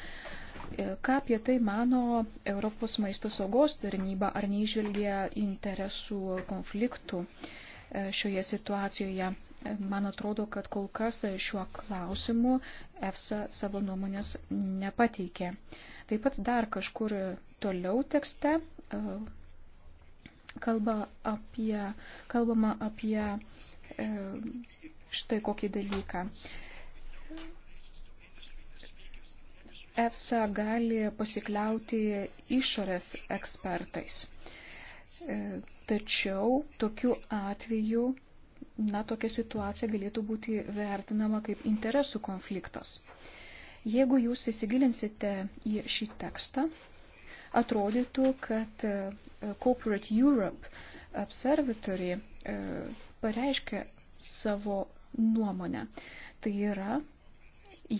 Ką apie tai mano Europos maisto saugos tarnyba, ar neižvelgia interesų konfliktų? Uh, šioje situacijoje. Man atrodo, kad kol kas šiuo klausimu EFSA savo nuomonės nepateikė. Taip pat dar kažkur toliau tekste e, kalba apie, kalbama apie e, štai kokį dalyką. EFSA gali pasikliauti išorės ekspertais e, Tačiau tokiu atveju, na, tokia situacija galėtų būti vertinama kaip interesų konfliktas. Jeigu jūs įsigilinsite į šį tekstą, atrodytų, kad e, Corporate Europe Observatory e, pareiškia savo nuomonę. Tai yra,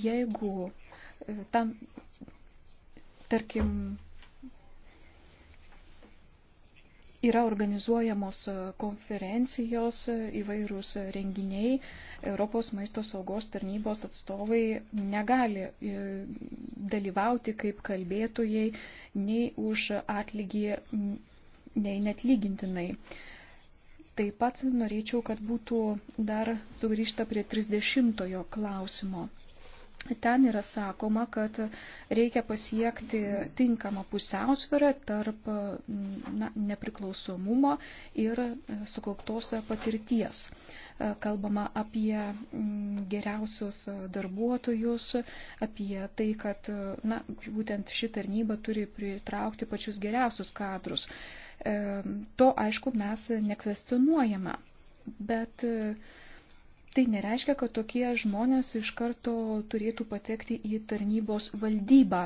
jeigu e, tam, tarkim, yra organizuojamos e, konferencijos, e, įvairūs e, renginiai, Europos maisto saugos tarnybos atstovai negali dalyvauti kaip kalbėtojai nei už atlygį, nei net lygintinai. Taip pat norėčiau, kad būtų dar sugrįžta prie 30 klausimo. Ten yra sakoma, kad reikia pasiekti tinkamą pusiausvyrą tarp mm, na, nepriklausomumo ir e, sukauptos patirties. E, kalbama apie mm, geriausius darbuotojus, apie tai, kad na, būtent ši tarnyba turi pritraukti pačius geriausius kadrus. E, to, aišku, mes nekvestionuojame. Bet uh, tai nereiškia, kad tokie žmonės iš karto turėtų patekti į tarnybos valdybą.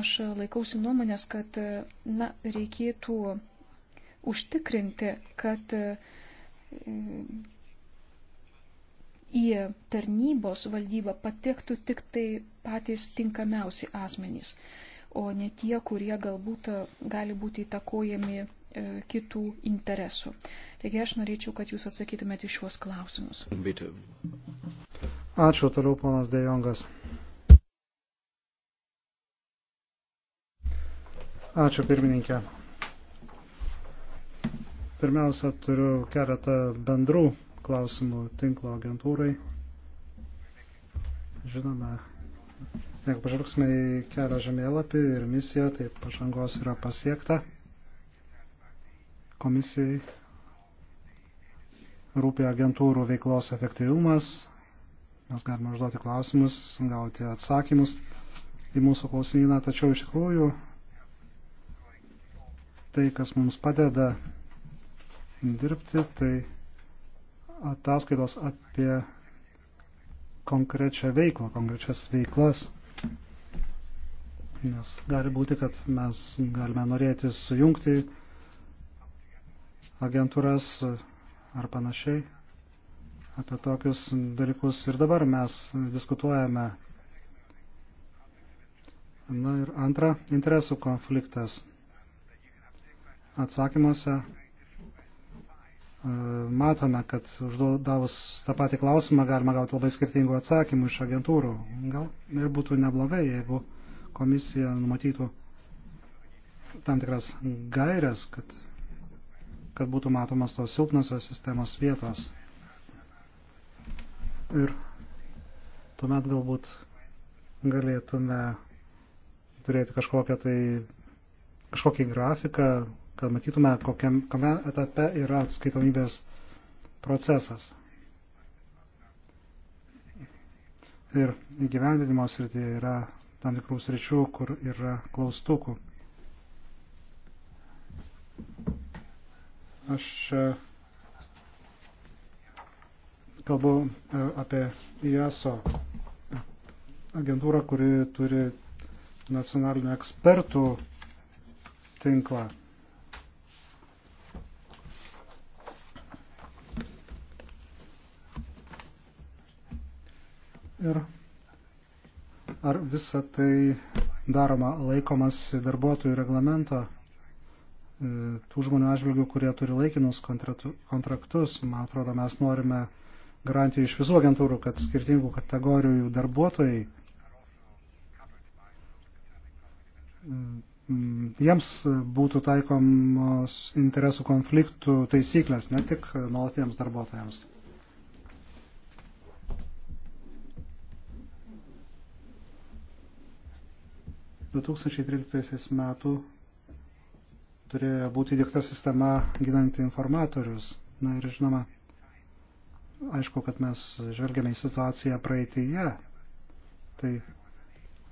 Aš laikausi nuomonės, kad na, reikėtų užtikrinti, kad e, į tarnybos valdybą patektų tik tai patys tinkamiausi asmenys, o ne tie, kurie galbūt gali būti įtakojami E, kitų interesų. Taigi aš norėčiau, kad jūs atsakytumėte iš šiuos klausimus. Ačiū toliau, ponas Dejongas. Ačiū pirmininkė. Pirmiausia, turiu keletą bendrų klausimų tinklo agentūrai. Žinoma, jeigu pažvelgsime į kelio žemėlapį ir misiją, tai pažangos yra pasiekta komisijai rūpia agentūrų veiklos efektyvumas. Mes galime užduoti klausimus, gauti atsakymus į mūsų klausimyną, tačiau iš tikrųjų tai, kas mums padeda dirbti, tai ataskaitos apie konkrečią veiklą, konkrečias veiklas. Nes gali būti, kad mes galime norėti sujungti agentūras ar panašiai. Apie tokius dalykus ir dabar mes diskutuojame. Na ir antra, interesų konfliktas. Atsakymuose e, matome, kad užduodavus tą patį klausimą galima gauti labai skirtingų atsakymų iš agentūrų. Gal ir būtų neblogai, jeigu komisija numatytų tam tikras gairias, kad kad būtų matomas tos silpnosios sistemos vietos. Ir tuomet galbūt galėtume turėti kažkokią tai kažkokį grafiką, kad matytume, kokiam kame etape yra atskaitomybės procesas. Ir įgyvendinimo srityje yra tam tikrų sričių, kur yra klaustukų. Aš e, kalbu e, apie IASO agentūrą, kuri turi nacionalinių ekspertų tinklą. Ir ar visa tai daroma laikomas darbuotojų reglamento tų žmonių atžvilgių, kurie turi laikinus kontraktus. Man atrodo, mes norime garantijų iš visų agentūrų, kad skirtingų kategorijų darbuotojai mm, jiems būtų taikomos interesų konfliktų taisyklės, ne tik nuolatiniams darbuotojams. metų turėjo būti įdėkta sistema ginanti informatorius. Na ir žinoma, aišku, kad mes žvelgiame į situaciją praeitįje. Tai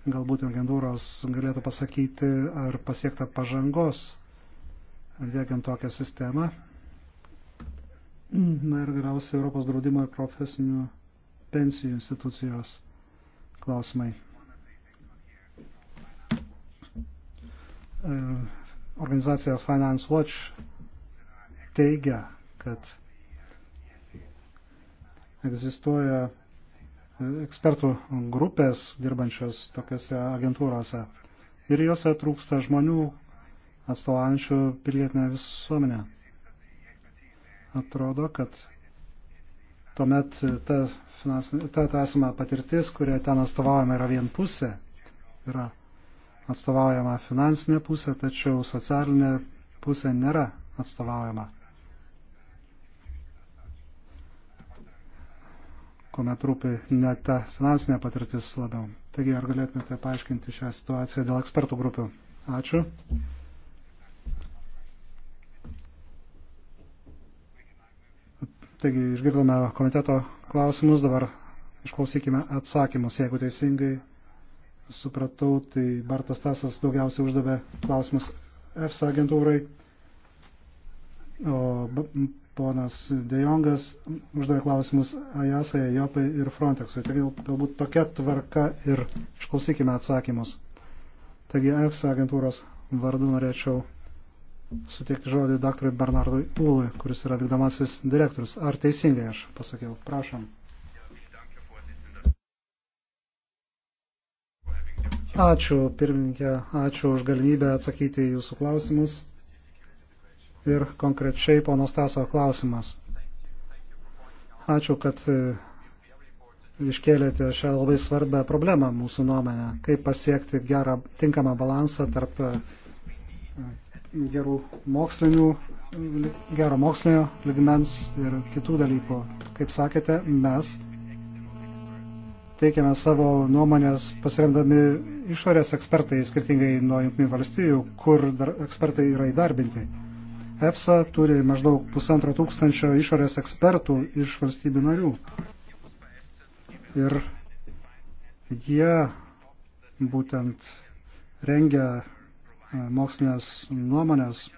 galbūt agentūros galėtų pasakyti, ar pasiekta pažangos dėgiant tokią sistemą. Na ir galiausiai Europos draudimo ir profesinių pensijų institucijos klausimai. E, organizacija Finance Watch teigia, kad egzistuoja e, ekspertų grupės dirbančios tokiuose agentūrose ir juose trūksta žmonių atstovaujančių pilietinę visuomenę. Atrodo, kad tuomet ta, ta, ta esama patirtis, kurią ten atstovaujame, yra vienpusė, yra atstovaujama finansinė pusė, tačiau socialinė pusė nėra atstovaujama. kuomet rūpi ne ta finansinė patirtis labiau. Taigi, ar galėtumėte paaiškinti šią situaciją dėl ekspertų grupių? Ačiū. Taigi, išgirdome komiteto klausimus, dabar išklausykime atsakymus, jeigu teisingai supratau, tai Bartas Tasas daugiausiai uždavė klausimus EFSA agentūrai, o ponas Dejongas uždavė klausimus AJASA, EJOPai ir Frontexui. Taigi galbūt tokia tvarka ir išklausykime atsakymus. Taigi EFSA agentūros vardu norėčiau suteikti žodį daktarui Bernardui Ūlui, kuris yra vykdomasis direktorius. Ar teisingai aš pasakiau? Prašom. Ačiū, pirmininkė, ačiū už galimybę atsakyti į jūsų klausimus ir konkrečiai pono Staso klausimas. Ačiū, kad e, iškėlėte šią labai svarbę problemą mūsų nuomenę, kaip pasiekti gerą, tinkamą balansą tarp e, gerų mokslinių, gero mokslinio ligmens ir kitų dalykų. Kaip sakėte, mes teikiame savo nuomonės pasiremdami išorės ekspertai, skirtingai nuo jungtinių valstybių, kur dar ekspertai yra įdarbinti. EFSA turi maždaug pusantro tūkstančio išorės ekspertų iš valstybių narių. Ir jie būtent rengia e, mokslinės nuomonės.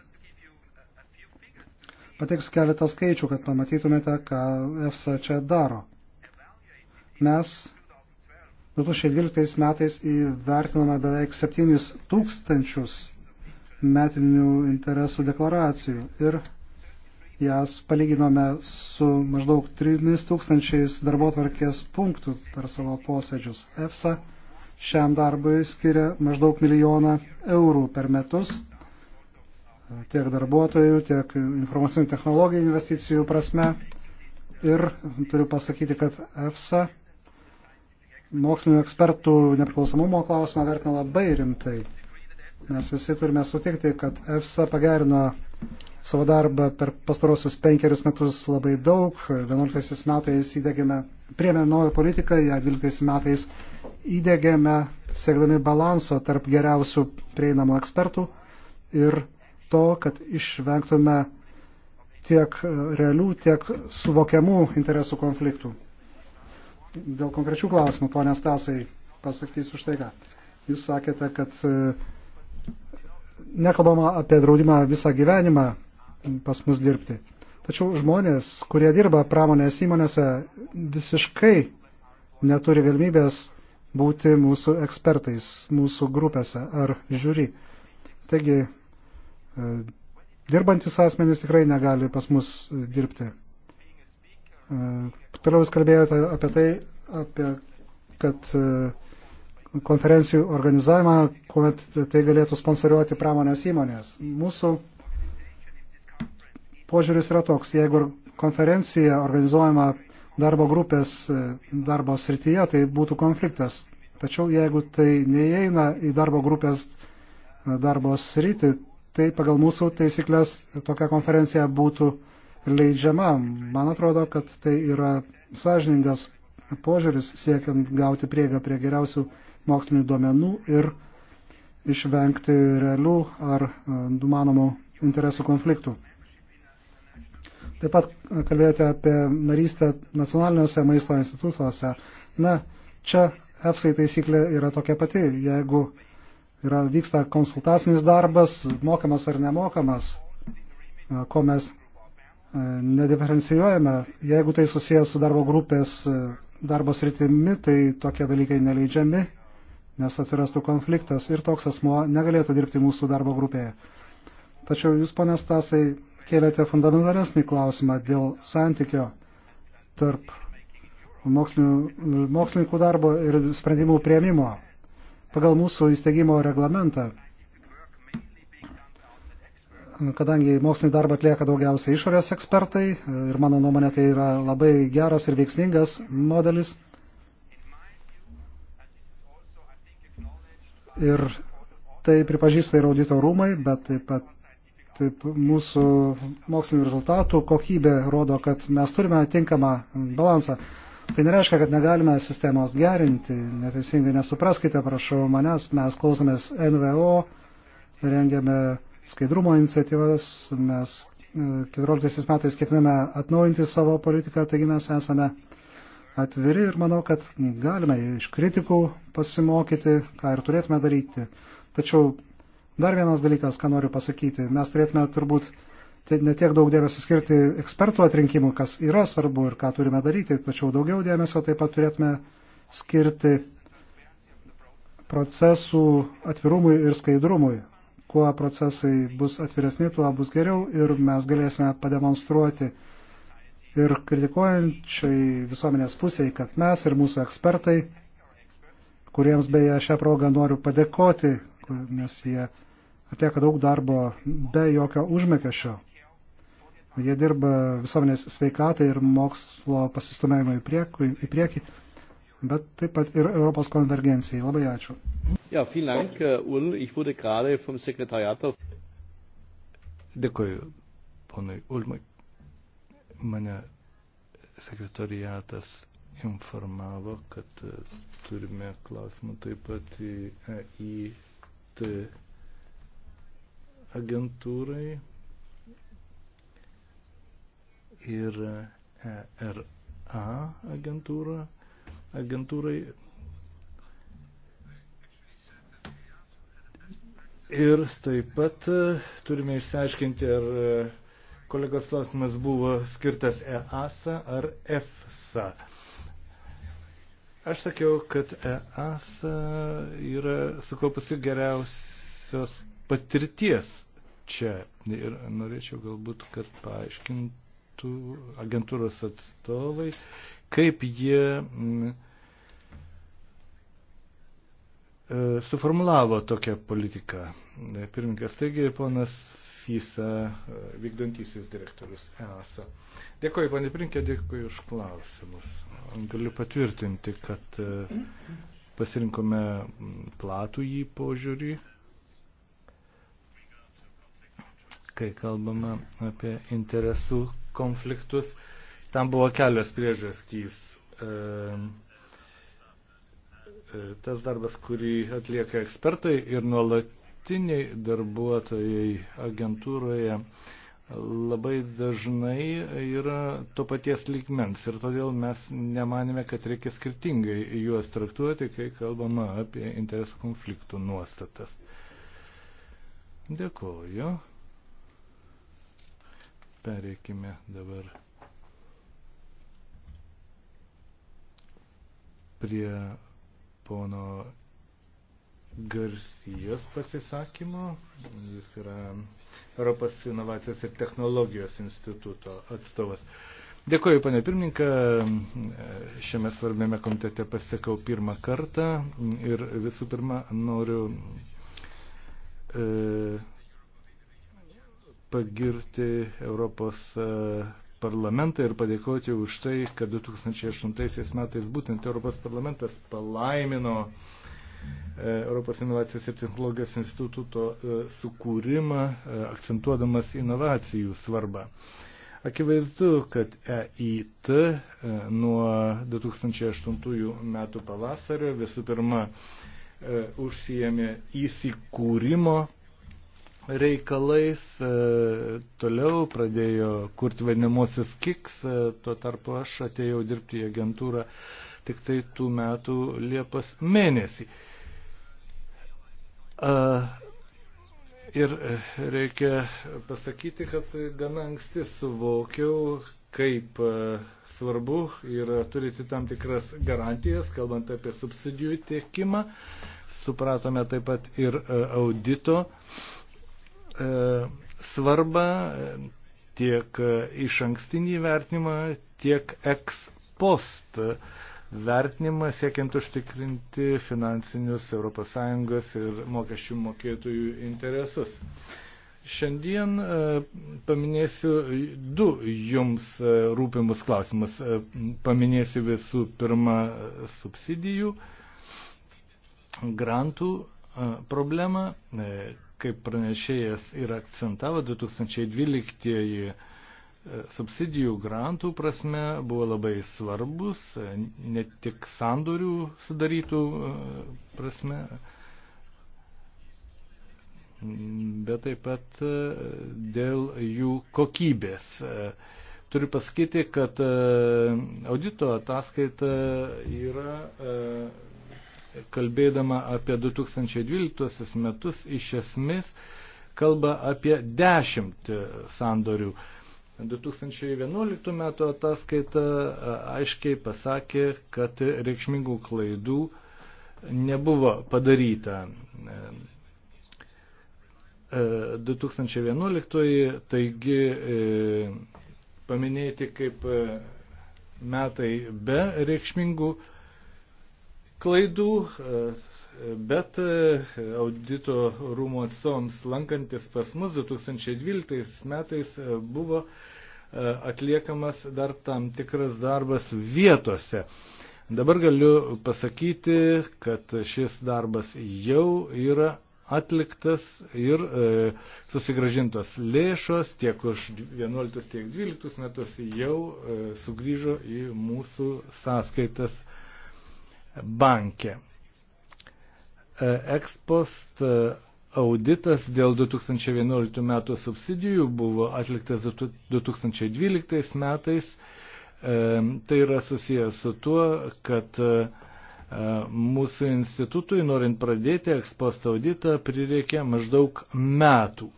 Pateiksiu keletą skaičių, kad pamatytumėte, ką EFSA čia daro. Mes 2012 metais įvertinome beveik 7 tūkstančius metinių interesų deklaracijų ir jas palyginome su maždaug 3 tūkstančiais darbo tvarkės punktų per savo posėdžius. EFSA šiam darbui skiria maždaug milijoną eurų per metus tiek darbuotojų, tiek informacinių technologijų investicijų prasme. Ir turiu pasakyti, kad EFSA mokslinių ekspertų nepriklausomumo klausimą vertina labai rimtai. Mes visi turime sutikti, kad EFSA pagerino savo darbą per pastarosius penkerius metus labai daug. 11 metais įdėgėme, priemė naują politiką, ją 12 metais įdėgėme, siekdami balanso tarp geriausių prieinamų ekspertų ir to, kad išvengtume tiek realių, tiek suvokiamų interesų konfliktų dėl konkrečių klausimų, ponė Stasai, pasakysiu štai ką. Jūs sakėte, kad e, nekalbama apie draudimą visą gyvenimą pas mus dirbti. Tačiau žmonės, kurie dirba pramonės įmonėse, visiškai neturi galimybės būti mūsų ekspertais, mūsų grupėse ar žiūri. Taigi, e, dirbantis asmenys tikrai negali pas mus dirbti. E, Toliau jūs kalbėjote apie tai, apie, kad e, konferencijų organizavimą, kuomet tai galėtų sponsoriuoti pramonės įmonės. Mūsų požiūris yra toks, jeigu konferencija organizuojama darbo grupės e, darbo srityje, tai būtų konfliktas. Tačiau jeigu tai neįeina į darbo grupės e, darbo sritį, tai pagal mūsų taisyklės tokia konferencija būtų uh, leidžiama. Man atrodo, kad tai yra sąžiningas požiūris siekiant gauti prieigą prie geriausių mokslinių duomenų ir išvengti realių ar e, numanomų interesų konfliktų. Taip pat kalbėjote apie narystę nacionaliniuose maisto institutuose. Na, čia EFSA taisyklė yra tokia pati. Jeigu yra, vyksta konsultacinis darbas, mokamas ar nemokamas, e, ko mes E, nediferencijuojame. Jeigu tai susijęs su darbo grupės e, darbo sritimi, tai tokie dalykai neleidžiami, nes atsirastų konfliktas ir toks asmuo negalėtų dirbti mūsų darbo grupėje. Tačiau jūs, ponė Stasai, kėlėte fundamentalesnį klausimą dėl santykio tarp mokslininkų darbo ir sprendimų prieimimo. Pagal mūsų įsteigimo reglamentą kadangi mokslinį darbą atlieka daugiausiai išorės ekspertai ir mano nuomonė tai yra labai geras ir veiksmingas modelis. Ir tai pripažįsta ir audito rūmai, bet taip pat taip, mūsų mokslinių rezultatų kokybė rodo, kad mes turime tinkamą balansą. Tai nereiškia, kad negalime sistemos gerinti, neteisingai nesupraskite, prašau manęs, mes klausomės NVO, rengiame skaidrumo iniciatyvas. Mes 14 e, metais ketiname atnaujinti savo politiką, taigi mes esame atviri ir manau, kad galime iš kritikų pasimokyti, ką ir turėtume daryti. Tačiau dar vienas dalykas, ką noriu pasakyti, mes turėtume turbūt netiek daug dėmesio skirti ekspertų atrinkimui, kas yra svarbu ir ką turime daryti, tačiau daugiau dėmesio taip pat turėtume skirti procesų atvirumui ir skaidrumui kuo procesai bus atviresni, tuo bus geriau ir mes galėsime pademonstruoti ir kritikuojančiai visuomenės pusiai, kad mes ir mūsų ekspertai, kuriems beje šią progą noriu padėkoti, nes jie atlieka daug darbo be jokio užmėkešio. Jie dirba visuomenės sveikatai ir mokslo pasistumėjimo į, priekų, į priekį, bet taip pat ir Europos konvergencijai. Labai ačiū. Ja, vielen Dank, äh, Url. Ich wurde gerade vom Sekretariat auf. Dėkuoju, ponui Ulmai. Mane sekretariatas informavo, kad e, turime klausimą taip pat į EIT agentūrai ir ERA e agentūra, agentūrai. Ir taip pat e, turime išsiaiškinti, ar e, kolegos klausimas buvo skirtas EASA ar EFSA. Aš sakiau, kad EASA yra sukaupusi geriausios patirties čia. Ir norėčiau galbūt, kad paaiškintų agentūros atstovai, kaip jie. M, E, suformulavo tokią politiką. E, pirmininkas, taigi ponas FISA, e, vykdantysis direktorius EASA. Dėkuoju, ponė Prinkė, dėkuoju už klausimus. Galiu patvirtinti, kad pasirinkome platų jį požiūrį, kai kalbame apie interesų konfliktus. Tam buvo kelios priežastys. E, tas darbas, kurį atlieka ekspertai ir nuolatiniai darbuotojai agentūroje, labai dažnai yra to paties lygmens ir todėl mes nemanėme, kad reikia skirtingai juos traktuoti, kai kalbama apie interesų konfliktų nuostatas. Dėkuoju. Pereikime dabar prie pono Garsijos pasisakymo. Jis yra Europos inovacijos ir technologijos instituto atstovas. Dėkuoju, panė pirmininką. Šiame svarbiame komitete pasiekau pirmą kartą ir visų pirma noriu e, pagirti Europos e, parlamentą ir padėkoti už tai, kad 2008 metais būtent Europos parlamentas palaimino e, Europos inovacijos ir technologijos instituto e, sukūrimą, e, akcentuodamas inovacijų svarbą. Akivaizdu, kad EIT nuo 2008 metų pavasario visų pirma užsijėmė įsikūrimo reikalais, e, toliau pradėjo kurti vadinamosius kiks, e, tuo tarpu aš atėjau dirbti į agentūrą tik tai tų metų Liepos mėnesį. E, ir reikia pasakyti, kad gana anksti suvokiau, kaip svarbu yra turėti tam tikras garantijas, kalbant apie subsidijų tiekimą. Supratome taip pat ir audito uh, E, svarbą, tiek iš ankstinį vertinimą, tiek ex post vertinimą siekiant užtikrinti finansinius ES ir mokesčių mokėtojų interesus. Šiandien e, paminėsiu du jums e, rūpimus klausimus. Paminėsiu visų pirma subsidijų, grantų problemą, kaip pranešėjas ir akcentavo 2012 e, subsidijų grantų prasme buvo labai svarbus, e, ne tik sandorių sudarytų e, prasme, bet taip pat dėl jų kokybės. Turiu pasakyti, kad audito ataskaita yra kalbėdama apie 2012 metus, iš esmės kalba apie 10 sandorių. 2011 metų ataskaita aiškiai pasakė, kad reikšmingų klaidų nebuvo padaryta. 2011 e, taigi e, paminėti kaip e, metai be reikšmingų klaidų klaidų, e, bet e, audito rūmų atstovams lankantis pas mus 2012 metais e, buvo atliekamas dar tam tikras darbas vietose. Dabar galiu pasakyti, kad šis darbas jau yra atliktas ir e, susigražintos lėšos tiek už 11, tiek 12 metus jau e, sugrįžo į mūsų sąskaitas banke. Ekspost e, auditas dėl 2011 metų subsidijų buvo atliktas 2012 metais. E, tai yra susijęs su tuo, kad e, mūsų institutui, norint pradėti ekspost auditą, prireikė maždaug metų.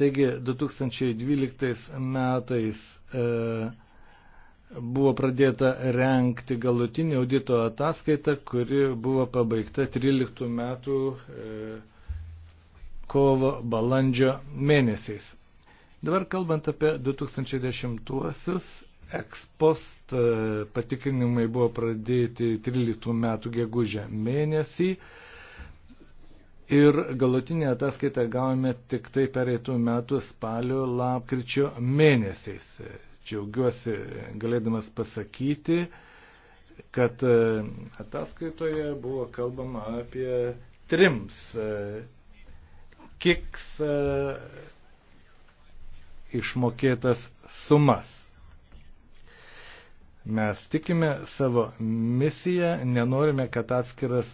Taigi 2012 metais e, buvo pradėta renkti galutinį audito ataskaitą, kuri buvo pabaigta 13 metų e, kovo balandžio mėnesiais. Dabar kalbant apie 2010-uosius, ekspost e, patikrinimai buvo pradėti 13 metų gegužę mėnesį ir galutinę ataskaitą gavome tik tai pereitų metų spalio lapkričio mėnesiais džiaugiuosi galėdamas pasakyti, kad e, ataskaitoje buvo kalbama apie trims e, kiks e, išmokėtas sumas. Mes tikime savo misiją, nenorime, kad atskiras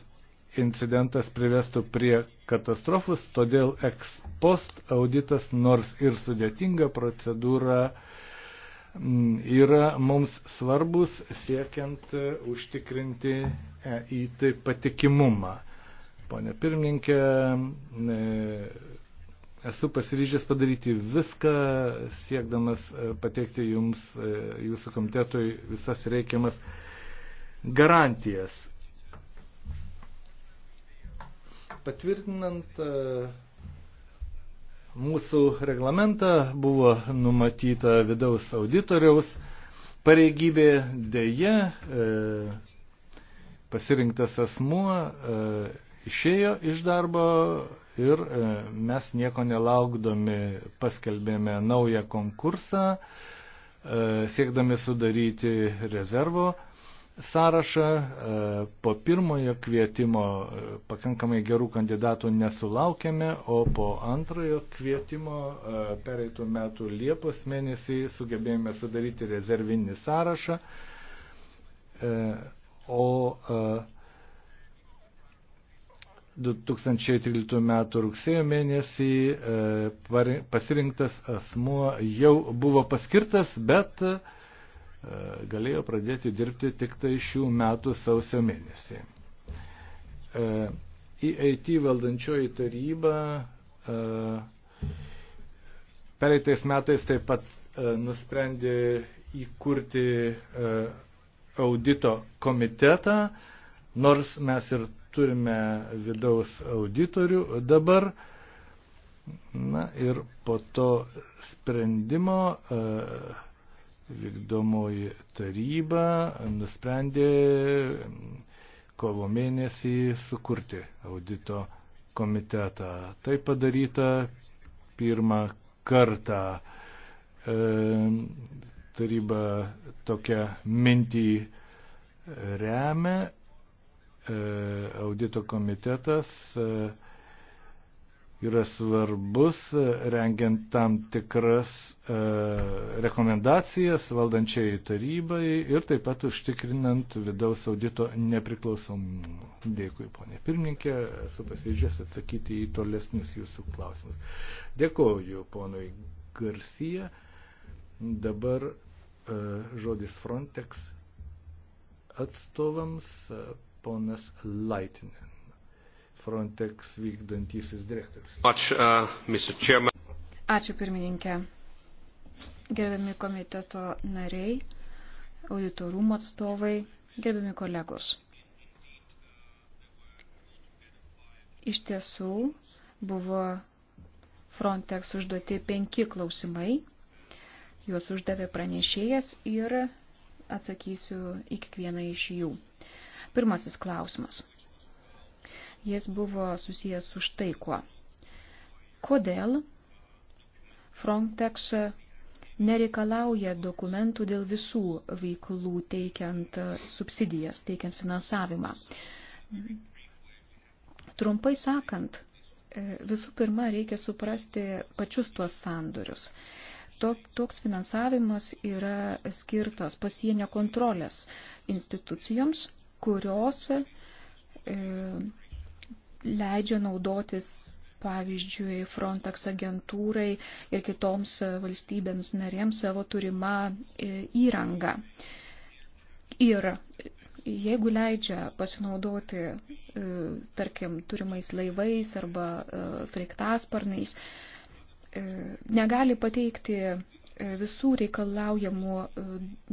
incidentas privestų prie katastrofus, todėl ekspost auditas nors ir sudėtinga procedūra yra mums svarbus siekiant e, užtikrinti EIT tai patikimumą. Pone pirmininkė, e, esu pasiryžęs padaryti viską, siekdamas e, pateikti jums, jūsų komitetui, visas reikiamas garantijas. Patvirtinant mūsų reglamentą buvo numatyta vidaus auditoriaus pareigybė dėje e, pasirinktas asmuo e, išėjo iš darbo ir e, mes nieko nelaukdami paskelbėme naują konkursą, e, siekdami sudaryti rezervo e, sąrašą. E, po pirmojo kvietimo e, pakankamai gerų kandidatų nesulaukėme, o po antrojo kvietimo e, pereitų metų Liepos mėnesį sugebėjome sudaryti rezervinį sąrašą. O 2013 m. rugsėjo mėnesį pasirinktas asmuo jau buvo paskirtas, bet E, galėjo pradėti dirbti tik tai šių metų sausio mėnesį. EIT e valdančioji taryba e, pereitais metais taip pat nusprendė įkurti audito komitetą, nors mes ir turime vidaus auditorių dabar. Na ir po to sprendimo uh, vykdomoji taryba nusprendė kovo mėnesį sukurti audito komitetą. Tai padaryta pirmą kartą. E, taryba tokią mintį remia, e, audito komitetas e, yra svarbus, e, rengiant tam tikras e, rekomendacijas valdančiai tarybai ir taip pat užtikrinant vidaus audito nepriklausomumą. Dėkui, ponė pirmininkė, esu pasiryžęs atsakyti į tolesnius jūsų klausimus. Dėkoju, ponui Garcia. Dabar e, žodis Frontex atstovams, e, ponas Laitinen. Frontex vykdantysis direktorius. Ačiū, uh, Ačiū pirmininkė. Gerbiami komiteto nariai, auditorumo atstovai, gerbiami kolegos. Iš tiesų buvo Frontex užduoti penki klausimai. Juos uždavė pranešėjas ir atsakysiu į kiekvieną iš jų. Pirmasis klausimas jis buvo susijęs su štai kuo. Kodėl Frontex nereikalauja dokumentų dėl visų veiklų teikiant subsidijas, teikiant finansavimą? Trumpai sakant, e, visų pirma reikia suprasti pačius tuos sandorius. Toks finansavimas yra skirtas pasienio kontrolės institucijoms, kurios e, leidžia naudotis, pavyzdžiui, Frontex agentūrai ir kitoms valstybėms narėms savo turimą e, įrangą. Ir jeigu leidžia pasinaudoti, e, tarkim, turimais laivais arba e, sraigtasparnais, negali pateikti visų reikalaujamų e,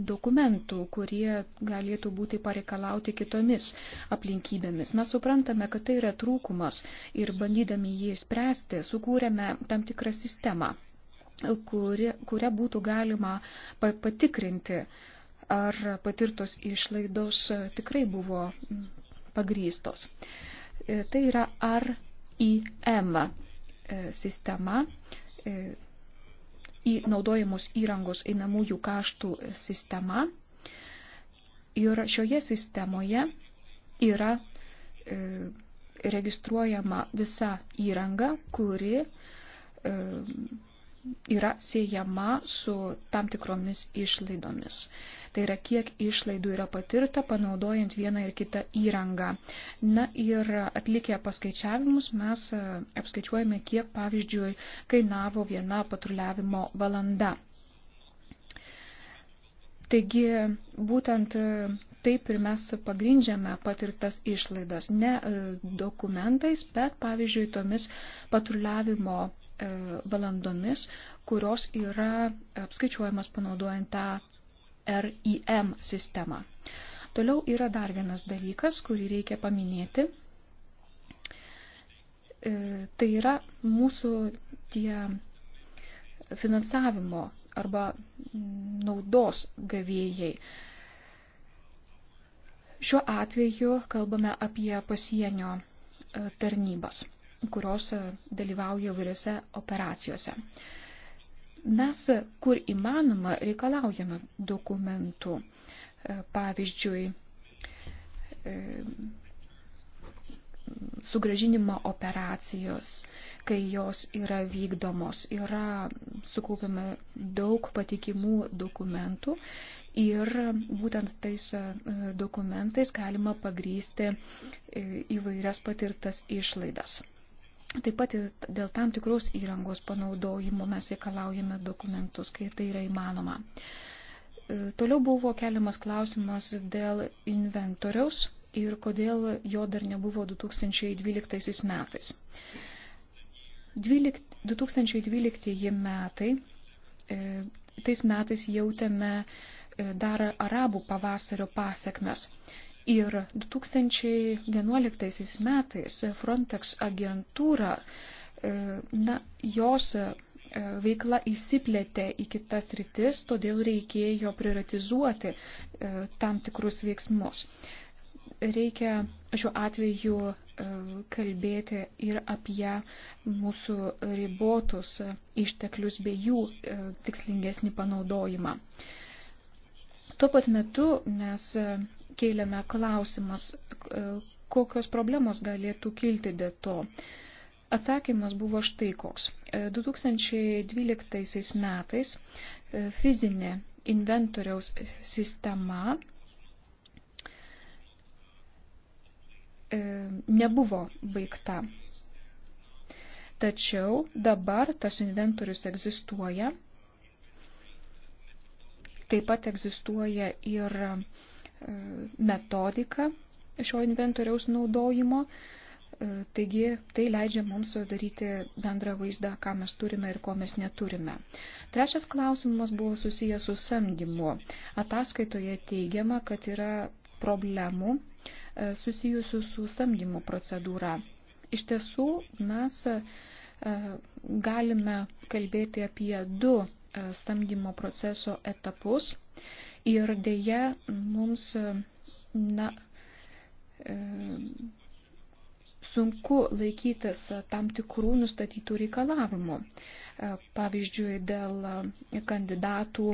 dokumentų, kurie galėtų būti pareikalauti kitomis aplinkybėmis. Mes suprantame, kad tai yra trūkumas ir bandydami jį spręsti, sukūrėme tam tikrą sistemą, kuri, kurią būtų galima patikrinti, ar patirtos išlaidos tikrai buvo pagrystos. E, tai yra RIM e, sistema į naudojamos įrangos einamųjų kaštų sistema. Ir šioje sistemoje yra e, registruojama visa įranga, kuri e, yra siejama su tam tikromis išlaidomis. E, Tai yra, kiek išlaidų yra patirta, panaudojant vieną ir kitą įrangą. Na ir atlikę paskaičiavimus mes e, apskaičiuojame, kiek, pavyzdžiui, kainavo viena patruliavimo valanda. Taigi būtent e, taip ir mes pagrindžiame patirtas išlaidas, ne e, dokumentais, bet pavyzdžiui tomis patruliavimo valandomis, kurios yra apskaičiuojamas panaudojant tą RIM sistemą. Toliau yra dar vienas dalykas, kurį reikia paminėti. E, tai yra mūsų tie finansavimo arba naudos gavėjai. Šiuo atveju kalbame apie pasienio e, tarnybas, kurios e, dalyvauja vairiose operacijose. Mes, kur įmanoma, reikalaujame dokumentų. E, pavyzdžiui, e, sugražinimo operacijos, kai jos yra vykdomos, yra sukaupiama daug patikimų dokumentų ir būtent tais e, dokumentais galima pagrysti įvairias patirtas išlaidas. Taip pat ir dėl tam tikros įrangos panaudojimo mes reikalaujame dokumentus, kai tai yra įmanoma. E, toliau buvo keliamas klausimas dėl inventoriaus ir kodėl jo dar nebuvo 2012 metais. 12, 2012 metai, e, tais metais jautėme e, dar arabų pavasario pasiekmes. Ir 2011 metais Frontex agentūra, e, na, jos e, veikla įsiplėtė į kitas rytis, todėl reikėjo prioritizuoti e, tam tikrus veiksmus. Reikia šiuo atveju kalbėti ir apie mūsų ribotus išteklius bei jų tikslingesnį panaudojimą. Tuo pat metu mes kėlėme klausimas, e, kokios problemos galėtų kilti dėl to. Atsakymas buvo štai koks. 2012 e, metais e, fizinė inventoriaus sistema nebuvo baigta. Tačiau dabar tas inventorius egzistuoja. Taip pat egzistuoja ir uh, metodiką šio inventoriaus naudojimo. E, taigi tai leidžia mums sudaryti bendrą vaizdą, ką mes turime ir ko mes neturime. Trečias klausimas buvo susijęs su samdymu. Ataskaitoje teigiama, kad yra problemų e, susijusių su samdymu procedūra. Iš tiesų mes e, galime kalbėti apie du samdymo proceso etapus. Ir dėje mums na, e, sunku laikytis tam tikrų nustatytų reikalavimų. E, pavyzdžiui, dėl kandidatų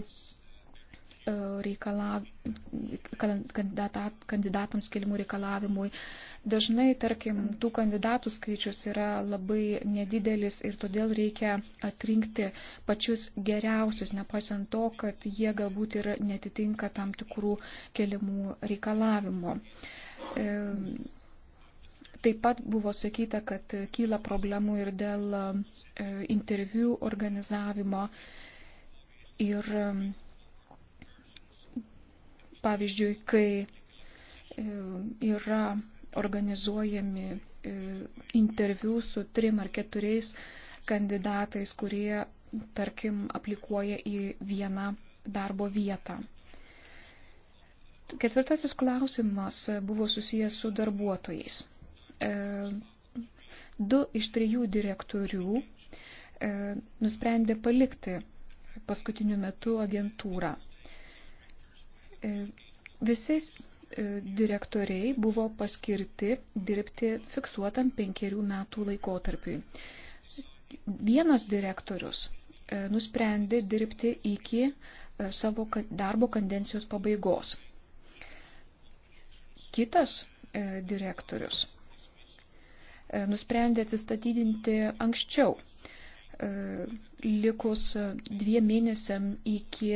E, reikalav, kandidatams kelimų reikalavimui. Dažnai, tarkim, tų kandidatų skaičius yra labai nedidelis ir todėl reikia atrinkti pačius geriausius, nepaisant to, kad jie galbūt ir netitinka tam tikrų kelimų reikalavimų. E, taip pat buvo sakyta, kad kyla problemų ir dėl e, interviu organizavimo ir Pavyzdžiui, kai e, yra organizuojami e, interviu su trim ar keturiais kandidatais, kurie, tarkim, aplikuoja į vieną darbo vietą. Ketvirtasis klausimas buvo susijęs su darbuotojais. E, du iš trijų direktorių nusprendė palikti paskutiniu metu agentūrą. E, Visi e, direktoriai buvo paskirti dirbti fiksuotam penkerių metų laikotarpiui. Vienas direktorius e, nusprendė dirbti iki savo darbo kandencijos pabaigos. Kitas direktorius nusprendė atsistatydinti anksčiau E, likus dviem mėnesiam iki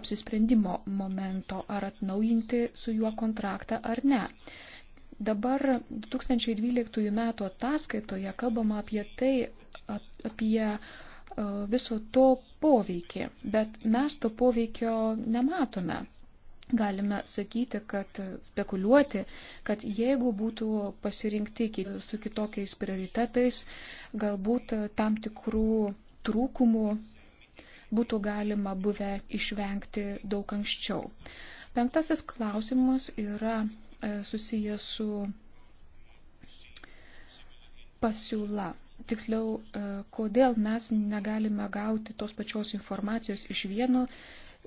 apsisprendimo momento, ar atnaujinti su juo kontraktą ar ne. Dabar 2012 metų ataskaitoje kalbama apie tai, apie e, viso to poveikį, bet mes to poveikio nematome galime sakyti, kad spekuliuoti, kad jeigu būtų pasirinkti su kitokiais prioritetais, galbūt tam tikrų trūkumų būtų galima buvę išvengti daug anksčiau. Penktasis klausimas yra e, susijęs su pasiūla. Tiksliau, e, kodėl mes negalime gauti tos pačios informacijos iš vieno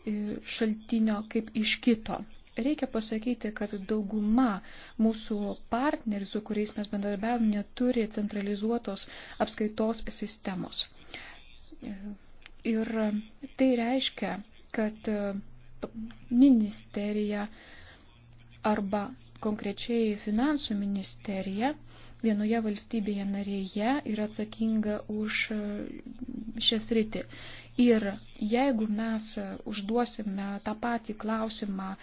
E, šaltinio kaip iš kito. Reikia pasakyti, kad dauguma mūsų partnerių, su kuriais mes bendarbiavom, neturi centralizuotos apskaitos sistemos. E, ir tai reiškia, kad e, ministerija arba konkrečiai finansų ministerija vienoje valstybėje narėje yra atsakinga už šią sritį. Ir jeigu mes užduosime tą patį klausimą e,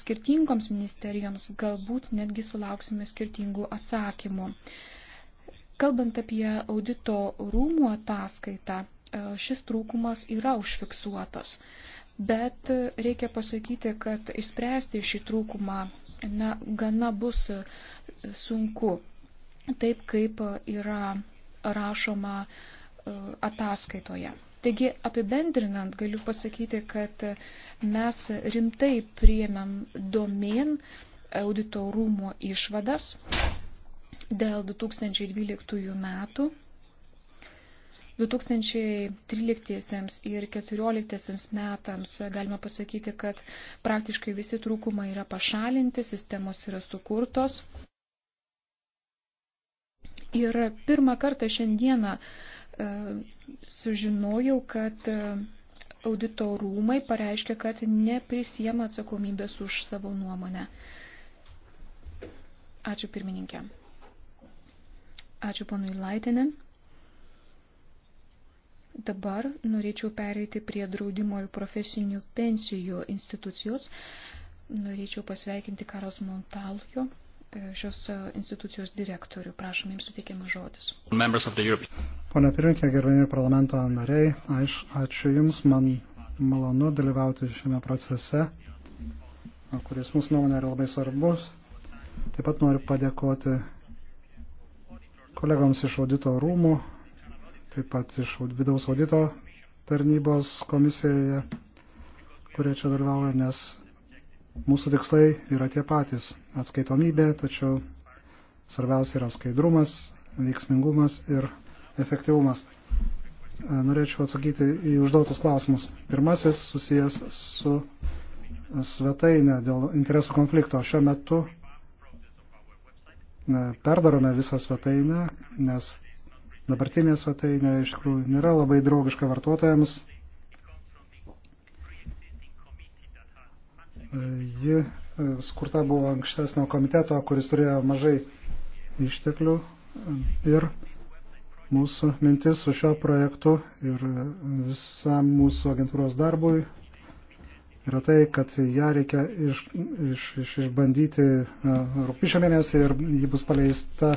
skirtingoms ministerijoms, galbūt netgi sulauksime skirtingų atsakymų. Kalbant apie audito rūmų ataskaitą, e, šis trūkumas yra užfiksuotas. Bet reikia pasakyti, kad išspręsti šį trūkumą na, gana bus sunku, taip kaip yra rašoma e, ataskaitoje. Taigi apibendrinant galiu pasakyti, kad mes rimtai priemėm domen auditorumo išvadas dėl 2012 metų. 2013 ir 2014 metams galima pasakyti, kad praktiškai visi trūkumai yra pašalinti, sistemos yra sukurtos. Ir pirmą kartą šiandieną uh, sužinojau, kad e, audito rūmai pareiškia, kad neprisiema atsakomybės už savo nuomonę. Ačiū pirmininkė. Ačiū ponui Laitinin. Dabar norėčiau pereiti prie draudimo ir profesinių pensijų institucijos. Norėčiau pasveikinti Karos Montaljo E, šios e, institucijos direktorių. Prašom, jums suteikiamas žodis. Pone pirmininkė, gerbėjai parlamento nariai, aš, ačiū Jums, man malonu dalyvauti šiame procese, kuris mūsų nuomonė yra labai svarbus. Taip pat noriu padėkoti kolegoms iš audito rūmų, taip pat iš vidaus audito tarnybos komisijoje, kurie čia dalyvauja, nes Mūsų tikslai yra tie patys - atskaitomybė, tačiau svarbiausia yra skaidrumas, veiksmingumas ir efektyvumas. E, norėčiau atsakyti į užduotus klausimus. Pirmasis susijęs su svetainė dėl interesų konflikto. Šiuo metu e, perdarome visą svetainę, nes dabartinė svetainė iš tikrųjų nėra labai draugiška vartotojams Ji e, skurta buvo ankštesnio komiteto, kuris turėjo mažai išteklių e, ir mūsų mintis su šio projektu ir e, visam mūsų agentūros darbui yra tai, kad ją reikia iš, iš, iš, išbandyti rūpišio mėnesį ir ji bus paleista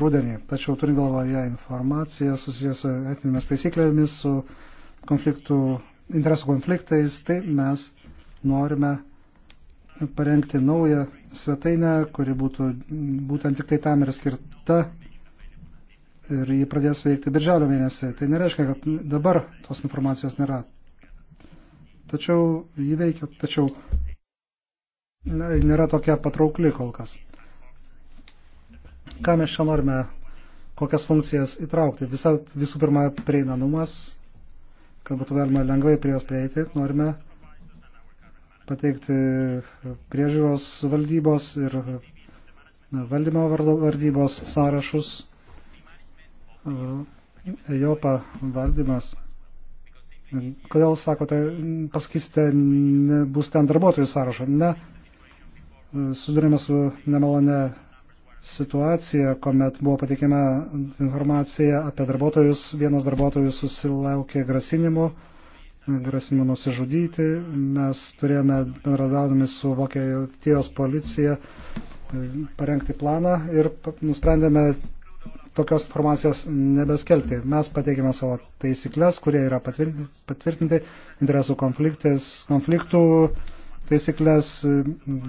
rudenį. Tačiau turint galvoje informaciją susijęs su etinėmis taisyklėmis, su konfliktų, interesų konfliktais, tai mes norime parengti naują svetainę, kuri būtų būtent tik tai tam ir skirta ir jį pradės veikti birželio mėnesį. Tai nereiškia, kad dabar tos informacijos nėra. Tačiau jį veikia, tačiau na, nėra tokia patraukli kol kas. Ką mes čia norime, kokias funkcijas įtraukti? Visa, visų pirma, prieinamumas, kad būtų galima lengvai prie jos prieiti, norime pateikti priežiūros valdybos ir valdymo valdybos sąrašus. Ejopa valdymas. Kodėl sakote, pasakysite, bus ten darbuotojų sąrašo? Ne, sudurėme su nemalone situacija, kuomet buvo pateikiama informacija apie darbuotojus. Vienas darbuotojus susilaukė grasinimu grasinimo nusižudyti. Mes turėjome, bendradaudami su Vokietijos policija, e, parengti planą ir nusprendėme tokios informacijos nebeskelbti. Mes pateikėme savo taisyklės, kurie yra patvirtinti, interesų konfliktų taisyklės,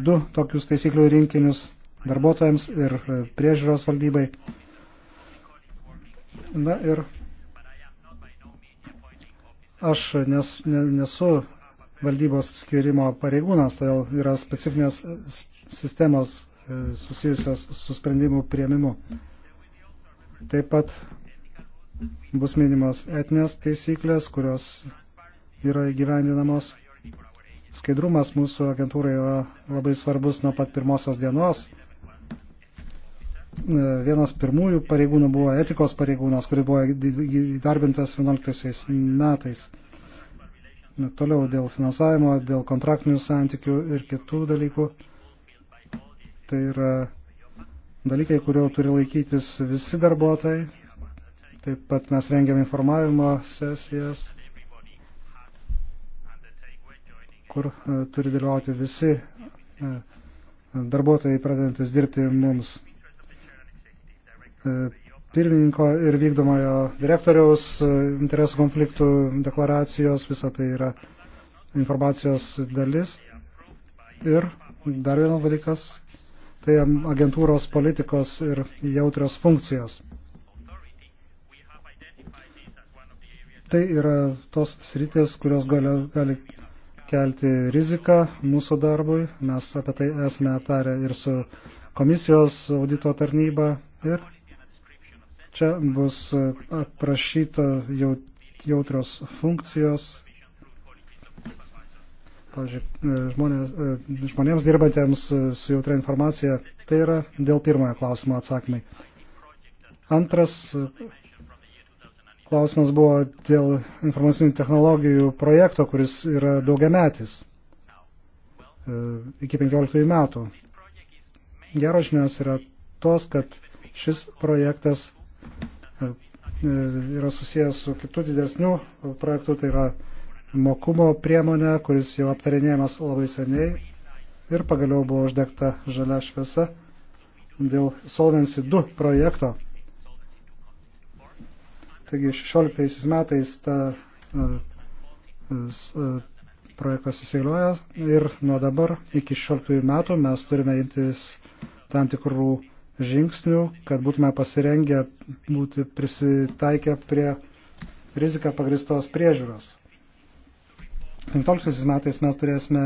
du tokius taisyklių rinkinius darbuotojams ir e, priežiūros valdybai. Na ir Aš nes, nesu valdybos skirimo pareigūnas, todėl yra specifinės sistemos e, susijusios su sprendimų prieimimu. Taip pat bus minimos etinės taisyklės, kurios yra įgyvendinamos. Skaidrumas mūsų agentūrai yra labai svarbus nuo pat pirmosios dienos. E, vienas pirmųjų pareigūnų buvo etikos pareigūnas, kuri buvo įdarbintas 11 metais. E, toliau dėl finansavimo, dėl kontraktinių santykių ir kitų dalykų. Tai yra dalykai, kurio turi laikytis visi darbuotojai. Taip pat mes rengiam informavimo sesijas, kur e, turi dalyvauti visi darbuotojai pradedantis dirbti mums E, pirmininko ir vykdomojo direktoriaus e, interesų konfliktų deklaracijos, visa tai yra informacijos dalis. Ir dar vienas dalykas, tai agentūros politikos ir jautrios funkcijos. Tai yra tos sritis, kurios gali, gali kelti riziką mūsų darbui. Mes apie tai esame aptarę ir su komisijos audito tarnyba ir Čia bus e, aprašyta jautrios funkcijos. Pavyzdžiui, e, žmonės, e, žmonėms dirbantiems su jautra informacija. Tai yra dėl pirmojo klausimo atsakymai. Antras klausimas buvo dėl informacinių technologijų projekto, kuris yra daugiametis iki 15 metų. Geros žinios yra tos, kad šis projektas yra susijęs su kitų didesnių projektų, tai yra mokumo priemonė, kuris jau aptarinėjamas labai seniai ir pagaliau buvo uždegta žalia šviesa dėl Solvency 2 projekto. Taigi 16 metais ta e, e, e, projektas įsigalioja ir nuo dabar iki 16 metų mes turime imtis tam tikrų žingsnių, kad būtume pasirengę būti prisitaikę prie riziką pagristos priežiūros. 15 metais mes turėsime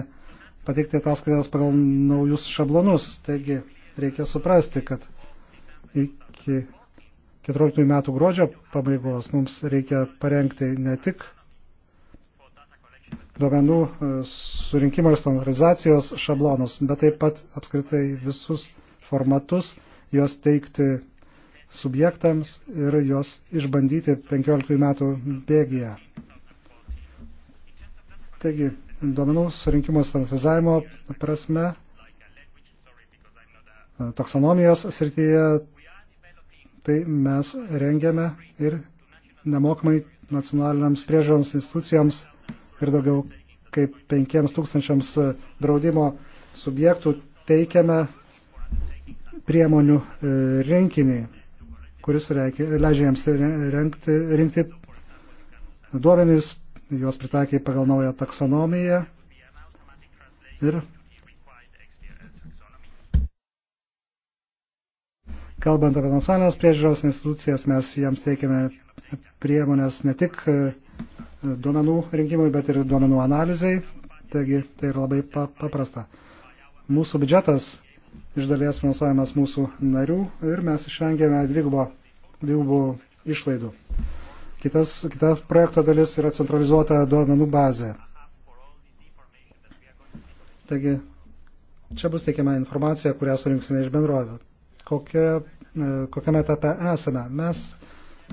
pateikti ataskaitas pagal naujus šablonus, taigi reikia suprasti, kad iki 14 metų gruodžio pabaigos mums reikia parengti ne tik duomenų e, surinkimo ir standartizacijos šablonus, bet taip pat apskritai visus formatus juos teikti subjektams ir juos išbandyti 15 metų bėgyje. Taigi, duomenų surinkimo standartizavimo prasme, taksonomijos srityje, tai mes rengiame ir nemokamai nacionaliniams priežiūroms institucijoms ir daugiau kaip 5000 draudimo subjektų teikiame priemonių e, rinkinį, kuris reikia, leidžia jiems renkti, rinkti duomenys, juos pritaikė pagal naują taksonomiją ir kalbant apie nacionalinės priežiūros institucijas, mes jiems teikiame priemonės ne tik e, duomenų rinkimui, bet ir duomenų analizai. Taigi tai yra labai paprasta. Mūsų biudžetas iš dalies finansuojamas mūsų narių ir mes išvengėme dvigubo, dvigubų išlaidų. Kitas, kita projekto dalis yra centralizuota duomenų bazė. Taigi, čia bus teikiama informacija, kurią surinksime iš bendrovių. Kokia, e, kokiame etape esame? Mes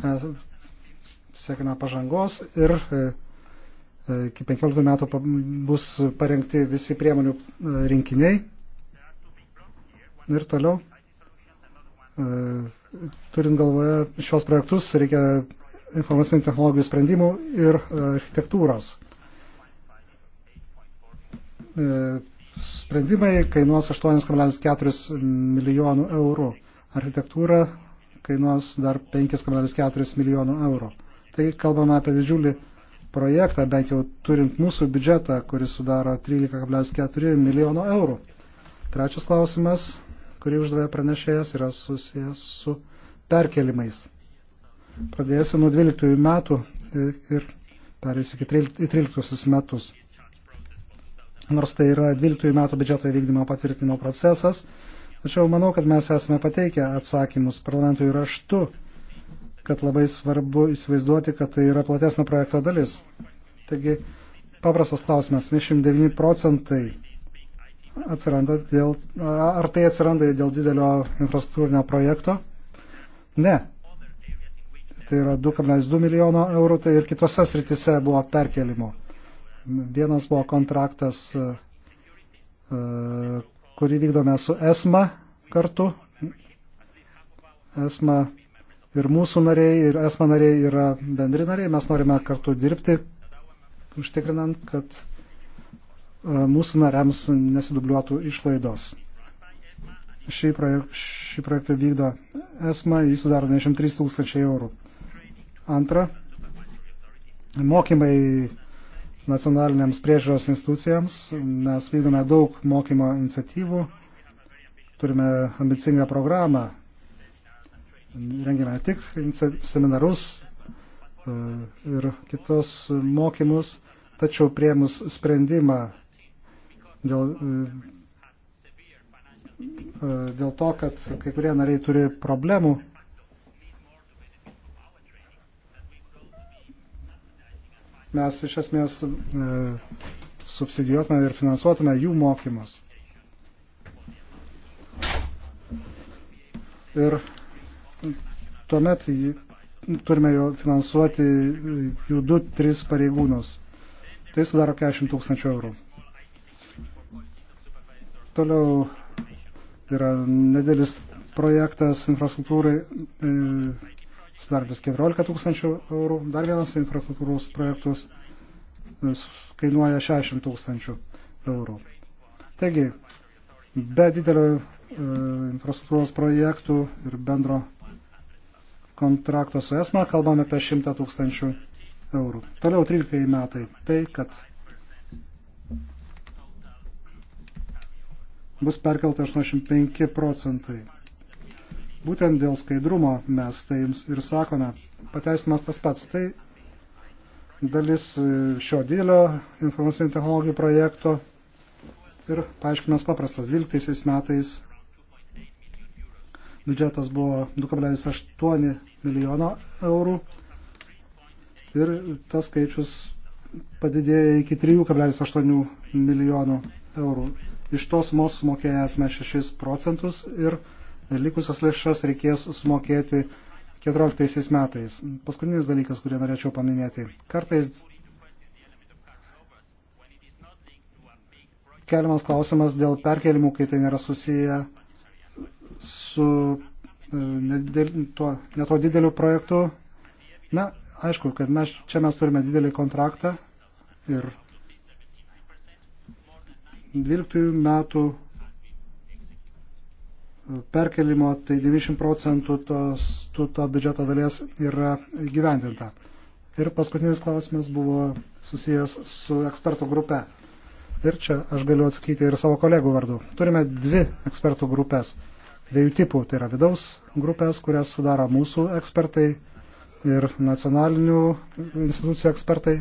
e, siekime pažangos ir e, iki 15 metų bus parengti visi priemonių rinkiniai Ir toliau, e, turint galvoje šios projektus, reikia informacinių technologijų sprendimų ir e, architektūros. E, sprendimai kainuos 8,4 milijonų eurų. Architektūra kainuos dar 5,4 milijonų eurų. Tai kalbame apie didžiulį projektą, bent jau turint mūsų biudžetą, kuris sudaro 13,4 milijono eurų. Trečias klausimas kurį uždavė pranešėjas, yra susijęs su perkelimais. Pradėsiu nuo 12 metų ir perėsiu iki 13 metus. Nors tai yra 12 metų biudžeto įvykdymo patvirtinimo procesas, tačiau manau, kad mes esame pateikę atsakymus parlamentui raštu, kad labai svarbu įsivaizduoti, kad tai yra platesnio projekto dalis. Taigi, paprastas klausimas, 29 procentai atsiranda dėl, ar tai atsiranda dėl didelio infrastruktūrinio projekto? Ne. Tai yra 2,2 milijono eurų, tai ir kitose sritise buvo perkelimo. Vienas buvo kontraktas, e, kurį vykdome su ESMA kartu. ESMA ir mūsų nariai, ir ESMA nariai yra bendri nariai. Mes norime kartu dirbti, užtikrinant, kad E, mūsų nariams nesidubliuotų išlaidos. Šį, projek šį projektą vykdo ESMA, jis sudaro 93 tūkstančiai eurų. Antra, mokymai nacionaliniams priežiūros institucijams. Mes vykdome daug mokymo iniciatyvų, turime ambicingą programą, rengiame tik seminarus e, ir kitos mokymus, tačiau priemus sprendimą dėl, e, e, dėl to, kad kai kurie nariai turi problemų. Mes iš esmės e, subsidijuotume ir finansuotume jų mokymus. Ir tuomet turime jo finansuoti jų 2-3 pareigūnus. Tai sudaro 40 tūkstančių eurų. Toliau yra nedėlis projektas infrastruktūrai e, sudarantis 14 tūkstančių eurų. Dar vienas infrastruktūros projektus e, kainuoja 60 tūkstančių eurų. Taigi, be didelio e, infrastruktūros projektų ir bendro kontrakto su ESMA kalbame apie 100 tūkstančių eurų. Toliau 13 metai. Tai, kad bus perkelta 85 procentai. Būtent dėl skaidrumo mes tai jums ir sakome. Pateisimas tas pats. Tai dalis e, šio didelio informacinių technologijų projekto ir paaiškinimas paprastas. 12 metais biudžetas buvo 2,8 milijono eurų ir tas skaičius padidėjo iki 3,8 milijonų eurų. Iš tos sumos sumokėjęsime 6 procentus ir likusias lėšas reikės sumokėti 14 metais. Paskutinis dalykas, kurį norėčiau paminėti. Kartais keliamas klausimas dėl perkelimų, kai tai nėra susiję su e, nedėl, tuo, ne tuo dideliu projektu. Na, aišku, kad mes, čia mes turime didelį kontraktą ir 12 metų e, perkelimo, tai 90 procentų tos, tų, to biudžeto dalies yra gyvendinta. Ir paskutinis klausimas buvo susijęs su ekspertų grupe. Ir čia aš galiu atsakyti ir savo kolegų vardu. Turime dvi ekspertų grupės. Dviejų tipų. Tai yra vidaus grupės, kurias sudaro mūsų ekspertai ir nacionalinių institucijų ekspertai.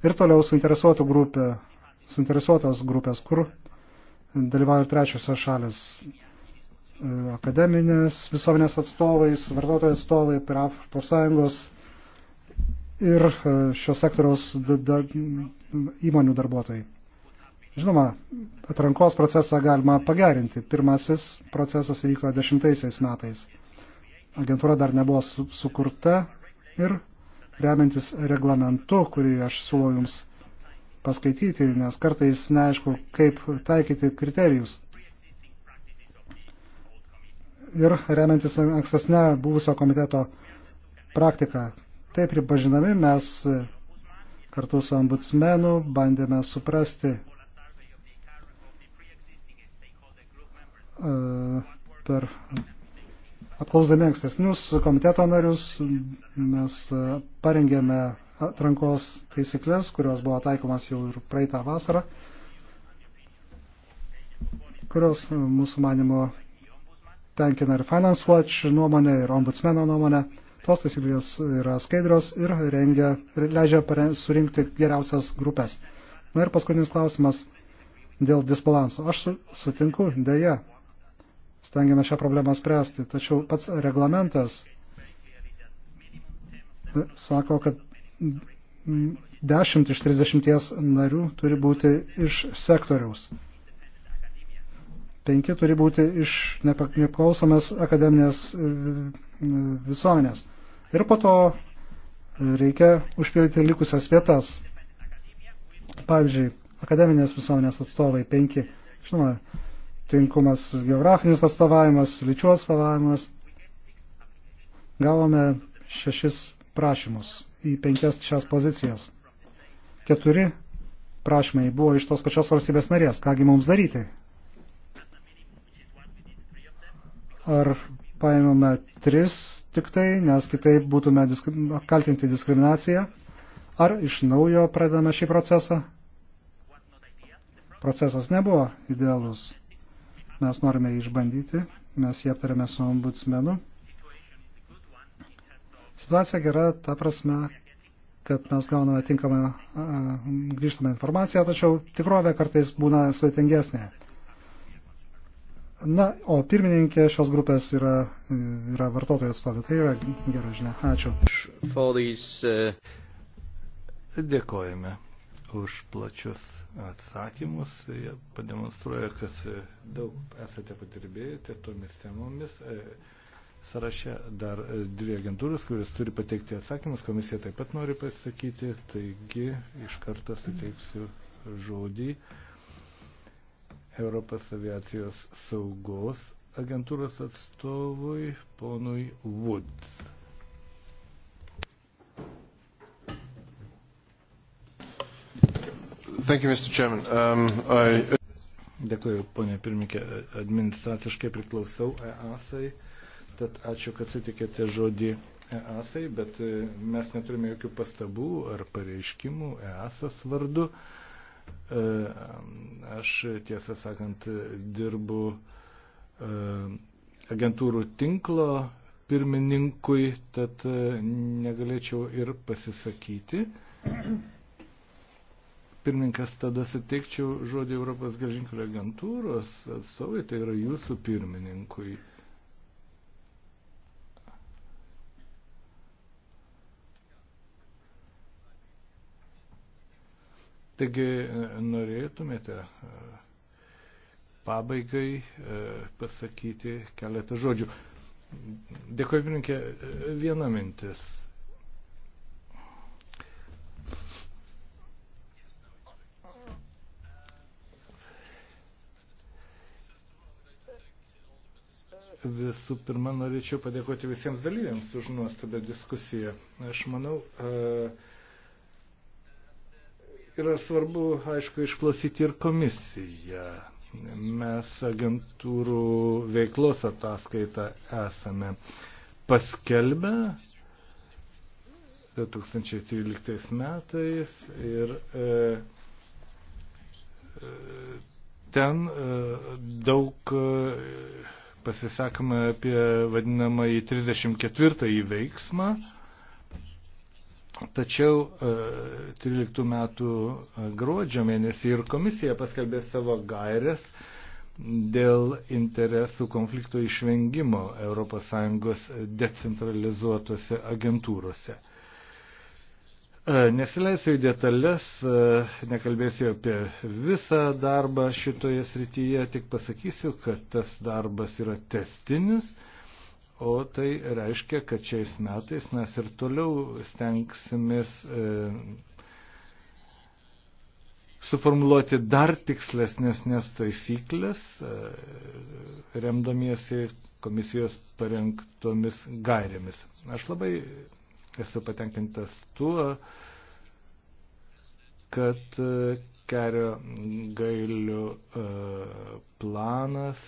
Ir toliau suinteresuotų grupė, suinteresuotos grupės, kur dalyvauja ir trečiosios šalis e, akademinės visuomenės atstovais, vartotojų atstovai, profsąjungos ir e, šio sektoriaus da, da, įmonių darbuotojai. Žinoma, atrankos procesą galima pagerinti. Pirmasis procesas vyko dešimtaisiais metais. Agentūra dar nebuvo su, sukurta ir remiantis reglamentu, kurį aš siūlau jums paskaityti, nes kartais neaišku, kaip taikyti kriterijus. Ir remiantis ankstesnę buvusio komiteto praktiką. Taip pripažinami mes kartu su ombudsmenu bandėme suprasti e, per apklausdami ankstesnius komiteto narius mes parengėme atrankos taisyklės, kurios buvo taikomas jau ir praeitą vasarą, kurios e, mūsų manimo tenkina ir Finance Watch nuomonę, ir ombudsmeno nuomonę. Tos taisyklės yra skaidrios ir rengia, leidžia surinkti geriausias grupės. Na ir paskutinis klausimas dėl disbalanso. Aš sutinku, dėja, stengiame šią problemą spręsti, tačiau pats reglamentas e, sako, kad 10 iš 30 narių turi būti iš sektoriaus. 5 turi būti iš nepriklausomės akademinės e, visuomenės. Ir po to reikia užpildyti likusias vietas. Pavyzdžiui, akademinės visuomenės atstovai 5. Žinoma, tinkumas geografinis atstovavimas, lyčių atstovavimas. Gavome šešis prašymus į penkias šias pozicijas. Keturi prašymai buvo iš tos pačios valstybės narės. Kągi mums daryti? Ar paėmėme tris tik tai, nes kitaip būtume diskri... kaltinti diskriminaciją? Ar iš naujo pradedame šį procesą? Procesas nebuvo idealus. Mes norime jį išbandyti, mes jį aptarėme su ombudsmenu. Situacija gera ta prasme, kad mes gauname tinkamą grįžtamą informaciją, tačiau tikrovė kartais būna sudėtingesnė. Na, o pirmininkė šios grupės yra, yra vartotojų atstovė. Tai yra gera žinia. Ačiū. Uh, Dėkojame už plačius atsakymus. Jie pademonstruoja, kad uh, daug esate patirbėjote tomis temomis. E, sąraše dar e, dvi agentūros, kuris turi pateikti atsakymus. Komisija taip pat nori pasisakyti, taigi iš karto suteiksiu žodį Europos aviacijos saugos agentūros atstovui ponui Woods. Thank you, Mr. Chairman. Um, I... Dėkuoju, ponė pirmininkė, administraciškai priklausau EASai. Uh, Tad ačiū, kad sutikėte žodį EASai, bet e, mes neturime jokių pastabų ar pareiškimų EASas vardu. E, aš tiesą sakant dirbu e, agentūrų tinklo pirmininkui, tad negalėčiau ir pasisakyti. Pirmininkas tada suteikčiau žodį Europos geležinkelio agentūros atstovai, tai yra jūsų pirmininkui. Taigi norėtumėte e, pabaigai e, pasakyti keletą žodžių. Dėkuoju, pirinkė, e, viena mintis. Visų pirma, norėčiau padėkoti visiems dalyviams už nuostabę diskusiją. Aš manau, uh, yra svarbu, aišku, išklausyti ir komisiją. Mes agentūrų veiklos ataskaitą esame paskelbę 2013 metais ir e, e, ten e, daug e, pasisakome apie vadinamąjį 34 veiksmą, e, Tačiau 13 e, metų e, gruodžio mėnesį ir komisija paskelbė savo gairias dėl interesų konflikto išvengimo ES decentralizuotose agentūrose. E, nesileisiu į detalės, nekalbėsiu apie visą darbą šitoje srityje, tik pasakysiu, kad tas darbas yra testinis O tai reiškia, kad šiais metais mes ir toliau stengsimės e, suformuluoti dar tikslesnės taisyklės, e, remdamiesi komisijos parengtomis gairėmis. Aš labai esu patenkintas tuo, kad e, kerio gailių e, planas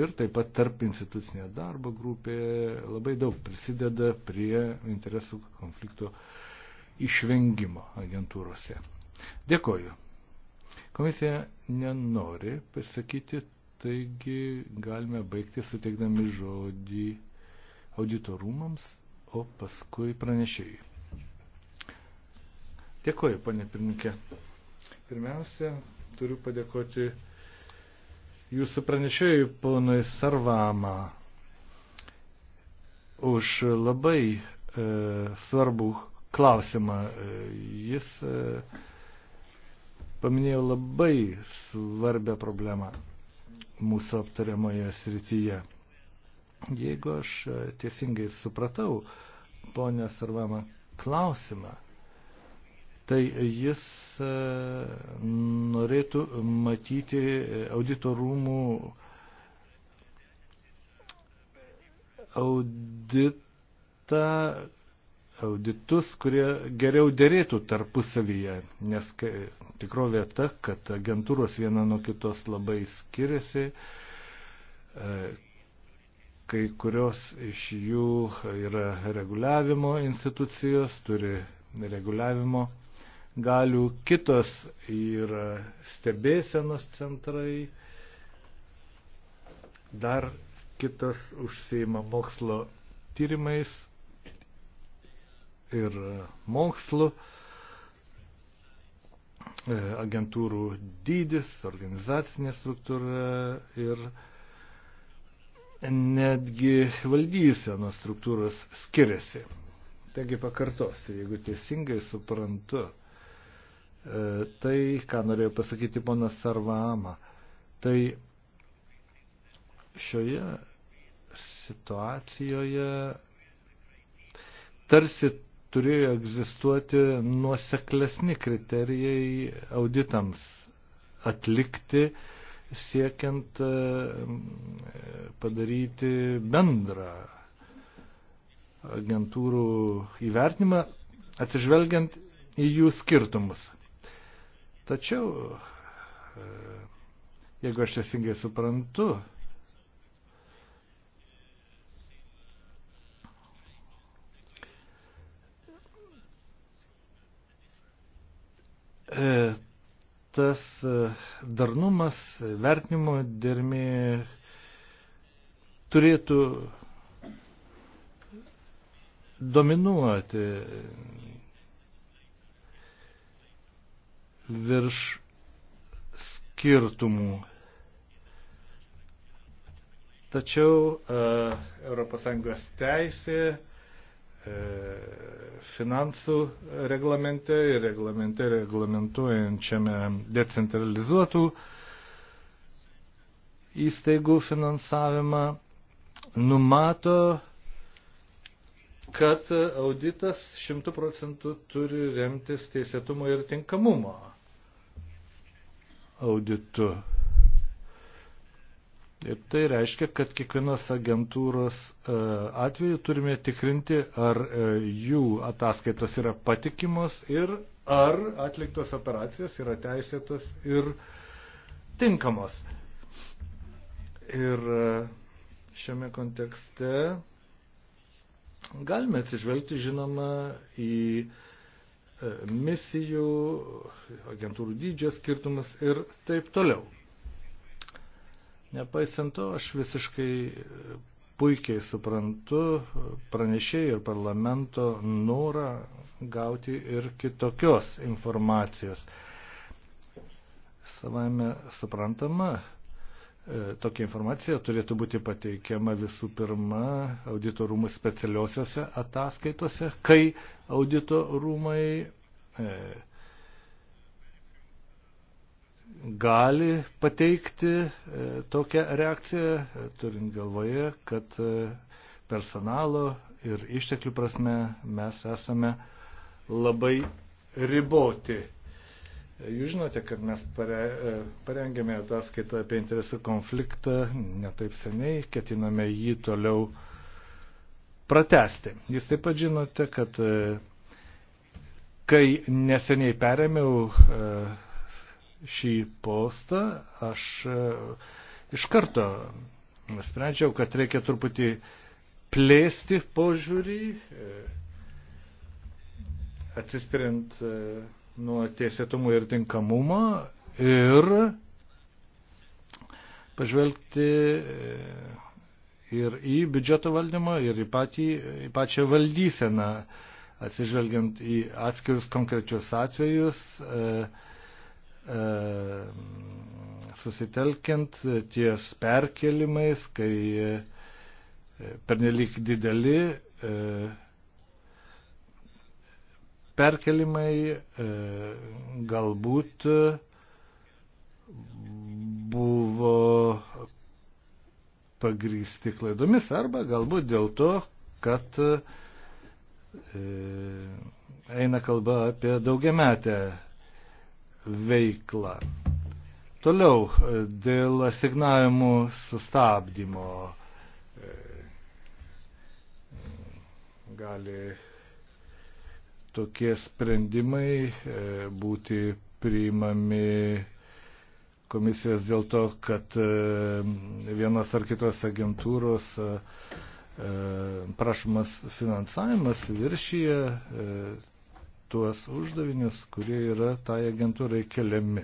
ir taip pat tarp institucinė darbo grupė labai daug prisideda prie interesų konflikto išvengimo agentūrose. Dėkoju. Komisija nenori pasakyti, taigi galime baigti suteikdami žodį auditorumams, o paskui pranešėjai. Dėkoju, panė pirmininkė. Pirmiausia, turiu padėkoti jūsų pranešėjui ponui Sarvama už labai e, svarbų klausimą. E, jis e, paminėjo labai svarbę problemą mūsų aptariamoje srityje. Jeigu aš e, teisingai supratau, ponė Sarvama, klausimą, tai jis e, norėtų matyti auditorumų auditą, auditus, kurie geriau dėrėtų tarpusavyje, nes tikrovė ta, kad agentūros viena nuo kitos labai skiriasi, e, kai kurios iš jų yra reguliavimo institucijos, turi reguliavimo galių, kitos yra stebėsenos centrai, dar kitos užsieima mokslo tyrimais ir mokslu, e, agentūrų dydis, organizacinė struktūra ir netgi valdysenos struktūros skiriasi. Taigi pakartosiu, jeigu teisingai suprantu, E, tai, ką norėjo pasakyti ponas Sarvama. Tai šioje situacijoje tarsi turėjo egzistuoti nuoseklesni kriterijai auditams atlikti, siekiant e, padaryti bendrą agentūrų įvertinimą, atsižvelgiant į jų skirtumus. Tačiau, e, jeigu aš teisingai suprantu, e, tas e, darnumas, vertinimo dermė turėtų dominuoti virš skirtumų. Tačiau ES teisė e, finansų reglamente ir reglamente reglamentuojančiame decentralizuotų įstaigų finansavimą numato, kad auditas šimtų procentų turi remtis teisėtumo ir tinkamumo auditu. Ir tai reiškia, kad kiekvienos agentūros e, atveju turime tikrinti, ar e, jų ataskaitos yra patikimos ir ar atliktos operacijos yra teisėtos ir tinkamos. Ir e, šiame kontekste galime atsižvelgti, žinoma, į uh, E, misijų, agentūrų dydžio skirtumas ir taip toliau. Nepaisant to, aš visiškai e, puikiai suprantu pranešėjų ir parlamento norą gauti ir kitokios informacijos. Savame suprantama, E, tokia informacija turėtų būti pateikiama visų pirma auditorumų specialiosiose ataskaitose, kai auditorumai e, gali pateikti e, tokią reakciją, turint galvoje, kad personalo ir išteklių prasme mes esame labai riboti. Jūs žinote, kad mes pare, e, parengėme ataskaitą apie interesų konfliktą netaip seniai, ketiname jį toliau pratesti. Jūs taip pat žinote, kad e, kai neseniai perėmiau e, šį postą, aš iš karto nusprendžiau, kad reikia truputį plėsti požiūrį, atsispirint nuo tiesėtumo ir tinkamumo ir pažvelgti e, ir į biudžeto valdymą, ir į, patį, į pačią valdyseną, atsižvelgiant į atskirius konkrečius atvejus, e, e, susitelkiant ties perkelimais, kai e, pernelyg dideli e, perkelimai e, galbūt buvo pagrysti klaidomis arba galbūt dėl to, kad e, eina kalba apie daugiametę veiklą. Toliau e, dėl asignavimų sustabdymo gali tokie sprendimai e, būti priimami komisijos dėl to, kad e, vienos ar kitos agentūros e, prašomas finansavimas viršyje tuos uždavinius, kurie yra tai agentūrai keliami.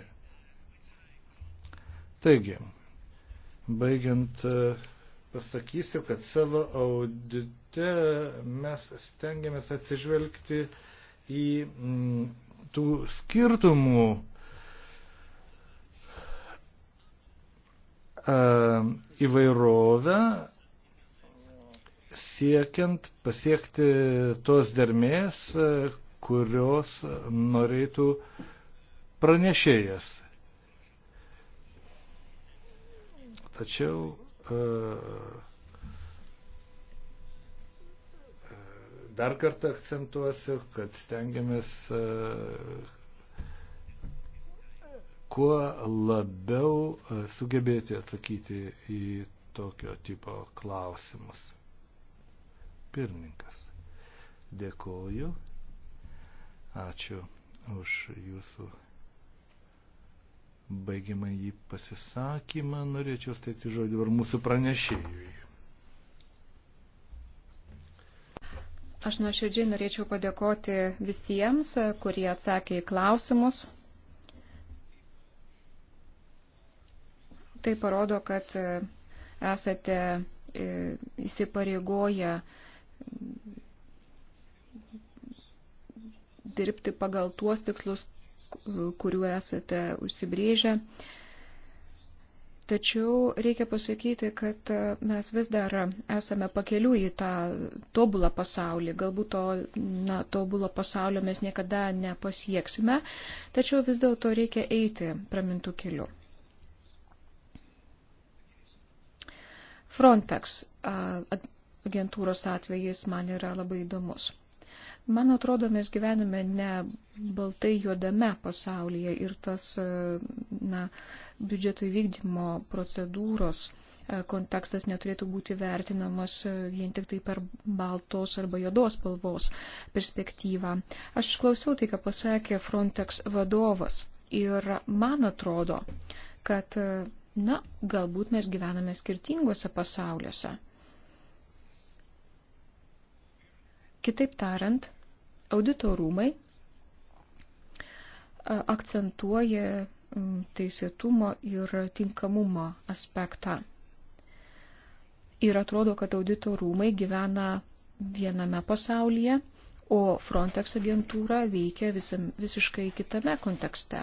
Taigi, baigiant pasakysiu, kad savo audite mes stengiamės atsižvelgti uh, į mm, tų skirtumų e, įvairovę, siekiant pasiekti tos dermės, e, kurios norėtų pranešėjas. Tačiau uh, dar kartą akcentuosiu, kad stengiamės e, kuo labiau e, sugebėti atsakyti į tokio tipo klausimus. Pirmininkas. Dėkoju. Ačiū už jūsų baigimą į pasisakymą. Norėčiau steigti žodį ar mūsų pranešėjui. Aš nuoširdžiai norėčiau padėkoti visiems, kurie atsakė į klausimus. Tai parodo, kad esate e, įsipareigoję dirbti pagal tuos tikslus, kuriuo esate užsibrėžę. Tačiau reikia pasakyti, kad e, mes vis dar esame pakeliu į tą tobulą pasaulį. Galbūt to na, tobulo pasaulio mes niekada nepasieksime, tačiau vis dėlto reikia eiti pramintų keliu. Frontex agentūros atvejais man yra labai įdomus. Man atrodo, mes gyvename ne baltai juodame pasaulyje ir tas e, na, biudžeto įvykdymo procedūros e, kontekstas neturėtų būti vertinamas e, vien tik tai per baltos arba juodos spalvos perspektyvą. Aš išklausiau tai, ką pasakė Frontex vadovas ir man atrodo, kad, na, galbūt mes gyvename skirtingose pasauliuose. Kitaip tariant, auditorumai e, akcentuoja teisėtumo ir tinkamumo aspektą. Ir atrodo, kad auditorumai gyvena viename pasaulyje, o Frontex agentūra veikia visam, visiškai kitame kontekste.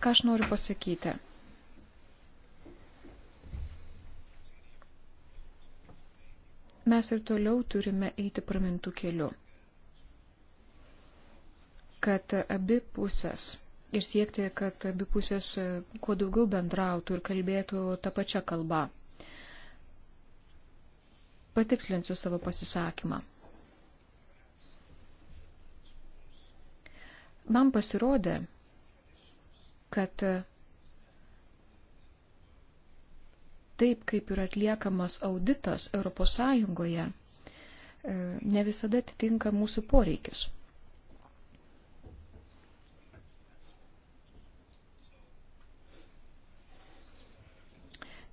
Ką aš noriu pasakyti? mes ir toliau turime eiti pramintų keliu, kad abi pusės ir siekti, kad abi pusės e, kuo daugiau bendrautų ir kalbėtų tą pačią kalbą. Patikslinsiu savo pasisakymą. Man pasirodė, kad taip, kaip yra atliekamas auditas ES, e, ne visada atitinka mūsų poreikius.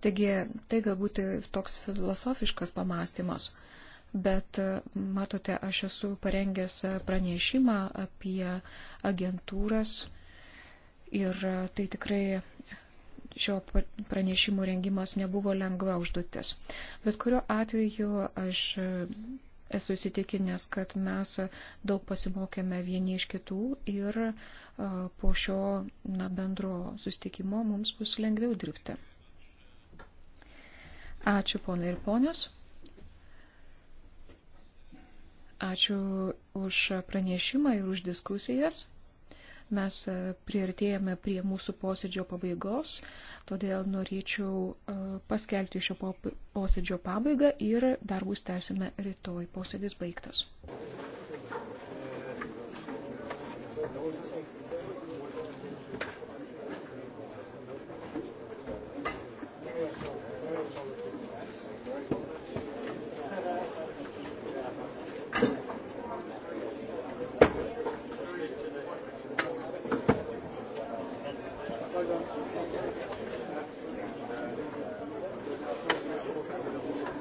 Taigi, tai galbūt toks filosofiškas pamastymas, bet e, matote, aš esu parengęs pranešimą apie agentūras ir e, tai tikrai šio pranešimo rengimas nebuvo lengva užduotis. Bet kuriuo atveju aš e, esu įsitikinęs, kad mes daug pasimokėme vieni iš kitų ir e, po šio na, bendro sustikimo mums bus lengviau dirbti. Ačiū ponai ir ponios. Ačiū už pranešimą ir už diskusijas. Mes e, priartėjame prie mūsų posėdžio pabaigos, todėl norėčiau e, paskelbti šio posėdžio pabaigą ir darbus tęsime rytoj. Posėdis baigtas.